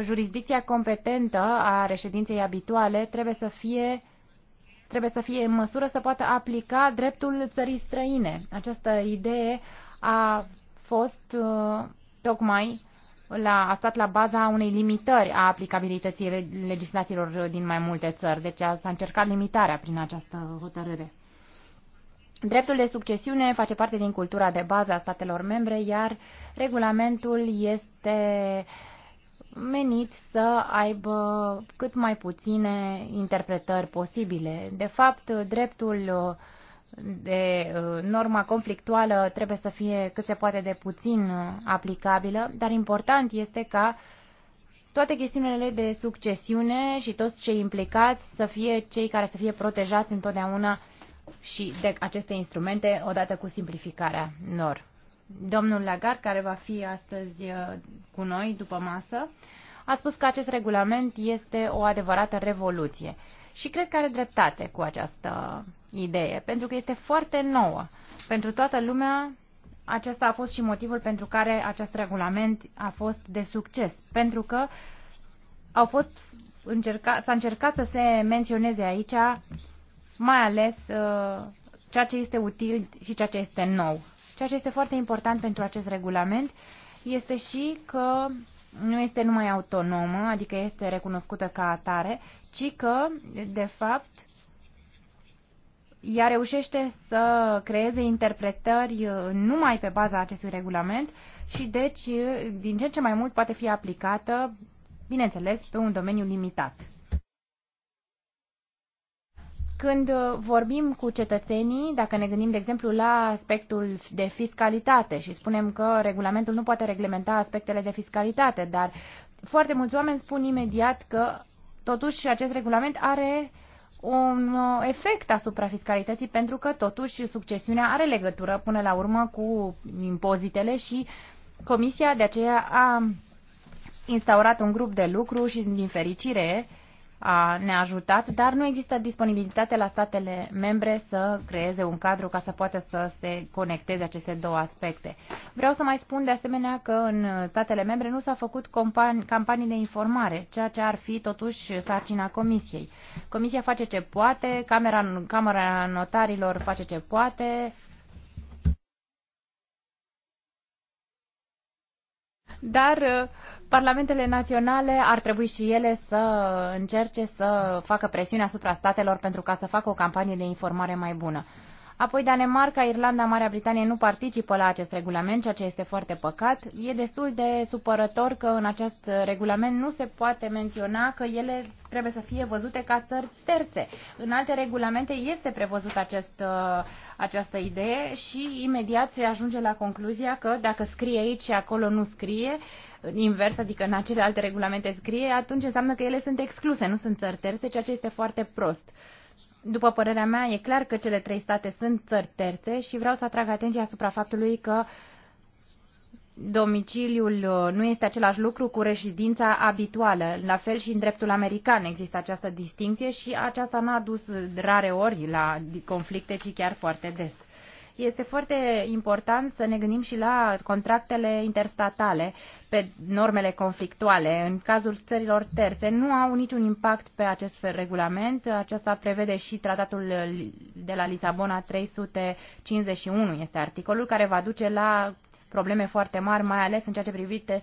jurisdicția competentă a reședinței habituale trebuie să fie trebuie să fie în măsură să poată aplica dreptul țării străine. Această idee a fost uh, tocmai la, a stat la baza unei limitări a aplicabilității legislațiilor din mai multe țări, deci s-a încercat limitarea prin această hotărâre. Dreptul de succesiune face parte din cultura de bază a statelor membre, iar regulamentul este menit să aibă cât mai puține interpretări posibile. De fapt, dreptul uh, de uh, norma conflictuală trebuie să fie cât se poate de puțin uh, aplicabilă, dar important este ca toate chestiunile de succesiune și toți cei implicați să fie cei care să fie protejați întotdeauna și de aceste instrumente odată cu simplificarea NOR. Domnul Lagarde, care va fi astăzi uh, cu noi după masă, a spus că acest regulament este o adevărată revoluție. Și cred că are dreptate cu această idee, pentru că este foarte nouă. Pentru toată lumea, acesta a fost și motivul pentru care acest regulament a fost de succes, pentru că au fost încerca, s-a încercat să se menționeze aici mai ales uh, ceea ce este util și ceea ce este nou. Ceea ce este foarte important pentru acest regulament este și că nu este numai autonomă, adică este recunoscută ca atare, ci că, de fapt, ea reușește să creeze interpretări uh, numai pe baza acestui regulament și, deci, uh, din ce în ce mai mult poate fi aplicată, bineînțeles, pe un domeniu limitat. Când uh, vorbim cu cetățenii, dacă ne gândim, de exemplu, la aspectul de fiscalitate și spunem că regulamentul nu poate reglementa aspectele de fiscalitate, dar foarte mulți oameni spun imediat că totuși acest regulament are un uh, efect asupra fiscalității pentru că totuși succesiunea are legătură până la urmă cu impozitele și Comisia de aceea a instaurat un grup de lucru și din fericire uh, a ne ajutat, dar nu există disponibilitate la statele membre să creeze un cadru ca să poată să se conecteze aceste două aspecte. Vreau să mai spun de asemenea că în statele membre nu s-au făcut campanii de informare, ceea ce ar fi totuși sarcina Comisiei. Comisia face ce poate, Camera, camera Notarilor face ce poate, dar Parlamentele naționale ar trebui și ele să încerce să facă presiune asupra statelor pentru ca să facă o campanie de informare mai bună. Apoi Danemarca, Irlanda, Marea Britanie nu participă la acest regulament, ceea ce este foarte păcat. E destul de supărător că în acest regulament nu se poate menționa că ele trebuie să fie văzute ca țări terțe. În alte regulamente este prevăzut acest, uh, această idee și imediat se ajunge la concluzia că dacă scrie aici și acolo nu scrie, invers, adică în acele alte regulamente scrie, atunci înseamnă că ele sunt excluse, nu sunt țări terțe, ceea ce este foarte prost. După părerea mea, e clar că cele trei state sunt țări terțe și vreau să atrag atenția asupra faptului că domiciliul uh, nu este același lucru cu reședința abituală. La fel și în dreptul american există această distinție și aceasta n-a dus rare ori la conflicte, ci chiar foarte des. Este foarte important să ne gândim și la contractele interstatale pe normele conflictuale. În cazul țărilor terțe nu au niciun impact pe acest regulament. Aceasta prevede și tratatul de la Lisabona 351 este articolul care va duce la probleme foarte mari, mai ales în ceea ce privește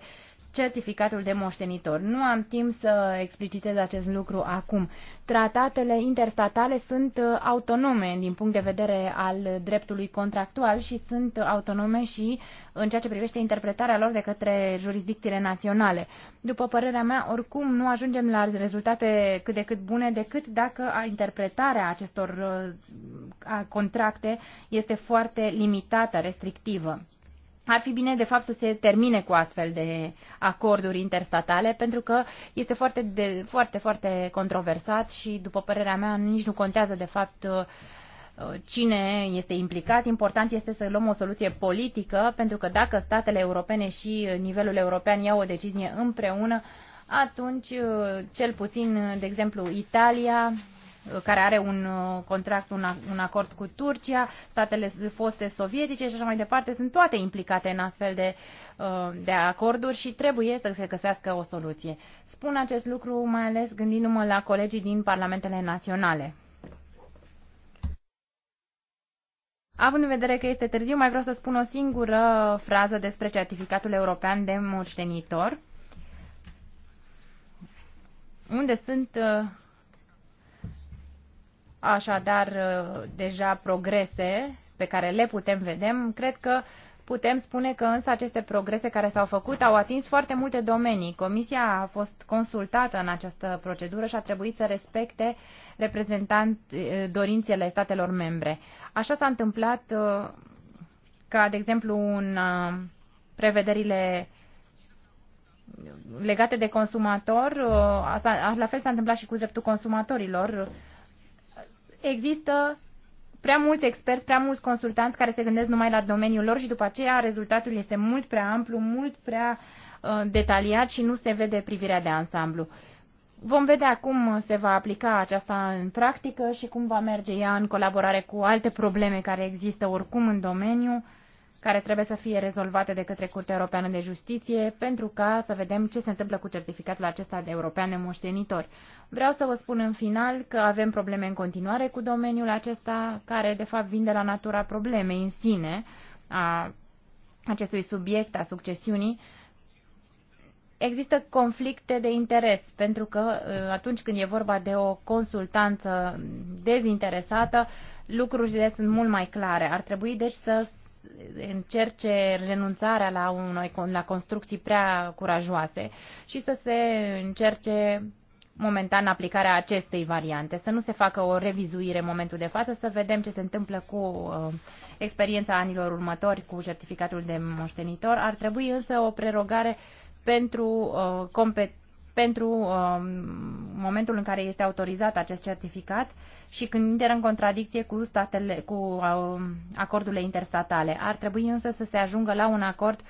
certificatul de moștenitor. Nu am timp să explicitez acest lucru acum. Tratatele interstatale sunt uh, autonome din punct de vedere al dreptului contractual și sunt autonome și în ceea ce privește interpretarea lor de către jurisdicțiile naționale. După părerea mea, oricum nu ajungem la rezultate cât de cât bune decât dacă interpretarea acestor uh, contracte este foarte limitată, restrictivă ar fi bine, de fapt, să se termine cu astfel de acorduri interstatale, pentru că este foarte, de, foarte, foarte controversat și, după părerea mea, nici nu contează, de fapt, uh, cine este implicat. Important este să luăm o soluție politică, pentru că dacă statele europene și nivelul european iau o decizie împreună, atunci, uh, cel puțin, de exemplu, Italia care are un uh, contract, un, un acord cu Turcia, statele foste sovietice și așa mai departe, sunt toate implicate în astfel de, uh, de acorduri și trebuie să se găsească o soluție. Spun acest lucru mai ales gândindu-mă la colegii din parlamentele naționale. Având în vedere că este târziu, mai vreau să spun o singură frază despre certificatul european de moștenitor, unde sunt uh, așadar uh, deja progrese pe care le putem vedem, cred că putem spune că însă aceste progrese care s-au făcut au atins foarte multe domenii. Comisia a fost consultată în această procedură și a trebuit să respecte reprezentant uh, dorințele statelor membre. Așa s-a întâmplat uh, ca, de exemplu, în prevederile legate de consumator, la fel s-a întâmplat și cu dreptul consumatorilor, există prea mulți experți, prea mulți consultanți care se gândesc numai la domeniul lor și după aceea rezultatul este mult prea amplu, mult prea uh, detaliat și nu se vede privirea de ansamblu. Vom vedea cum se va aplica aceasta în practică și cum va merge ea în colaborare cu alte probleme care există oricum în domeniu care trebuie să fie rezolvate de către Curtea Europeană de Justiție pentru ca să vedem ce se întâmplă cu certificatul acesta de european de moștenitor. Vreau să vă spun în final că avem probleme în continuare cu domeniul acesta care de fapt vin de la natura problemei în sine a acestui subiect a succesiunii există conflicte de interes, pentru că uh, atunci când e vorba de o consultanță dezinteresată, lucrurile sunt mult mai clare. Ar trebui deci să încerce renunțarea la, unui, la construcții prea curajoase și să se încerce momentan aplicarea acestei variante, să nu se facă o revizuire în momentul de față, să vedem ce se întâmplă cu uh, experiența anilor următori cu certificatul de moștenitor. Ar trebui însă o prerogare pentru uh, competență pentru uh, momentul în care este autorizat acest certificat și când intră în contradicție cu, statele, cu uh, acordurile interstatale. Ar trebui însă să se ajungă la un acord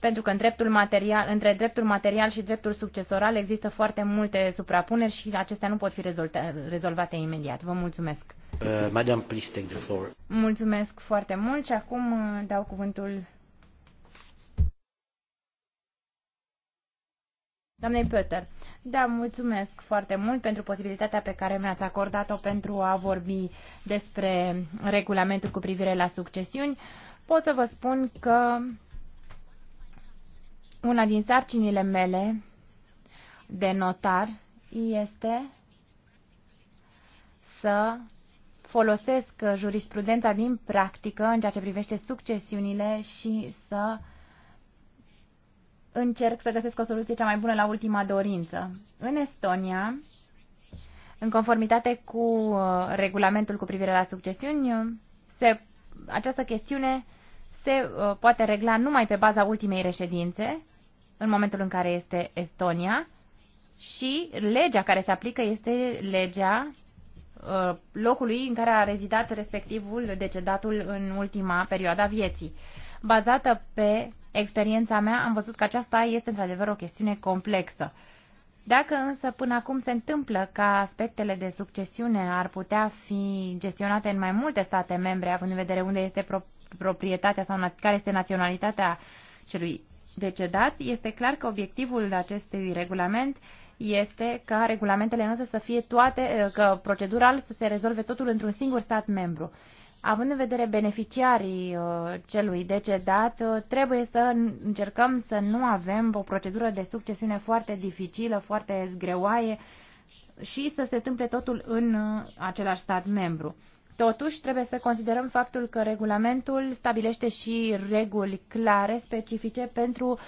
pentru că în dreptul material, între dreptul material și dreptul succesoral există foarte multe suprapuneri și acestea nu pot fi rezolta, rezolvate imediat. Vă mulțumesc. Uh, Madame, please take the floor. Mulțumesc foarte mult și acum uh, dau cuvântul Doamnei Peter, da, mulțumesc foarte mult pentru posibilitatea pe care mi-ați acordat-o pentru a vorbi despre regulamentul cu privire la succesiuni. Pot să vă spun că una din sarcinile mele de notar este să folosesc jurisprudența din practică în ceea ce privește succesiunile și să încerc să găsesc o soluție cea mai bună la ultima dorință. În Estonia, în conformitate cu uh, regulamentul cu privire la succesiuni, se, această chestiune se uh, poate regla numai pe baza ultimei reședințe, în momentul în care este Estonia, și legea care se aplică este legea uh, locului în care a rezidat respectivul decedatul în ultima perioadă a vieții, bazată pe experiența mea am văzut că aceasta este într-adevăr o chestiune complexă. Dacă însă până acum se întâmplă ca aspectele de succesiune ar putea fi gestionate în mai multe state membre, având în vedere unde este proprietatea sau care este naționalitatea celui decedat, este clar că obiectivul acestui regulament este ca regulamentele însă să fie toate, că procedural să se rezolve totul într-un singur stat membru. Având în vedere beneficiarii uh, celui decedat, uh, trebuie să încercăm să nu avem o procedură de succesiune foarte dificilă, foarte zgreoaie și să se întâmple totul în uh, același stat membru. Totuși, trebuie să considerăm faptul că regulamentul stabilește și reguli clare, specifice pentru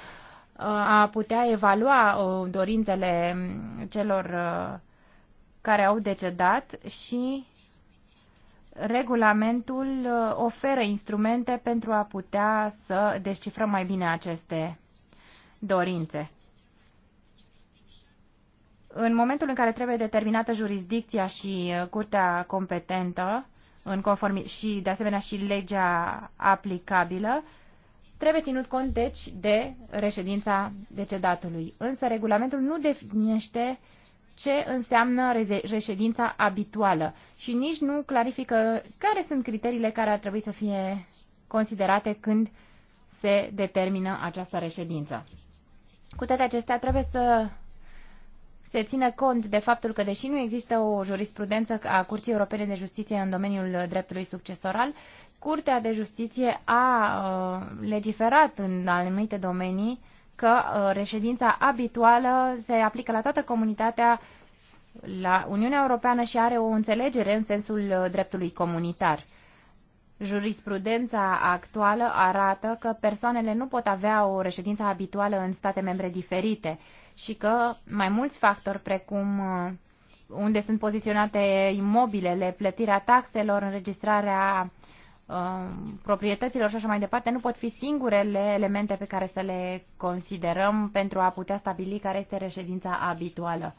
a putea evalua dorințele celor care au decedat și regulamentul uh, oferă instrumente pentru a putea să descifrăm mai bine aceste dorințe. În momentul în care trebuie determinată jurisdicția și uh, curtea competentă în conformi- și, de asemenea, și legea aplicabilă, trebuie ținut cont, deci, de reședința decedatului. Însă, regulamentul nu definește uh, ce înseamnă reședința abituală și nici nu clarifică care sunt criteriile care ar trebui să fie considerate când se determină această reședință. Cu toate acestea, trebuie să se țină cont de faptul că, deși nu există o jurisprudență a Curții Europene de Justiție în domeniul dreptului succesoral, Curtea de Justiție a uh, legiferat în anumite domenii că uh, reședința abituală se aplică la toată comunitatea la Uniunea Europeană și are o înțelegere în sensul uh, dreptului comunitar. Jurisprudența actuală arată că persoanele nu pot avea o reședință abituală în state membre diferite și că mai mulți factori, precum uh, unde sunt poziționate imobilele, plătirea taxelor, înregistrarea Um, proprietăților și așa mai departe, nu pot fi singurele elemente pe care să le considerăm pentru a putea stabili care este reședința abituală.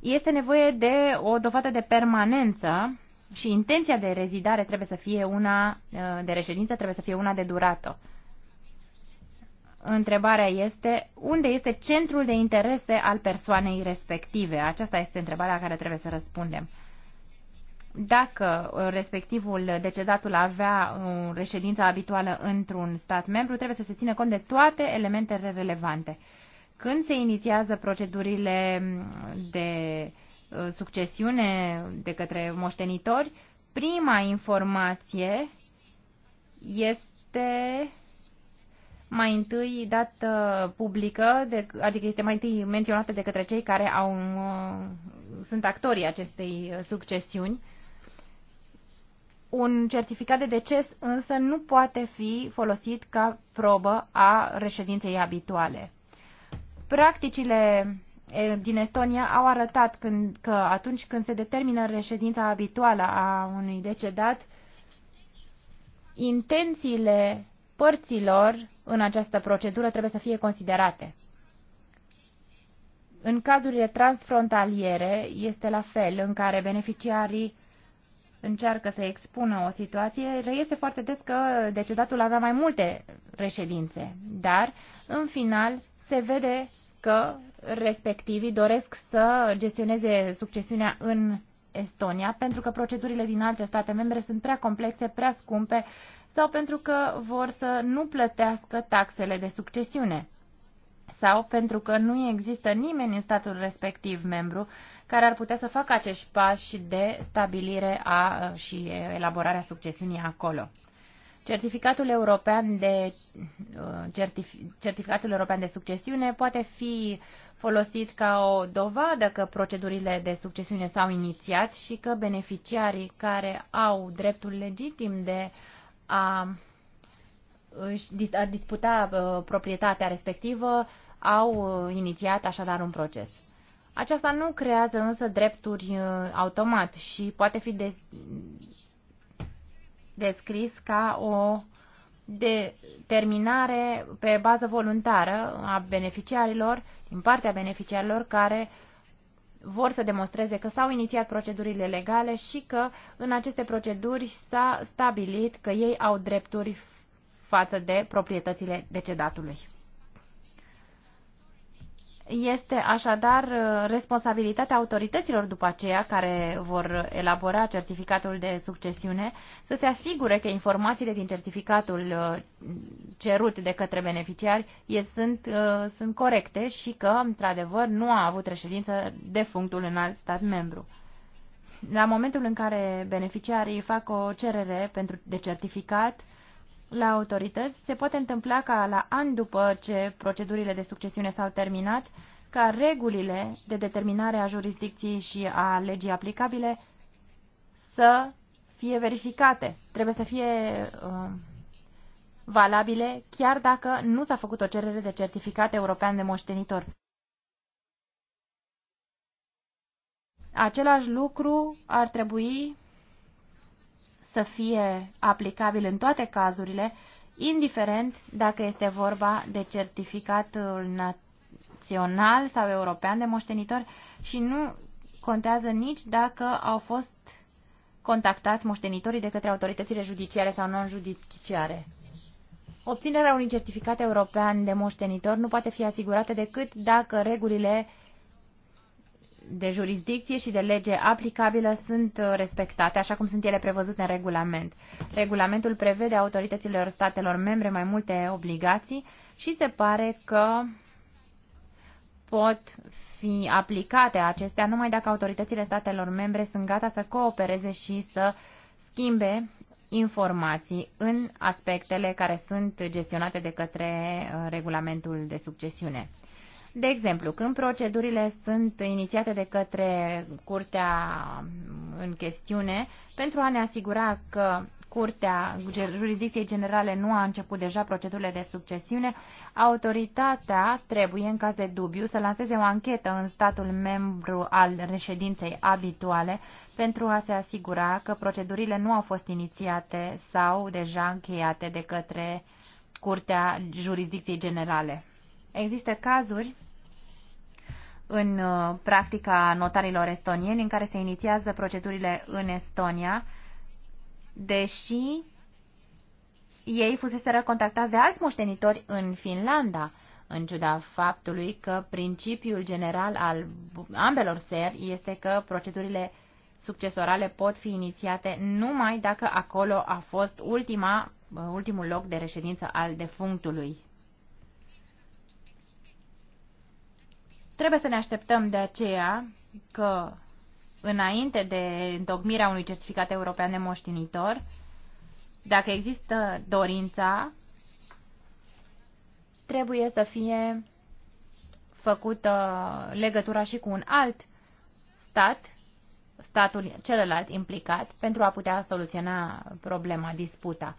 Este nevoie de o dovadă de permanență și intenția de rezidare trebuie să fie una uh, de reședință, trebuie să fie una de durată. Întrebarea este unde este centrul de interese al persoanei respective? Aceasta este întrebarea la care trebuie să răspundem dacă uh, respectivul decedatul avea uh, reședința abituală într-un stat membru, trebuie să se țină cont de toate elementele relevante. Când se inițiază procedurile mm, de uh, succesiune de către moștenitori, prima informație este mai întâi dată publică, de, adică este mai întâi menționată de către cei care au, sunt actorii acestei succesiuni un certificat de deces însă nu poate fi folosit ca probă a reședinței habituale. Practicile din Estonia au arătat când, că atunci când se determină reședința abituală a unui decedat, intențiile părților în această procedură trebuie să fie considerate. În cazurile transfrontaliere este la fel, în care beneficiarii încearcă să expună o situație, reiese foarte des că decedatul avea mai multe reședințe, dar în final se vede că respectivii doresc să gestioneze succesiunea în Estonia, pentru că procedurile din alte state membre sunt prea complexe, prea scumpe sau pentru că vor să nu plătească taxele de succesiune sau pentru că nu există nimeni în statul respectiv membru care ar putea să facă acești pași de stabilire a, și elaborarea succesiunii acolo. Certificatul european de, certific, certificatul european de succesiune poate fi folosit ca o dovadă că procedurile de succesiune s-au inițiat și că beneficiarii care au dreptul legitim de a, a disputa uh, proprietatea respectivă au uh, inițiat așadar un proces. Aceasta nu creează însă drepturi uh, automat și poate fi de descris ca o determinare pe bază voluntară a beneficiarilor, din partea beneficiarilor care vor să demonstreze că s-au inițiat procedurile legale și că în aceste proceduri s-a stabilit că ei au drepturi față de proprietățile decedatului. Este așadar uh, responsabilitatea autorităților după aceea care vor elabora certificatul de succesiune să se asigure că informațiile din certificatul uh, cerut de către beneficiari sunt, uh, sunt corecte și că, într-adevăr, nu a avut reședință de functul în alt stat membru. La momentul în care beneficiarii fac o cerere pentru, de certificat, la autorități, se poate întâmpla ca la ani după ce procedurile de succesiune s-au terminat, ca regulile de determinare a jurisdicției și a legii aplicabile să fie verificate. Trebuie să fie uh, valabile chiar dacă nu s-a făcut o cerere de certificat european de moștenitor. Același lucru ar trebui să fie aplicabil în toate cazurile, indiferent dacă este vorba de certificatul național sau european de moștenitor și nu contează nici dacă au fost contactați moștenitorii de către autoritățile judiciare sau non-judiciare. Obținerea unui certificat european de moștenitor nu poate fi asigurată decât dacă regulile de jurisdicție și de lege aplicabilă sunt uh, respectate, așa cum sunt ele prevăzute în regulament. Regulamentul prevede autorităților statelor membre mai multe obligații și se pare că pot fi aplicate acestea numai dacă autoritățile statelor membre sunt gata să coopereze și să schimbe informații în aspectele care sunt gestionate de către uh, regulamentul de succesiune. De exemplu, când procedurile sunt inițiate de către curtea în chestiune, pentru a ne asigura că Curtea Jurisdicției Generale nu a început deja procedurile de succesiune, autoritatea trebuie, în caz de dubiu, să lanseze o anchetă în statul membru al reședinței abituale pentru a se asigura că procedurile nu au fost inițiate sau deja încheiate de către Curtea Jurisdicției Generale. Există cazuri în uh, practica notarilor estonieni în care se inițiază procedurile în Estonia, deși ei fuseseră contactați de alți moștenitori în Finlanda, în ciuda faptului că principiul general al ambelor țări este că procedurile succesorale pot fi inițiate numai dacă acolo a fost ultima, uh, ultimul loc de reședință al defunctului. Trebuie să ne așteptăm de aceea că înainte de întocmirea unui certificat european de moștenitor, dacă există dorința, trebuie să fie făcută legătura și cu un alt stat, statul celălalt implicat, pentru a putea soluționa problema, disputa.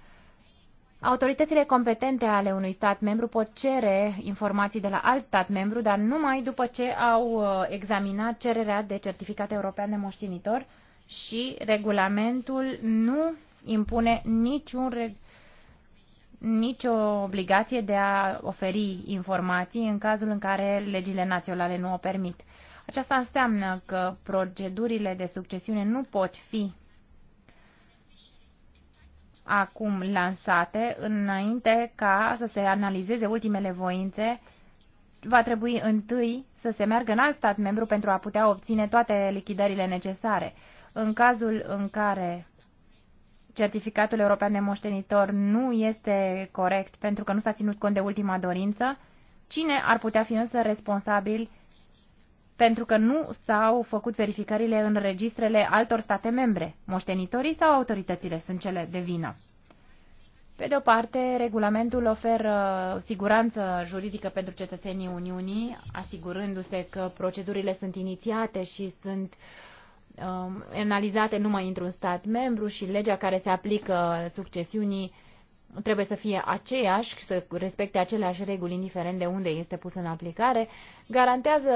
Autoritățile competente ale unui stat membru pot cere informații de la alt stat membru, dar numai după ce au uh, examinat cererea de certificat european de moștenitor și regulamentul nu impune niciun nicio obligație de a oferi informații în cazul în care legile naționale nu o permit. Aceasta înseamnă că procedurile de succesiune nu pot fi acum lansate, înainte ca să se analizeze ultimele voințe, va trebui întâi să se meargă în alt stat membru pentru a putea obține toate lichidările necesare. În cazul în care certificatul european de moștenitor nu este corect pentru că nu s-a ținut cont de ultima dorință, cine ar putea fi însă responsabil pentru că nu s-au făcut verificările în registrele altor state membre. Moștenitorii sau autoritățile sunt cele de vină. Pe de o parte, regulamentul oferă siguranță juridică pentru cetățenii Uniunii, asigurându-se că procedurile sunt inițiate și sunt um, analizate numai într-un stat membru și legea care se aplică succesiunii uh, trebuie să fie aceeași, să respecte aceleași reguli, indiferent de unde este pus în aplicare, garantează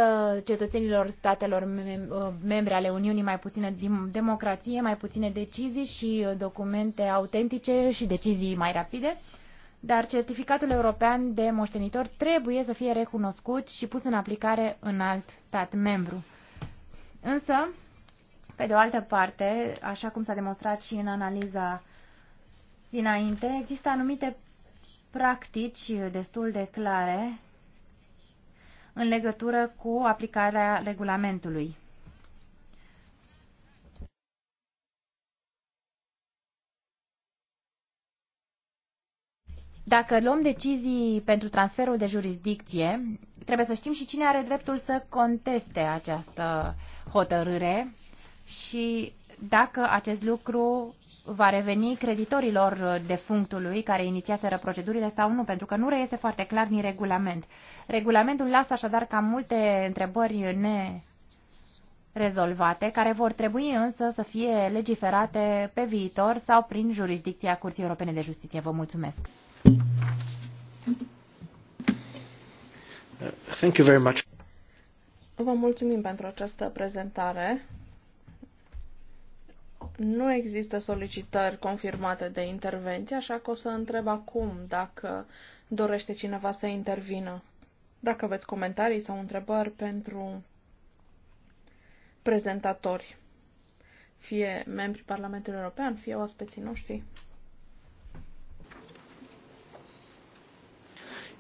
cetățenilor statelor uh, membre ale Uniunii mai puțină democrație, mai puține decizii și uh, documente autentice și decizii mai rapide, dar certificatul european de moștenitor trebuie să fie recunoscut și pus în aplicare în alt stat membru. Însă, pe de o altă parte, așa cum s-a demonstrat și în analiza dinainte, există anumite practici destul de clare în legătură cu aplicarea regulamentului. Dacă luăm decizii pentru transferul de jurisdicție, trebuie să știm și cine are dreptul să conteste această hotărâre și dacă acest lucru va reveni creditorilor defunctului care inițiaseră procedurile sau nu, pentru că nu reiese foarte clar din regulament. Regulamentul lasă așadar cam multe întrebări nerezolvate, care vor trebui însă să fie legiferate pe viitor sau prin jurisdicția Curții Europene de Justiție. Vă mulțumesc! Thank you very much. Vă mulțumim pentru această prezentare. Nu există solicitări confirmate de intervenție, așa că o să întreb acum dacă dorește cineva să intervină. Dacă aveți comentarii sau întrebări pentru prezentatori, fie membrii Parlamentului European, fie oaspeții noștri.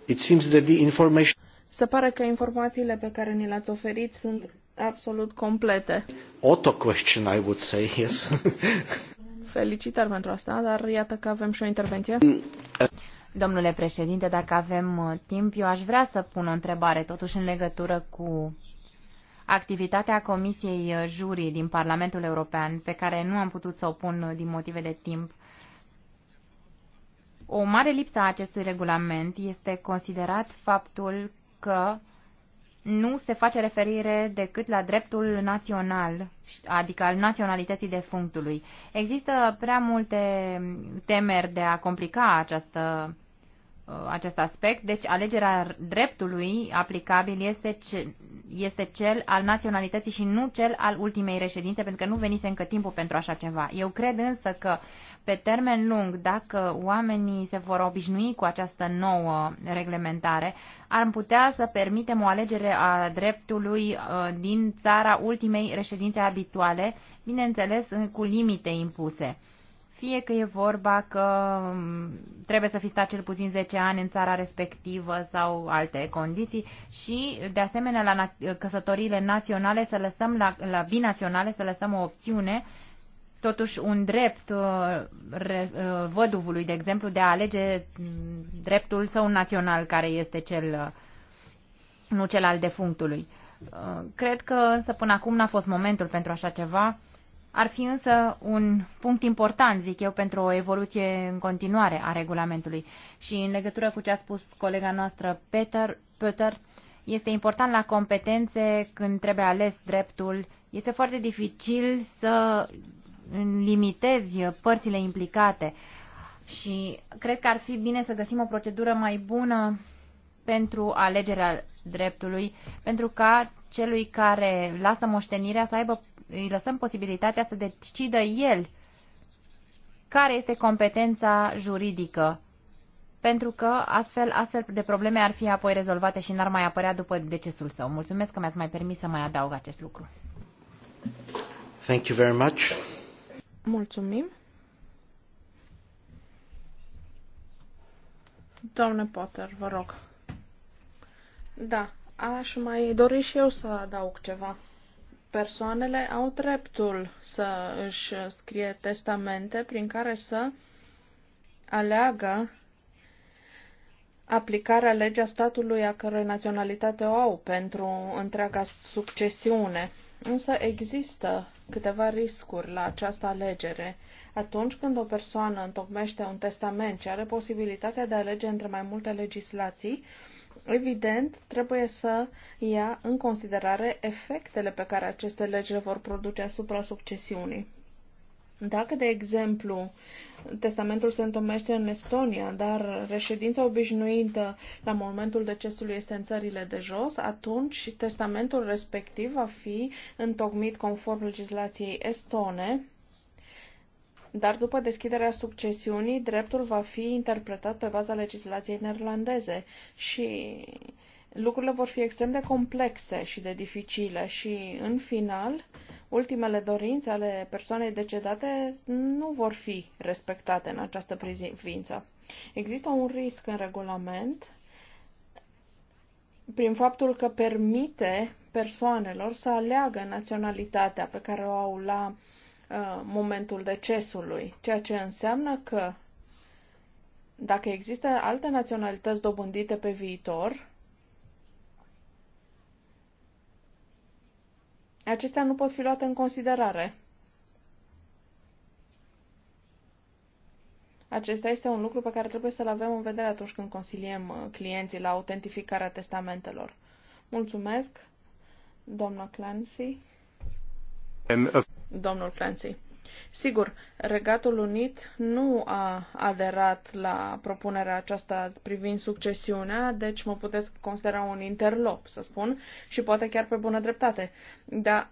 It seems that the information... Se pare că informațiile pe care ni le-ați oferit sunt absolut complete. Auto question, I would say, yes. (laughs) Felicitări pentru asta, dar iată că avem și o intervenție. Domnule președinte, dacă avem uh, timp, eu aș vrea să pun o întrebare totuși în legătură cu activitatea Comisiei uh, Jurii din Parlamentul European, pe care nu am putut să o pun uh, din motive de timp. O mare lipsă a acestui regulament este considerat faptul că nu se face referire decât la dreptul național, adică al naționalității defunctului. Există prea multe temeri de a complica această Uh, acest aspect. Deci alegerea dreptului aplicabil este, ce, este cel al naționalității și nu cel al ultimei reședințe, pentru că nu venise încă timpul pentru așa ceva. Eu cred însă că pe termen lung, dacă oamenii se vor obișnui cu această nouă reglementare, ar putea să permitem o alegere a dreptului uh, din țara ultimei reședințe habituale, bineînțeles cu limite impuse fie că e vorba că um, trebuie să fi stat cel puțin 10 ani în țara respectivă sau alte condiții și, de asemenea, la căsătoriile naționale să lăsăm, la, la binaționale să lăsăm o opțiune, totuși un drept uh, uh, văduvului, de exemplu, de a alege mm, dreptul său național, care este cel, uh, nu cel al defunctului. Cred că însă până acum n-a fost momentul pentru așa ceva ar fi însă un punct important, zic eu, pentru o evoluție în continuare a regulamentului. Și în legătură cu ce a spus colega noastră Peter, Peter este important la competențe când trebuie ales dreptul. Este foarte dificil să limitezi părțile implicate și cred că ar fi bine să găsim o procedură mai bună pentru alegerea dreptului, pentru ca celui care lasă moștenirea să aibă îi lăsăm posibilitatea să decidă el care este competența juridică. Pentru că astfel, astfel de probleme ar fi apoi rezolvate și n-ar mai apărea după decesul său. Mulțumesc că mi-ați mai permis să mai adaug acest lucru. Thank you very much. Mulțumim. Doamne Potter, vă rog. Da, aș mai dori și eu să adaug ceva persoanele au dreptul să își scrie testamente prin care să aleagă aplicarea legea statului a cărei naționalitate o au pentru întreaga succesiune. Însă există câteva riscuri la această alegere. Atunci când o persoană întocmește un testament și are posibilitatea de a alege între mai multe legislații, Evident, trebuie să ia în considerare efectele pe care aceste legi le vor produce asupra succesiunii. Dacă, de exemplu, testamentul se întomește în Estonia, dar reședința obișnuită la momentul decesului este în țările de jos, atunci testamentul respectiv va fi întocmit conform legislației estone, dar după deschiderea succesiunii, dreptul va fi interpretat pe baza legislației neerlandeze și lucrurile vor fi extrem de complexe și de dificile și, în final, ultimele dorințe ale persoanei decedate nu vor fi respectate în această privință. Există un risc în regulament prin faptul că permite persoanelor să aleagă naționalitatea pe care o au la Uh, momentul decesului, ceea ce înseamnă că dacă există alte naționalități dobândite pe viitor, acestea nu pot fi luate în considerare. Acesta este un lucru pe care trebuie să-l avem în vedere atunci când consiliem uh, clienții la autentificarea testamentelor. Mulțumesc, doamna Clancy domnul Clancy. Sigur, Regatul Unit nu a aderat la propunerea aceasta privind succesiunea, deci mă puteți considera un interlop, să spun, și poate chiar pe bună dreptate. Dar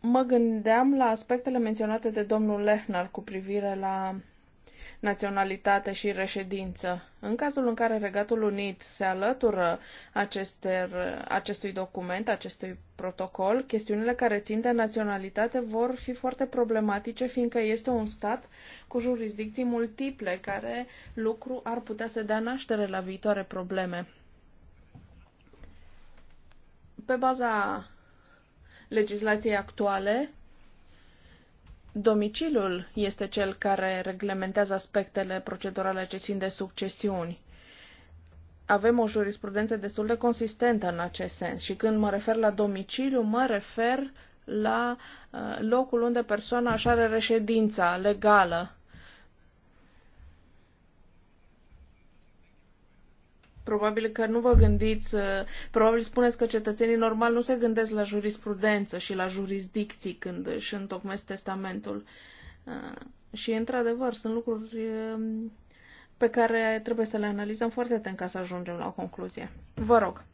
mă gândeam la aspectele menționate de domnul Lehner cu privire la naționalitate și reședință. În cazul în care Regatul Unit se alătură acester, acestui document, acestui protocol, chestiunile care țin de naționalitate vor fi foarte problematice, fiindcă este un stat cu jurisdicții multiple, care lucru ar putea să dea naștere la viitoare probleme. Pe baza legislației actuale, domiciliul este cel care reglementează aspectele procedurale ce țin de succesiuni. Avem o jurisprudență destul de consistentă în acest sens și când mă refer la domiciliu, mă refer la uh, locul unde persoana își are reședința legală Probabil că nu vă gândiți, uh, probabil spuneți că cetățenii normal nu se gândesc la jurisprudență și la jurisdicții când își întocmesc testamentul. Uh, și, într-adevăr, sunt lucruri uh, pe care trebuie să le analizăm foarte atent ca să ajungem la o concluzie. Vă rog.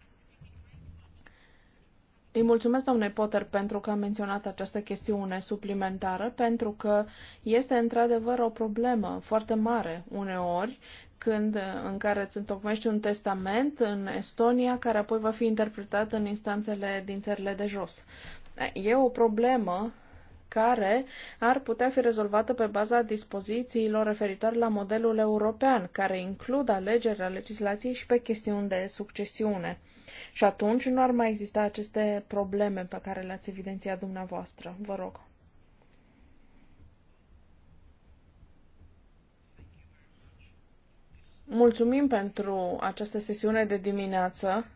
Îi mulțumesc, domnule Potter, pentru că a menționat această chestiune suplimentară, pentru că este într-adevăr o problemă foarte mare uneori când, uh, în care îți întocmești un testament în Estonia, care apoi va fi interpretat în instanțele din țările de jos. E o problemă care ar putea fi rezolvată pe baza dispozițiilor referitoare la modelul european, care includ alegerea legislației și pe chestiuni de succesiune. Și atunci nu ar mai exista aceste probleme pe care le-ați evidențiat dumneavoastră. Vă rog. Mulțumim pentru această sesiune de dimineață.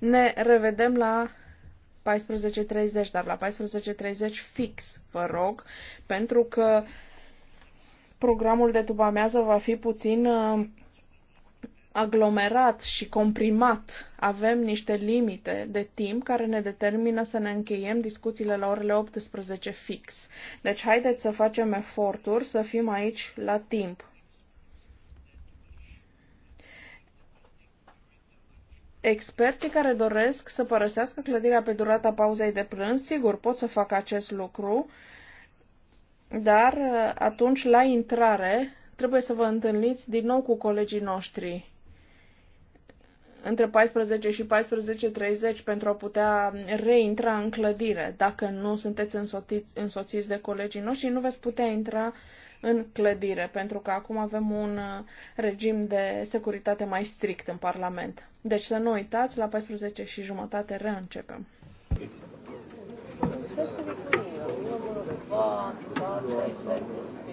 Ne revedem la 14.30, dar la 14.30 fix, vă rog, pentru că programul de după amiază va fi puțin uh, aglomerat și comprimat. Avem niște limite de timp care ne determină să ne încheiem discuțiile la orele 18 fix. Deci haideți să facem eforturi să fim aici la timp. Experții care doresc să părăsească clădirea pe durata pauzei de prânz, sigur, pot să facă acest lucru, dar uh, atunci, la intrare, trebuie să vă întâlniți din nou cu colegii noștri între 14 și 14.30 pentru a putea reintra în clădire. Dacă nu sunteți însoțiți, însoțiți de colegii noștri, nu veți putea intra în clădire, pentru că acum avem un uh, regim de securitate mai strict în Parlament. Deci să nu uitați, la 14 și jumătate reîncepem. Thank